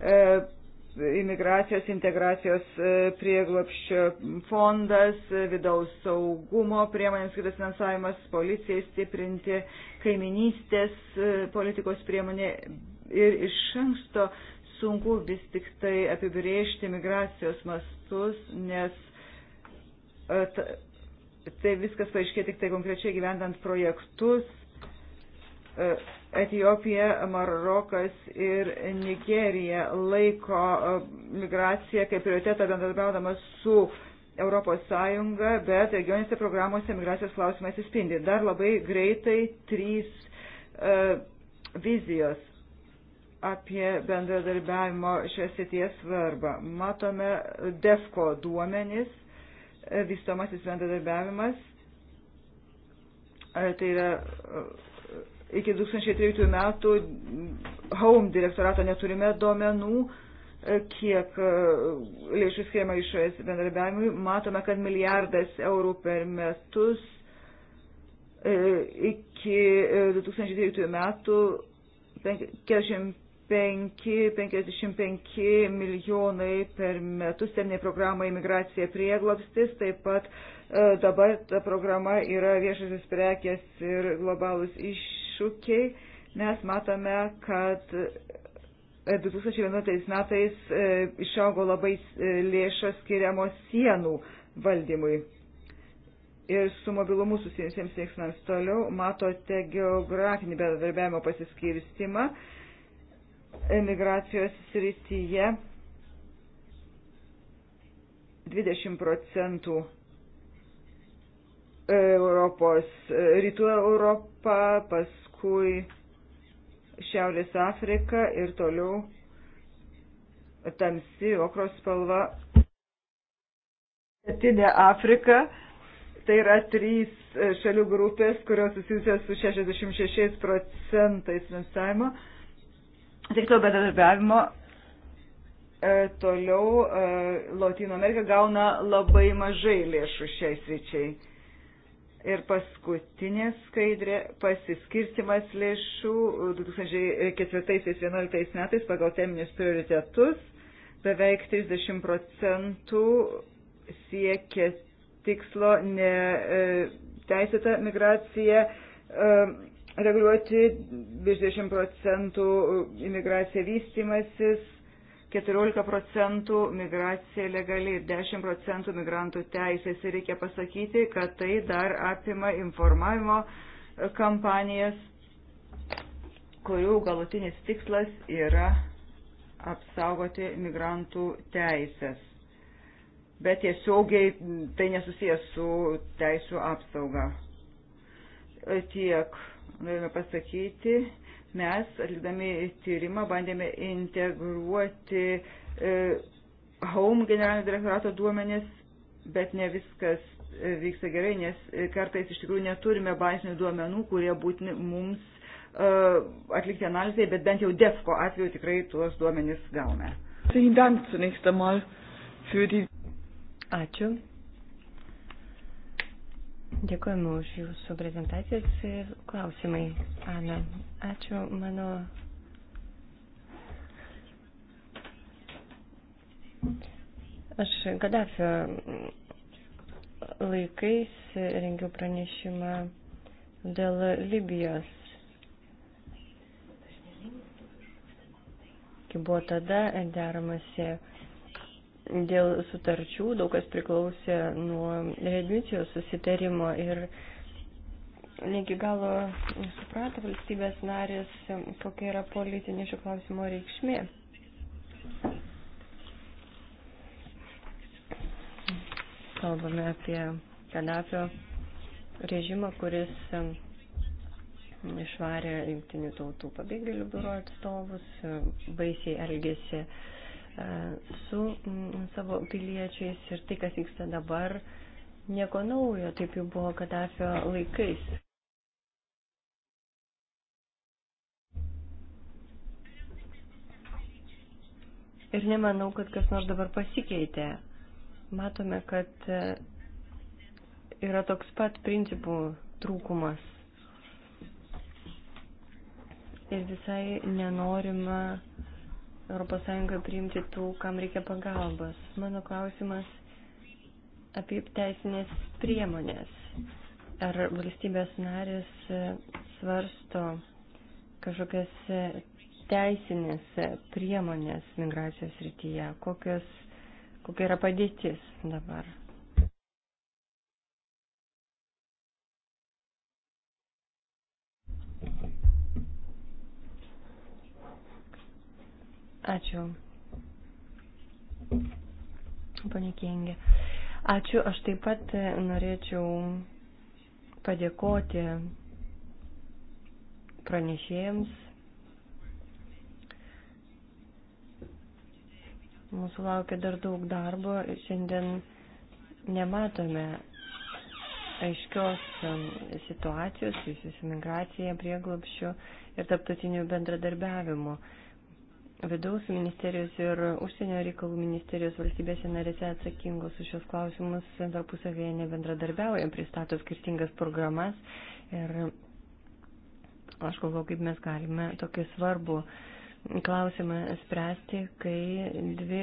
e, imigracijos integracijos e, prieglopščio fondas, e, vidaus saugumo priemonės, kitas finansavimas, policijai stiprinti, kaiminystės e, politikos priemonė ir iš anksto sunku vis tik tai apibriežti migracijos mastus, nes tai viskas paaiškė tik tai konkrečiai gyvendant projektus Etijopija, Marokas ir Nigerija laiko e, migraciją kaip prioritetą bendradarbiaudama su Europos Sąjunga, bet regioninėse programuose migracijos klausimai atsispindi. Dar labai greitai trys uh, vizijos apie bendradarbiavimo šios sėties svarbą. Matome DEFCO duomenis, e, vystomasis bendradarbiavimas. Tai yra uh, iki 2003 metų Home direktorato neturime duomenų, e, kiek e, lėšų skiriama išorės bendradarbiavimui. Matome, kad milijardas eurų per metus e, iki 2003 metų 45 milijonai per metus terminė programa imigracija prieglopstis, taip pat dabar ta programa yra viešasis prekės ir globalus iš iššūkiai. Mes matome, kad 2011 e, metais e, išaugo labai e, lėšos skiriamos sienų valdymui ir su mobilumu susijusiems veiksmams. Toliau matote geografinį bendradarbiavimo pasiskirstimą emigracijos srityje 20 procentų Europos, rytų Europos Europą, paskui Šiaurės Afrika ir toliau tamsi okros spalva Pietinė Afrika. Tai yra trys e, šalių grupės, kurios susijusios su 66 procentais finansavimo. Tik to bedarbiavimo e, toliau e, Latino Amerika gauna labai mažai lėšų šiai sričiai. Ir paskutinė skaidrė pasiskirstimas lėšų 2004-2011 metais pagal teminius prioritetus beveik 30 procentų siekia tikslo neteisėtą e, migraciją e, reguliuoti, 20 procentų imigracija vystimasis, 14 procentų migracija legali ir 10 procentų migrantų teisės. Ir reikia pasakyti, kad tai dar apima informavimo kampanijas, kurių galutinis tikslas yra apsaugoti migrantų teisės. Bet tiesiogiai tai nesusijęs su teisų apsauga. Tiek norime pasakyti Mes, atlikdami tyrimą, bandėme integruoti e, Home generalinio direktorato duomenis, bet ne viskas e, vyksta gerai, nes e, kartais iš tikrųjų neturime bazinių duomenų, kurie būtini mums atlikti analizai, bet bent jau DEFCO atveju tikrai tuos duomenis gauname. Ačiū. Dėkojame už Jūsų prezentacijas ir klausimai, Ana. Ačiū, mano. Aš Gaddafio laikais rengiau pranešimą dėl Libijos. Kai buvo tada deramasi dėl sutarčių, daug kas priklausė nuo redmicijos susitarimo ir negi galo suprato valstybės narės, kokia yra politinė šio klausimo reikšmė. Kalbame apie Kadafio režimą, kuris išvarė jungtinių tautų pabėgėlių biuro atstovus, baisiai elgėsi E, su savo piliečiais ir tai, kas vyksta dabar, nieko naujo, taip jau buvo Kadafio laikais. Ir nemanau, kad kas nors dabar pasikeitė. Matome, kad e, yra toks pat principų trūkumas. Ir visai nenorima ES priimti tų, kam reikia pagalbos. Mano klausimas apie teisinės priemonės. Ar valstybės narės e, svarsto kažkokias e, teisinės e, priemonės migracijos rytyje? Kokios, kokia yra padėtis dabar? Ačiū. Pane Kengė. Ačiū. Aš taip pat norėčiau padėkoti pranešėjams. Mūsų laukia dar daug darbo. Šiandien nematome aiškios um, situacijos, jūsų imigracija, prieglopščių ir taptautinių bendradarbiavimų vidaus ministerijos ir užsienio reikalų ministerijos valstybėse narėse atsakingos už šios klausimus tarpusavėje nebendradarbiauja, pristato skirtingas programas ir aš galvoju, kaip mes galime tokį svarbų klausimą spręsti, kai dvi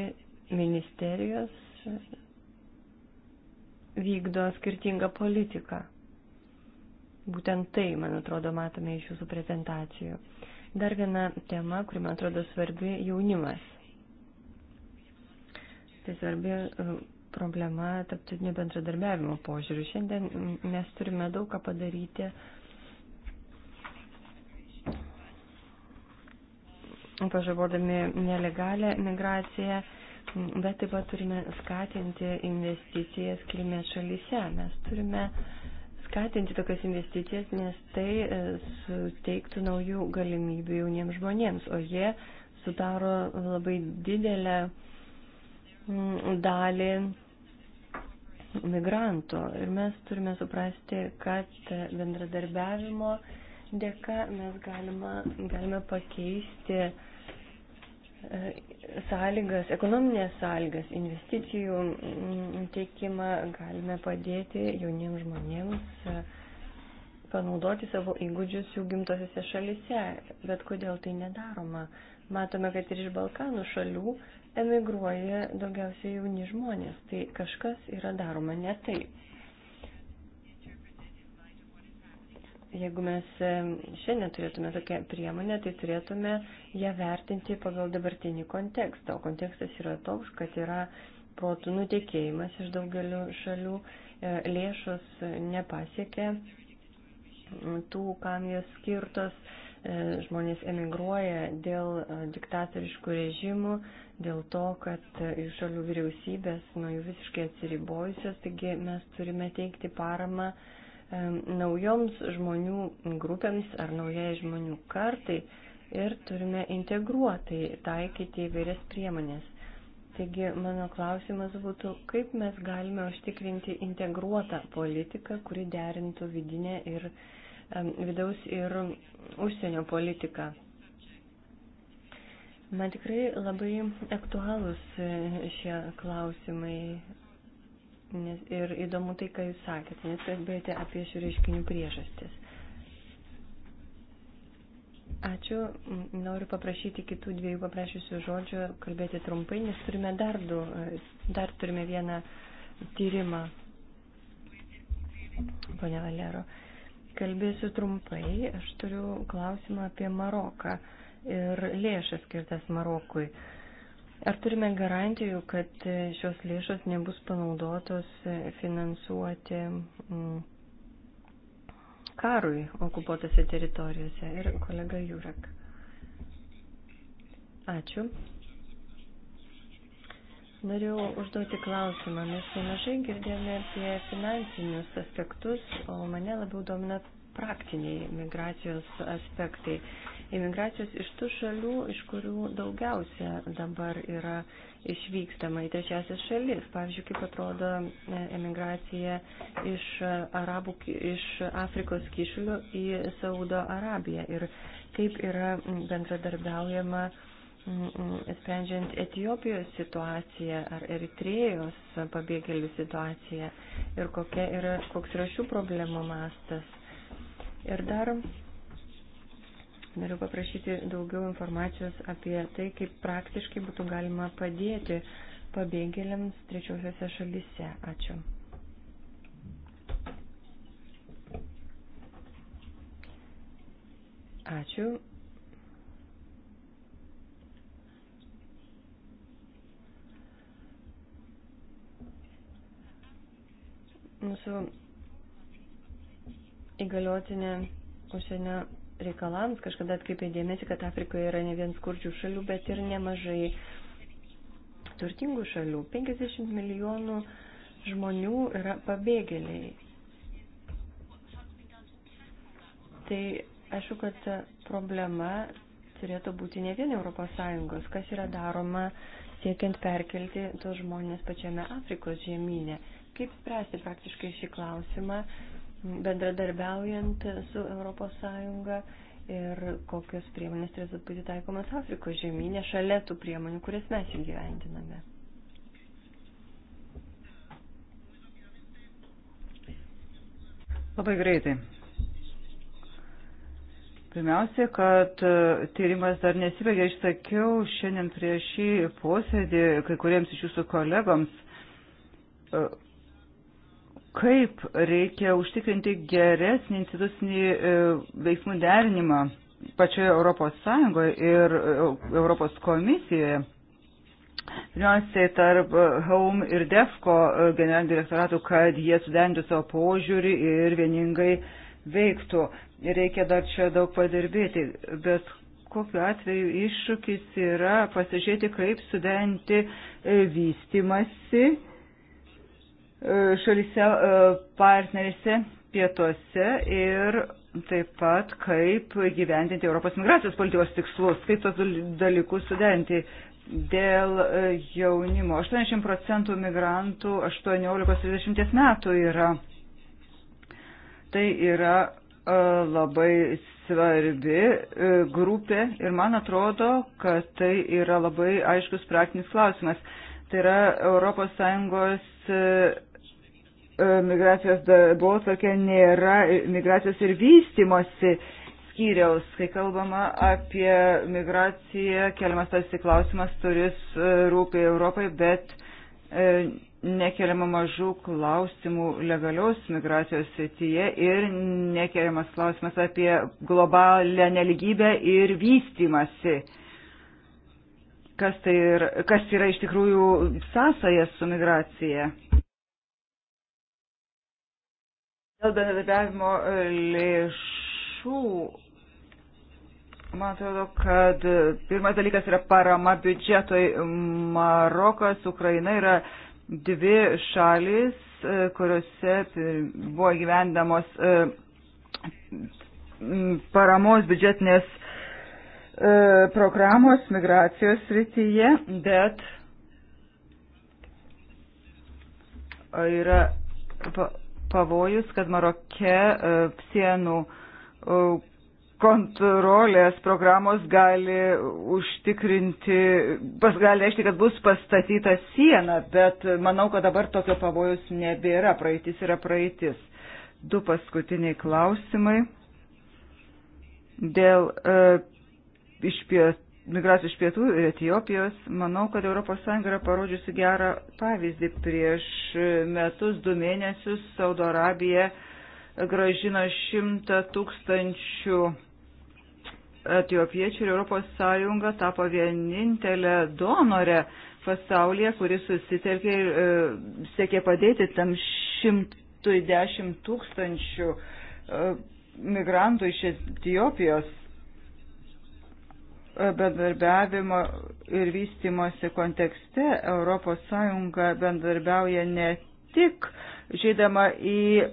ministerijos vykdo skirtingą politiką. Būtent tai, man atrodo, matome iš jūsų prezentacijų. Uh, Dar viena tema, kuri man atrodo svarbi - jaunimas. Tai svarbi e, problema taptutinio bendradarbiavimo požiūrių. Šiandien mes turime daug ką padaryti, pažabodami nelegalę migraciją, bet taip pat turime skatinti investicijas kilmės šalyse. Mes turime uh, skatinti tokias investicijas, nes tai e, suteiktų naujų galimybių jauniems žmonėms, o jie sudaro labai didelę mm, dalį migrantų. Ir mes turime suprasti, kad bendradarbiavimo dėka mes galima, galime pakeisti sąlygas, ekonominės sąlygas, investicijų mm, teikimą galime padėti jauniems žmonėms e, panaudoti savo įgūdžius jų gimtosiose šalise. Bet kodėl tai nedaroma? Matome, kad ir iš Balkanų šalių emigruoja daugiausiai jauni žmonės. Tai kažkas yra daroma ne taip. Jeigu mes e, šiandien turėtume tokią priemonę, tai turėtume uh, ją vertinti pagal dabartinį kontekstą. O kontekstas yra toks, kad yra protų nutekėjimas iš daugelių šalių, e, lėšos nepasiekia tų, kam jos skirtos, e, žmonės emigruoja dėl e, diktatoriškų režimų, dėl to, kad iš šalių vyriausybės nuo jų visiškai atsiribojusios, taigi mes turime teikti paramą naujoms žmonių grupėms ar naujai žmonių kartai ir turime integruotai taikyti įvairias priemonės. Taigi mano klausimas būtų, kaip mes galime užtikrinti integruotą politiką, kuri derintų vidinę ir vidaus ir užsienio politiką. Man tikrai labai aktualūs e, šie klausimai nes, ir įdomu tai, ką jūs sakėte, nes kalbėjote apie šių reiškinių priežastis. Ačiū. Noriu paprašyti kitų dviejų paprašysių žodžių kalbėti trumpai, nes turime dar du, dar turime vieną tyrimą. Pone Valero, kalbėsiu trumpai. Aš turiu klausimą apie Maroką ir lėšas skirtas Marokui. Ar turime garantijų, kad šios lėšos nebus panaudotos finansuoti mm, karui okupuotose teritorijose. Ir kolega Jurek. Ačiū. Norėjau užduoti klausimą. Mes nemažai girdėjome apie finansinius aspektus, o mane labiau domina praktiniai migracijos aspektai imigracijos iš tų šalių, iš kurių daugiausia dabar yra išvykstama į trečiasias šalis. Pavyzdžiui, kaip atrodo imigracija e, iš, Arabų, iš Afrikos kišulių į Saudo Arabiją ir kaip yra bendradarbiaujama sprendžiant Etijopijos situaciją ar Eritrėjos pabėgėlių situaciją ir kokia yra, koks yra šių problemų mastas. Ir dar Noriu paprašyti daugiau informacijos apie tai, kaip praktiškai būtų galima padėti pabėgėliams trečiosiuose šalyse. Ačiū. Ačiū. Mūsų įgaliotinė užsienio reikalams. Kažkada atkreipė dėmesį, kad Afrikoje yra ne vien skurdžių šalių, bet ir nemažai turtingų šalių. 50 milijonų žmonių yra pabėgėliai. Tai aišku, kad problema turėtų būti ne vien ES, kas yra daroma siekiant perkelti tos žmonės pačiame Afrikos žemynė. Kaip spręsti praktiškai šį klausimą, bendradarbiaujant su ES ir kokios priemonės turėtų būti taikomas Afrikos žemynė šalia tų priemonių, kurias mes įgyvendiname. Labai greitai. Pirmiausia, kad e, tyrimas dar nesibaigė, išsakiau šiandien prieš šį posėdį kai kuriems iš jūsų kolegoms e, kaip reikia užtikrinti geresnį institucinį e, veiksmų derinimą pačioje Europos Sąjungoje ir e, Europos komisijoje. Pirmiausiai tarp Home ir DEFCO e, generalinių direktoratų, kad jie sudendžių savo požiūrį ir vieningai veiktų. Reikia dar čia daug padirbėti, bet kokiu atveju iššūkis yra pasižiūrėti, kaip sudenti vystimasi E, šalise e, partnerėse pietuose ir taip pat kaip gyvendinti Europos migracijos politikos tikslus, kaip tos dalykus suderinti dėl e, jaunimo. 80 procentų migrantų 18-30 metų yra. Tai yra labai svarbi grupė ir man atrodo, kad tai yra labai aiškus praktinis klausimas. Tai yra ES E, migracijos darbotvarkė nėra migracijos ir vystimosi skyriaus, kai kalbama apie migraciją, keliamas tas įklausimas turis e, rūpi Europai, bet e, nekeliama mažų klausimų legalios migracijos srityje ir nekeliamas klausimas apie globalę neligybę ir vystimasi. Kas, tai yra, kas yra iš tikrųjų sąsaja su migracija? Dėl bendradarbiavimo e, lėšų, man atrodo, kad e, pirmas dalykas yra parama biudžetoj. Marokas, Ukraina yra dvi šalis, e, kuriuose buvo gyvendamos paramos biudžetinės programos migracijos srityje, bet yra pavojus, kad Maroke e, sienų e, kontrolės programos gali užtikrinti, pas, gali reišti, kad bus pastatyta siena, bet manau, kad dabar tokio pavojus nebėra, praeitis yra praeitis. Du paskutiniai klausimai dėl e, iš pietų migracijų iš pietų ir Etijopijos, manau, kad ES yra parodžiusi gerą pavyzdį. Prieš metus, du mėnesius Saudo Arabija gražino šimtą tūkstančių etiopiečių ir ES tapo vienintelė donorė pasaulyje, kuri susitelkė ir e, siekė padėti tam šimtui dešimt tūkstančių e, migrantų iš Etijopijos bendarbiavimo ir vystimosi kontekste ES bendarbiauja ne tik žydama į e,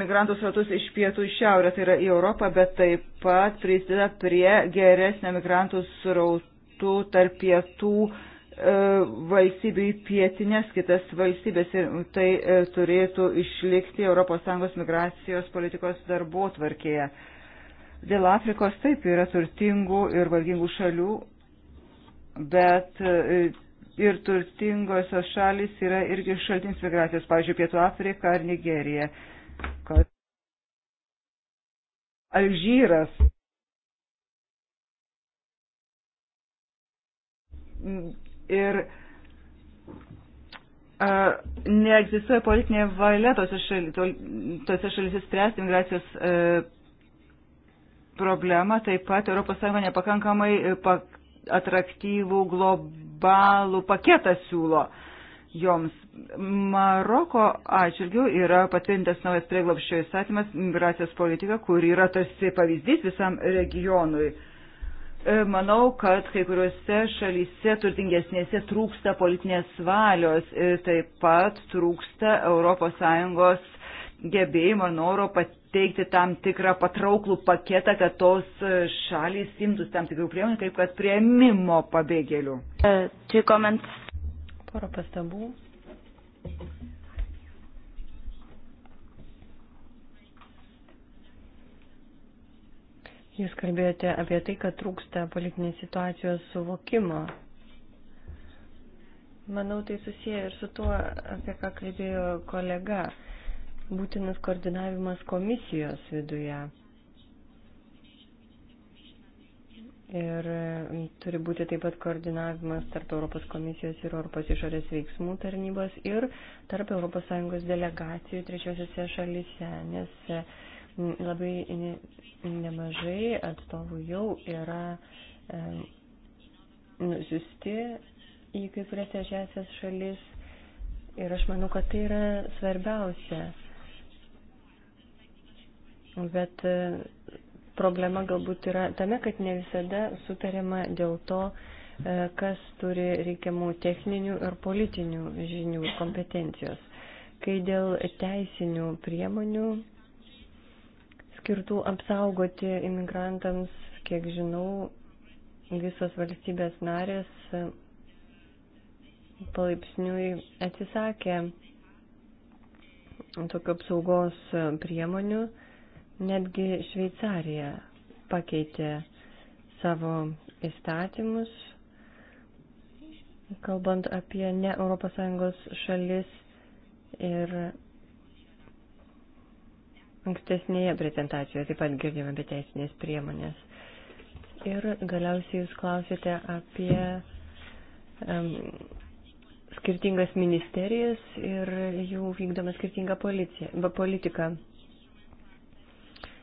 migrantų srautus iš pietų į šiaurę, tai yra į Europą, bet taip pat prisideda prie geresnio migrantų srautų tarp pietų e, valstybių į pietinės kitas valstybės ir tai e, turėtų išlikti ES migracijos politikos darbo tvarkėje. Dėl Afrikos taip yra turtingų ir vargingų šalių, bet e, ir turtingosios šalis yra irgi šaltinis migracijos, pavyzdžiui, Pietų Afrika ar Nigerija. Kad Alžyras. Ir e, neegzistuoja politinė valia tose, šali, tose šalise spręsti migracijos e, problemą, taip pat ES nepakankamai e, atraktyvų globalų paketą siūlo joms. Maroko atžvilgių yra patvirtintas naujas prieglopščio įstatymas, migracijos politika, kur yra tarsi pavyzdys visam regionui. E, manau, kad kai kuriuose šalyse turtingesnėse trūksta politinės valios ir taip pat trūksta ES gebėjimo, noro pateikti tam tikrą patrauklų paketą, kad tos e, šalys simtus tam tikrų priemonių, kaip kad prieimimo pabėgėlių. Čia uh, komentas. Porą pastabų. Jūs kalbėjote apie tai, kad trūksta politinės situacijos suvokimo. Manau, tai susiję ir su tuo, apie ką kalbėjo kolega. Uh, būtinas koordinavimas komisijos viduje. Ir e, turi būti taip pat koordinavimas tarp Europos komisijos ir Europos išorės veiksmų tarnybos ir tarp ES delegacijų trečiosiuose šalyse, nes e, labai nemažai atstovų jau yra e, nusiusti į kai kurias trečiasias šalis ir aš manau, kad tai yra svarbiausia Bet e, problema galbūt yra tame, kad ne visada sutarima dėl to, e, kas turi reikiamų techninių ir politinių žinių ir kompetencijos. Kai dėl teisinių priemonių skirtų apsaugoti imigrantams, kiek žinau, visos valstybės narės e, palaipsniui atsisakė tokių apsaugos priemonių Netgi Šveicarija pakeitė savo įstatymus, kalbant apie ne ES šalis ir ankstesnėje prezentacijoje taip pat girdėjome apie teisinės priemonės. Ir galiausiai jūs klausėte apie um, skirtingas ministerijas ir jų vykdomą skirtingą policiją, politiką.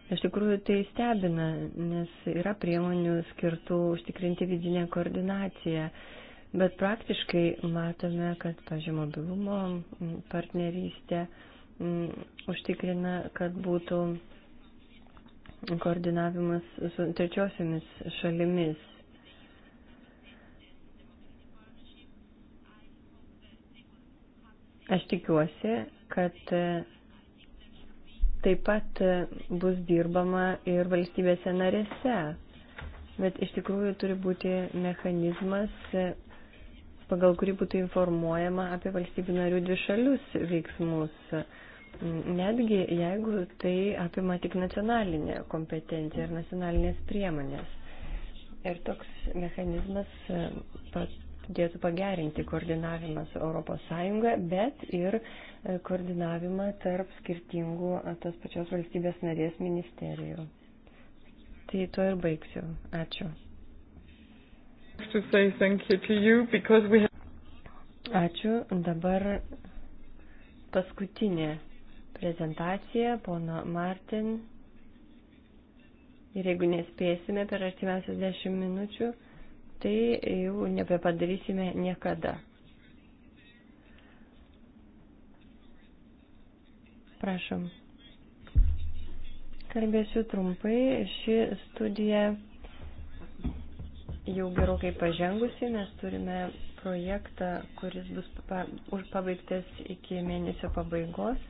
Iš tikrųjų tai stebina, nes yra priemonių skirtų užtikrinti vidinę koordinaciją, bet praktiškai matome, kad, pažiūrėjau, mobilumo partnerystė m, mm, užtikrina, kad būtų koordinavimas su trečiosiomis šalimis. Aš tikiuosi, kad taip pat e, bus dirbama ir valstybėse narėse. Bet iš tikrųjų turi būti mechanizmas, e, pagal kurį būtų informuojama apie valstybių narių dvišalius veiksmus. Netgi jeigu tai apima tik nacionalinė kompetencija ir nacionalinės priemonės. Ir toks mechanizmas e, pat padėtų pagerinti koordinavimas ES, bet ir e, koordinavimą tarp skirtingų tos pačios valstybės narės ministerijų. Tai tuo ir baigsiu. Ačiū. Ačiū. Dabar paskutinė prezentacija, pono Martin. Ir jeigu nespėsime per artimiausias dešimt minučių, tai jau nebepadarysime niekada. Prašom. Kalbėsiu trumpai. Ši studija jau gerokai pažengusi, mes turime projektą, kuris bus pabaigtas iki mėnesio pabaigos.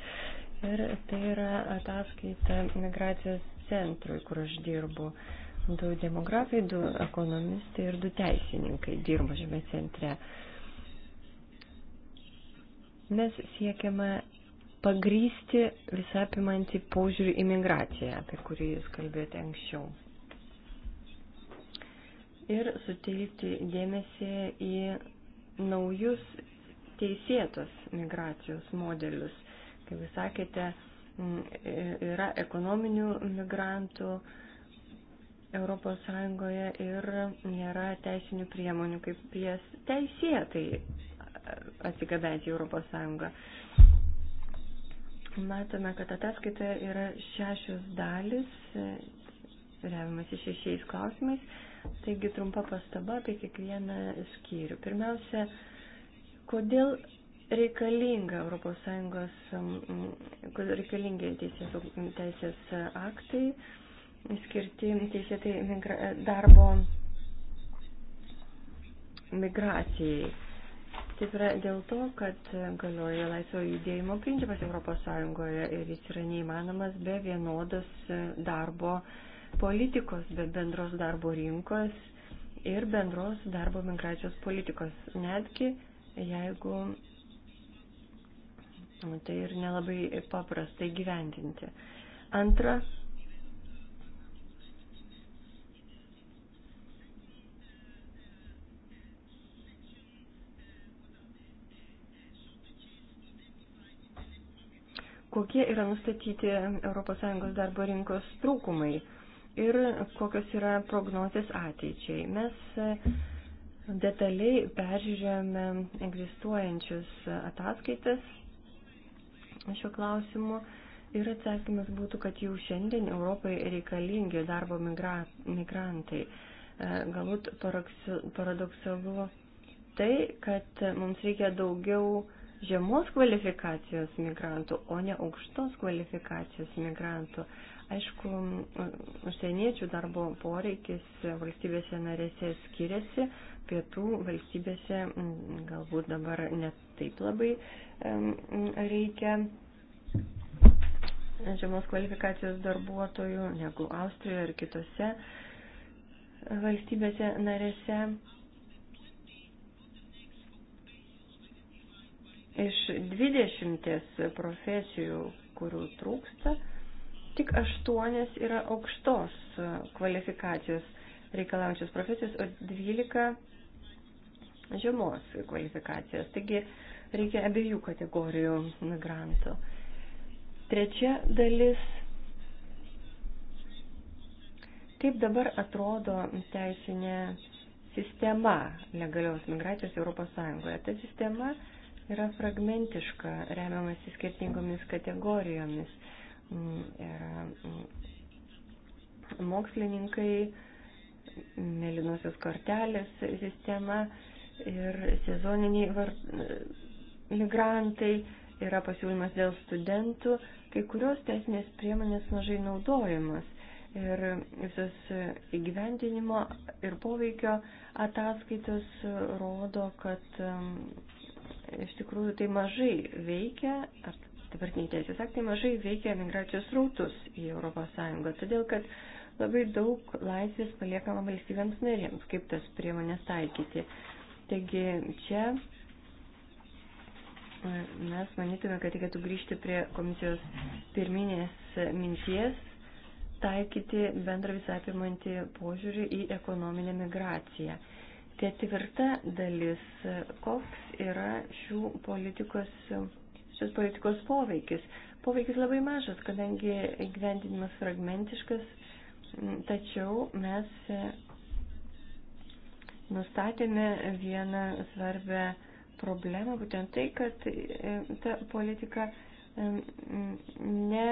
Ir tai yra ataskaita migracijos centrui, kur aš dirbu. Uh, Du demografai, du ekonomistai ir du teisininkai dirbo šiame centre. Mes siekiame pagrysti visapimantį požiūrį į migraciją, apie kurį jūs kalbėjote anksčiau. Ir suteikti dėmesį į naujus teisėtos migracijos modelius. Kaip jūs sakėte, yra ekonominių migrantų, ES ir nėra teisinių priemonių, kaip jas teisėtai atsigabenti į ES. Matome, kad ataskaitoje yra šešios dalis, remiamasi šešiais klausimais, taigi trumpa pastaba apie kiekvieną skyrių. Pirmiausia, kodėl reikalinga ES, reikalingi teisės, teisės aktai, skirti teisėtai migra darbo migracijai. Taip yra dėl to, kad galioja laisvo judėjimo principas ES ir jis yra neįmanomas be vienodos darbo politikos, be bendros darbo rinkos ir bendros darbo migracijos politikos. Netgi jeigu tai ir nelabai paprastai gyvendinti. Antra, kokie yra nustatyti ES darbo rinkos trūkumai ir kokios yra prognozės ateičiai. Mes e, detaliai peržiūrėjome egzistuojančius ataskaitas šio klausimu ir atsakymas būtų, kad jau šiandien Europai reikalingi darbo migra migrantai. E, galbūt paradoksalu tai, kad mums reikia daugiau žemos kvalifikacijos migrantų, o ne aukštos kvalifikacijos migrantų. Aišku, užsieniečių darbo poreikis valstybėse narėse skiriasi, pietų valstybėse galbūt dabar net taip labai reikia žemos kvalifikacijos darbuotojų negu Austrijoje ir kitose valstybėse narėse. Iš 20 profesijų, kurių trūksta, tik 8 yra aukštos kvalifikacijos reikalaujančios profesijos, o 12 žemos kvalifikacijos. Taigi reikia abiejų kategorijų migrantų. Trečia dalis. Kaip dabar atrodo teisinė sistema legalios migracijos Europos Sąjungoje? Ta sistema yra fragmentiška, remiamasi skirtingomis kategorijomis. Ir mm, mm, mokslininkai, mėlynosios kortelės sistema ir sezoniniai var... migrantai yra pasiūlymas dėl studentų, kai kurios teisinės priemonės mažai naudojamas. Ir visos įgyvendinimo ir poveikio ataskaitos rodo, kad mm, iš tikrųjų tai mažai veikia, ar dabartiniai teisės aktai mažai veikia migracijos rautus į ES, todėl kad labai daug laisvės paliekama valstybėms narėms, kaip tas priemonės taikyti. Taigi čia e, mes manytume, kad reikėtų grįžti prie komisijos pirminės minties taikyti bendrą visapimantį požiūrį į ekonominę migraciją. Ketvirta dalis - koks yra šių politikos, šios politikos poveikis. Poveikis labai mažas, kadangi įgyvendinimas fragmentiškas, tačiau mes e, nustatėme vieną svarbę problemą, būtent tai, kad e, ta politika ne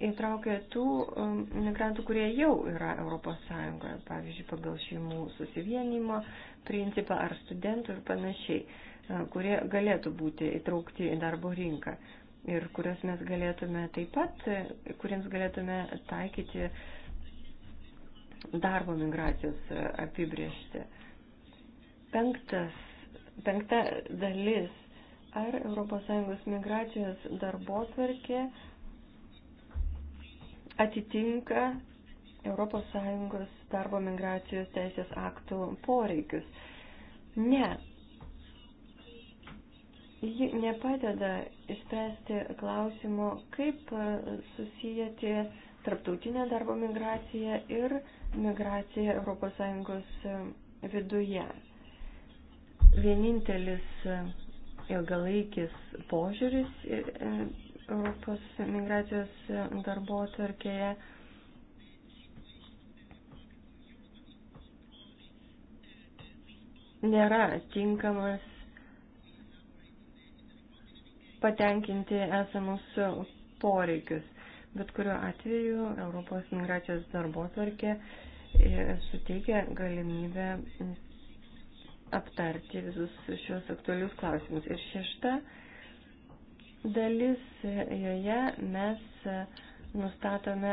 įtraukia tų um, migrantų, kurie jau yra ES, pavyzdžiui, pagal šeimų susivienimo principą ar studentų ir panašiai, uh, kurie galėtų būti įtraukti į darbo rinką ir kurias mes galėtume taip pat, uh, kuriems galėtume taikyti darbo migracijos uh, apibriežti. Penktas, penkta dalis. Ar ES migracijos darbo tvarkė atitinka ES darbo migracijos teisės aktų poreikius. Ne. Ji nepadeda išspręsti klausimo, kaip susijęti tarptautinę darbo migraciją ir migraciją ES viduje. Vienintelis ilgalaikis požiūris Europos migracijos darbo tvarkėje. Nėra tinkamas patenkinti esamus poreikius. Bet kuriuo atveju Europos migracijos darbo tvarkė e, suteikia galimybę aptarti visus šios aktualius klausimus. Ir šešta dalis. Joje mes e, nustatome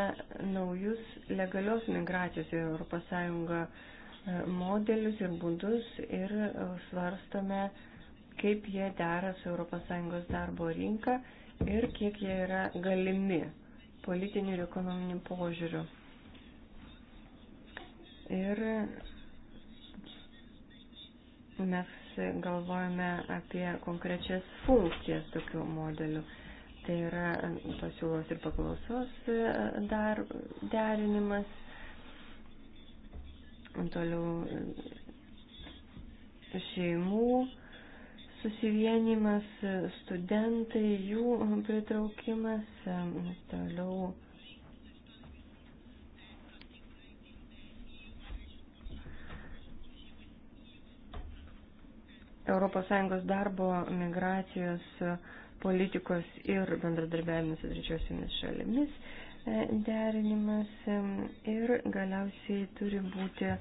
naujus legalios migracijos į ES e, modelius ir būdus ir e, svarstome, kaip jie dera su ES darbo rinka ir kiek jie yra galimi politiniu ir ekonominiu požiūriu. Ir mes galvojame apie konkrečias funkcijas tokių modelių. Tai yra e, pasiūlos ir paklausos e, dar, derinimas. Toliau e, šeimų susivienimas, studentai, jų pritraukimas, toliau ES darbo migracijos politikos ir bendradarbiavimas su trečiosiomis šalimis e, derinimas e, ir galiausiai turi būti e,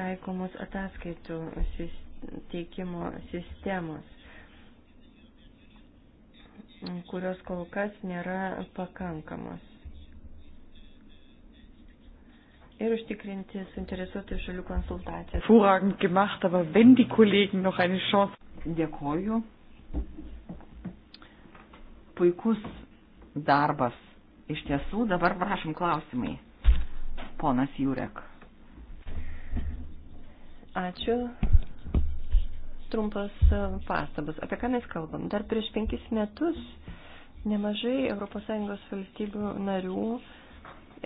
taikomos ataskaitų teikimo sistemos, kurios kol kas nėra pakankamos ir užtikrinti suinteresuotų šalių konsultaciją. Vorragend gemacht, aber wenn die Kollegen noch eine Chance. Dėkoju. Puikus darbas. Iš tiesų, dabar prašom klausimai. Ponas Jurek. Ačiū. Trumpas e, pastabas. Apie ką mes kalbam? Dar prieš penkis metus nemažai ES valstybių narių uh,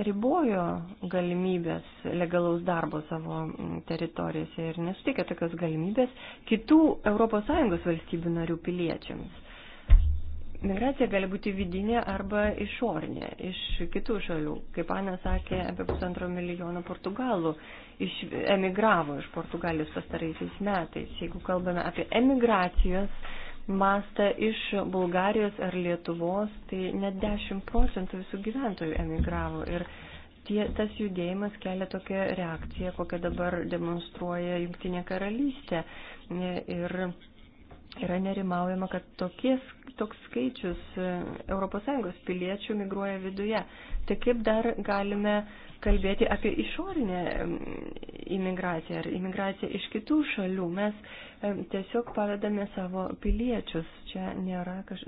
ribojo galimybės legalaus darbo savo mm, teritorijose ir nesuteikė tokios galimybės kitų ES valstybių narių piliečiams. Migracija gali būti vidinė arba išorinė, iš kitų šalių. Kaip Ana sakė, apie pusantro milijono portugalų iš, emigravo iš Portugalijos pastaraisiais metais. Jeigu kalbame apie emigracijos mastą iš Bulgarijos ar Lietuvos, tai net 10 procentų visų gyventojų emigravo. Ir tie, tas judėjimas kelia tokią reakciją, kokią dabar demonstruoja Junktinė karalystė. Ir yra nerimaujama, kad tokie, toks skaičius ES piliečių migruoja viduje. Tai kaip dar galime kalbėti apie išorinę imigraciją ar imigraciją iš kitų šalių? Mes tiesiog pavedame savo piliečius. Čia nėra, kaž...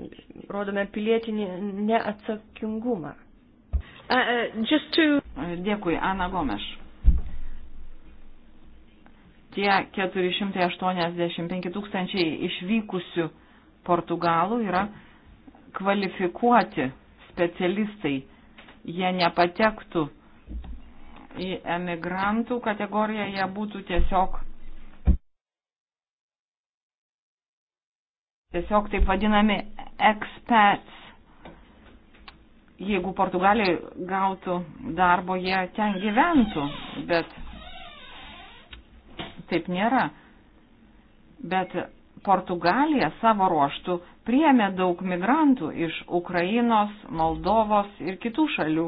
rodome pilietinį neatsakingumą. Uh, uh, to... Dėkui, Ana Gomeš tie 485 tūkstančiai išvykusių Portugalų yra kvalifikuoti specialistai jie nepatektų į emigrantų kategoriją, jie būtų tiesiog, tiesiog taip vadinami expats. Jeigu Portugaliai gautų darbo, jie ten gyventų, bet taip nėra. Bet Portugalija savo ruoštų priemė daug migrantų iš Ukrainos, Moldovos ir kitų šalių.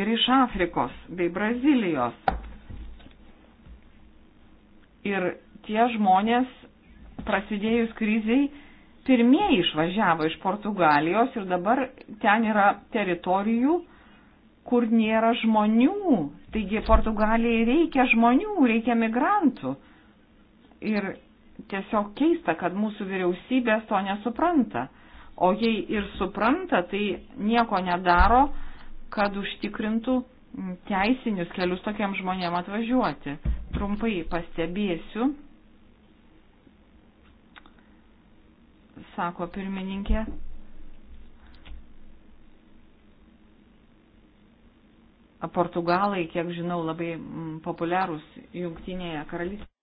Ir iš Afrikos bei Brazilijos. Ir tie žmonės prasidėjus kriziai pirmieji išvažiavo iš Portugalijos ir dabar ten yra teritorijų, kur nėra žmonių. Taigi Portugalijai reikia žmonių, reikia migrantų. Ir tiesiog keista, kad mūsų vyriausybės to nesupranta. O jei ir supranta, tai nieko nedaro, kad užtikrintų teisinius kelius tokiam žmonėm atvažiuoti. Trumpai pastebėsiu, sako pirmininkė. Portugalai, kiek žinau, labai populiarūs jungtinėje karalystėje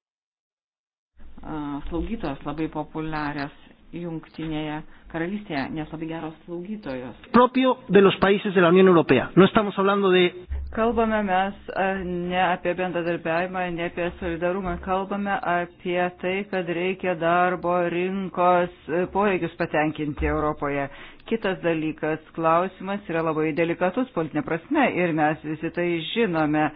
slaugytojos labai populiarios jungtinėje karalystėje, nes labai geros slaugytojos. Propio de los países de la Unión Europea. No estamos hablando de... Kalbame mes ne apie bendradarbiavimą, ne apie solidarumą, kalbame apie tai, kad reikia darbo rinkos e, poreikius patenkinti Europoje. Kitas dalykas, klausimas yra labai delikatus politinė prasme ir mes visi tai žinome.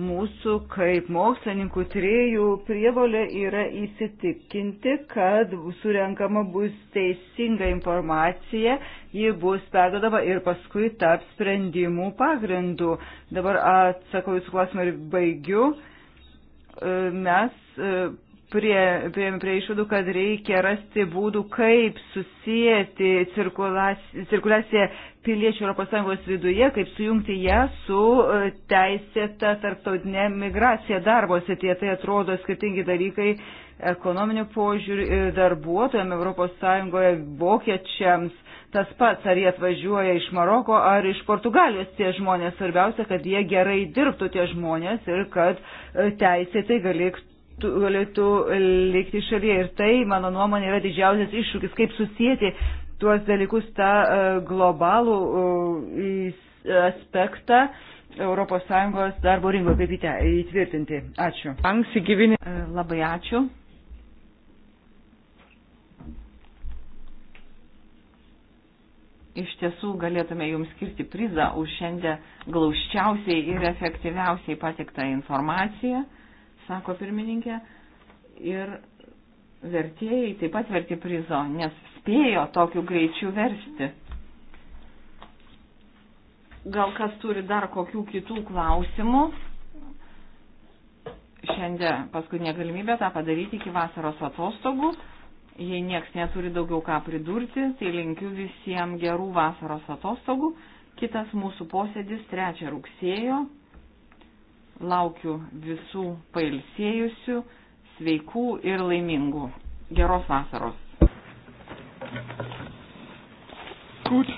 Mūsų kaip mokslininkų triejų prievolė yra įsitikinti, kad surenkama bus teisinga informacija, ji bus perdodama ir paskui taps sprendimų pagrindų. Dabar atsakau jūsų klausimą ir baigiu. E, mes e, prie, prie, prie išvadų, kad reikia rasti būdų, kaip susijęti cirkuliaciją piliečių ES viduje, kaip sujungti ją su e, teisėta tarptautinė migracija darbo srityje. Tai atrodo skirtingi dalykai ekonominių požiūrių ir darbuotojams ES vokiečiams. Tas pats, ar jie atvažiuoja iš Maroko ar iš Portugalijos tie žmonės, svarbiausia, kad jie gerai dirbtų tie žmonės ir kad e, teisėtai galėtų galėtų likti šalyje. Ir tai, mano nuomonė, yra didžiausias iššūkis, kaip susijęti tuos dalykus tą e, globalų aspektą ES darbo rinkoje, kaip įtvirtinti. Ačiū. Anksigyvinė. E, labai ačiū. iš tiesų galėtume jums skirti prizą už šiandien glaučiausiai ir efektyviausiai patiktą informaciją sako pirmininkė. Ir vertėjai taip pat verti prizo, nes spėjo tokiu greičiu versti. Gal kas turi dar kokių kitų klausimų? Šiandien paskutinė galimybė tą padaryti iki vasaros atostogų. Jei nieks neturi daugiau ką pridurti, tai linkiu visiems gerų vasaros atostogų. Kitas mūsų posėdis 3 rugsėjo Laukiu visų pailsėjusių, sveikų ir laimingų. Geros vasaros. Gut.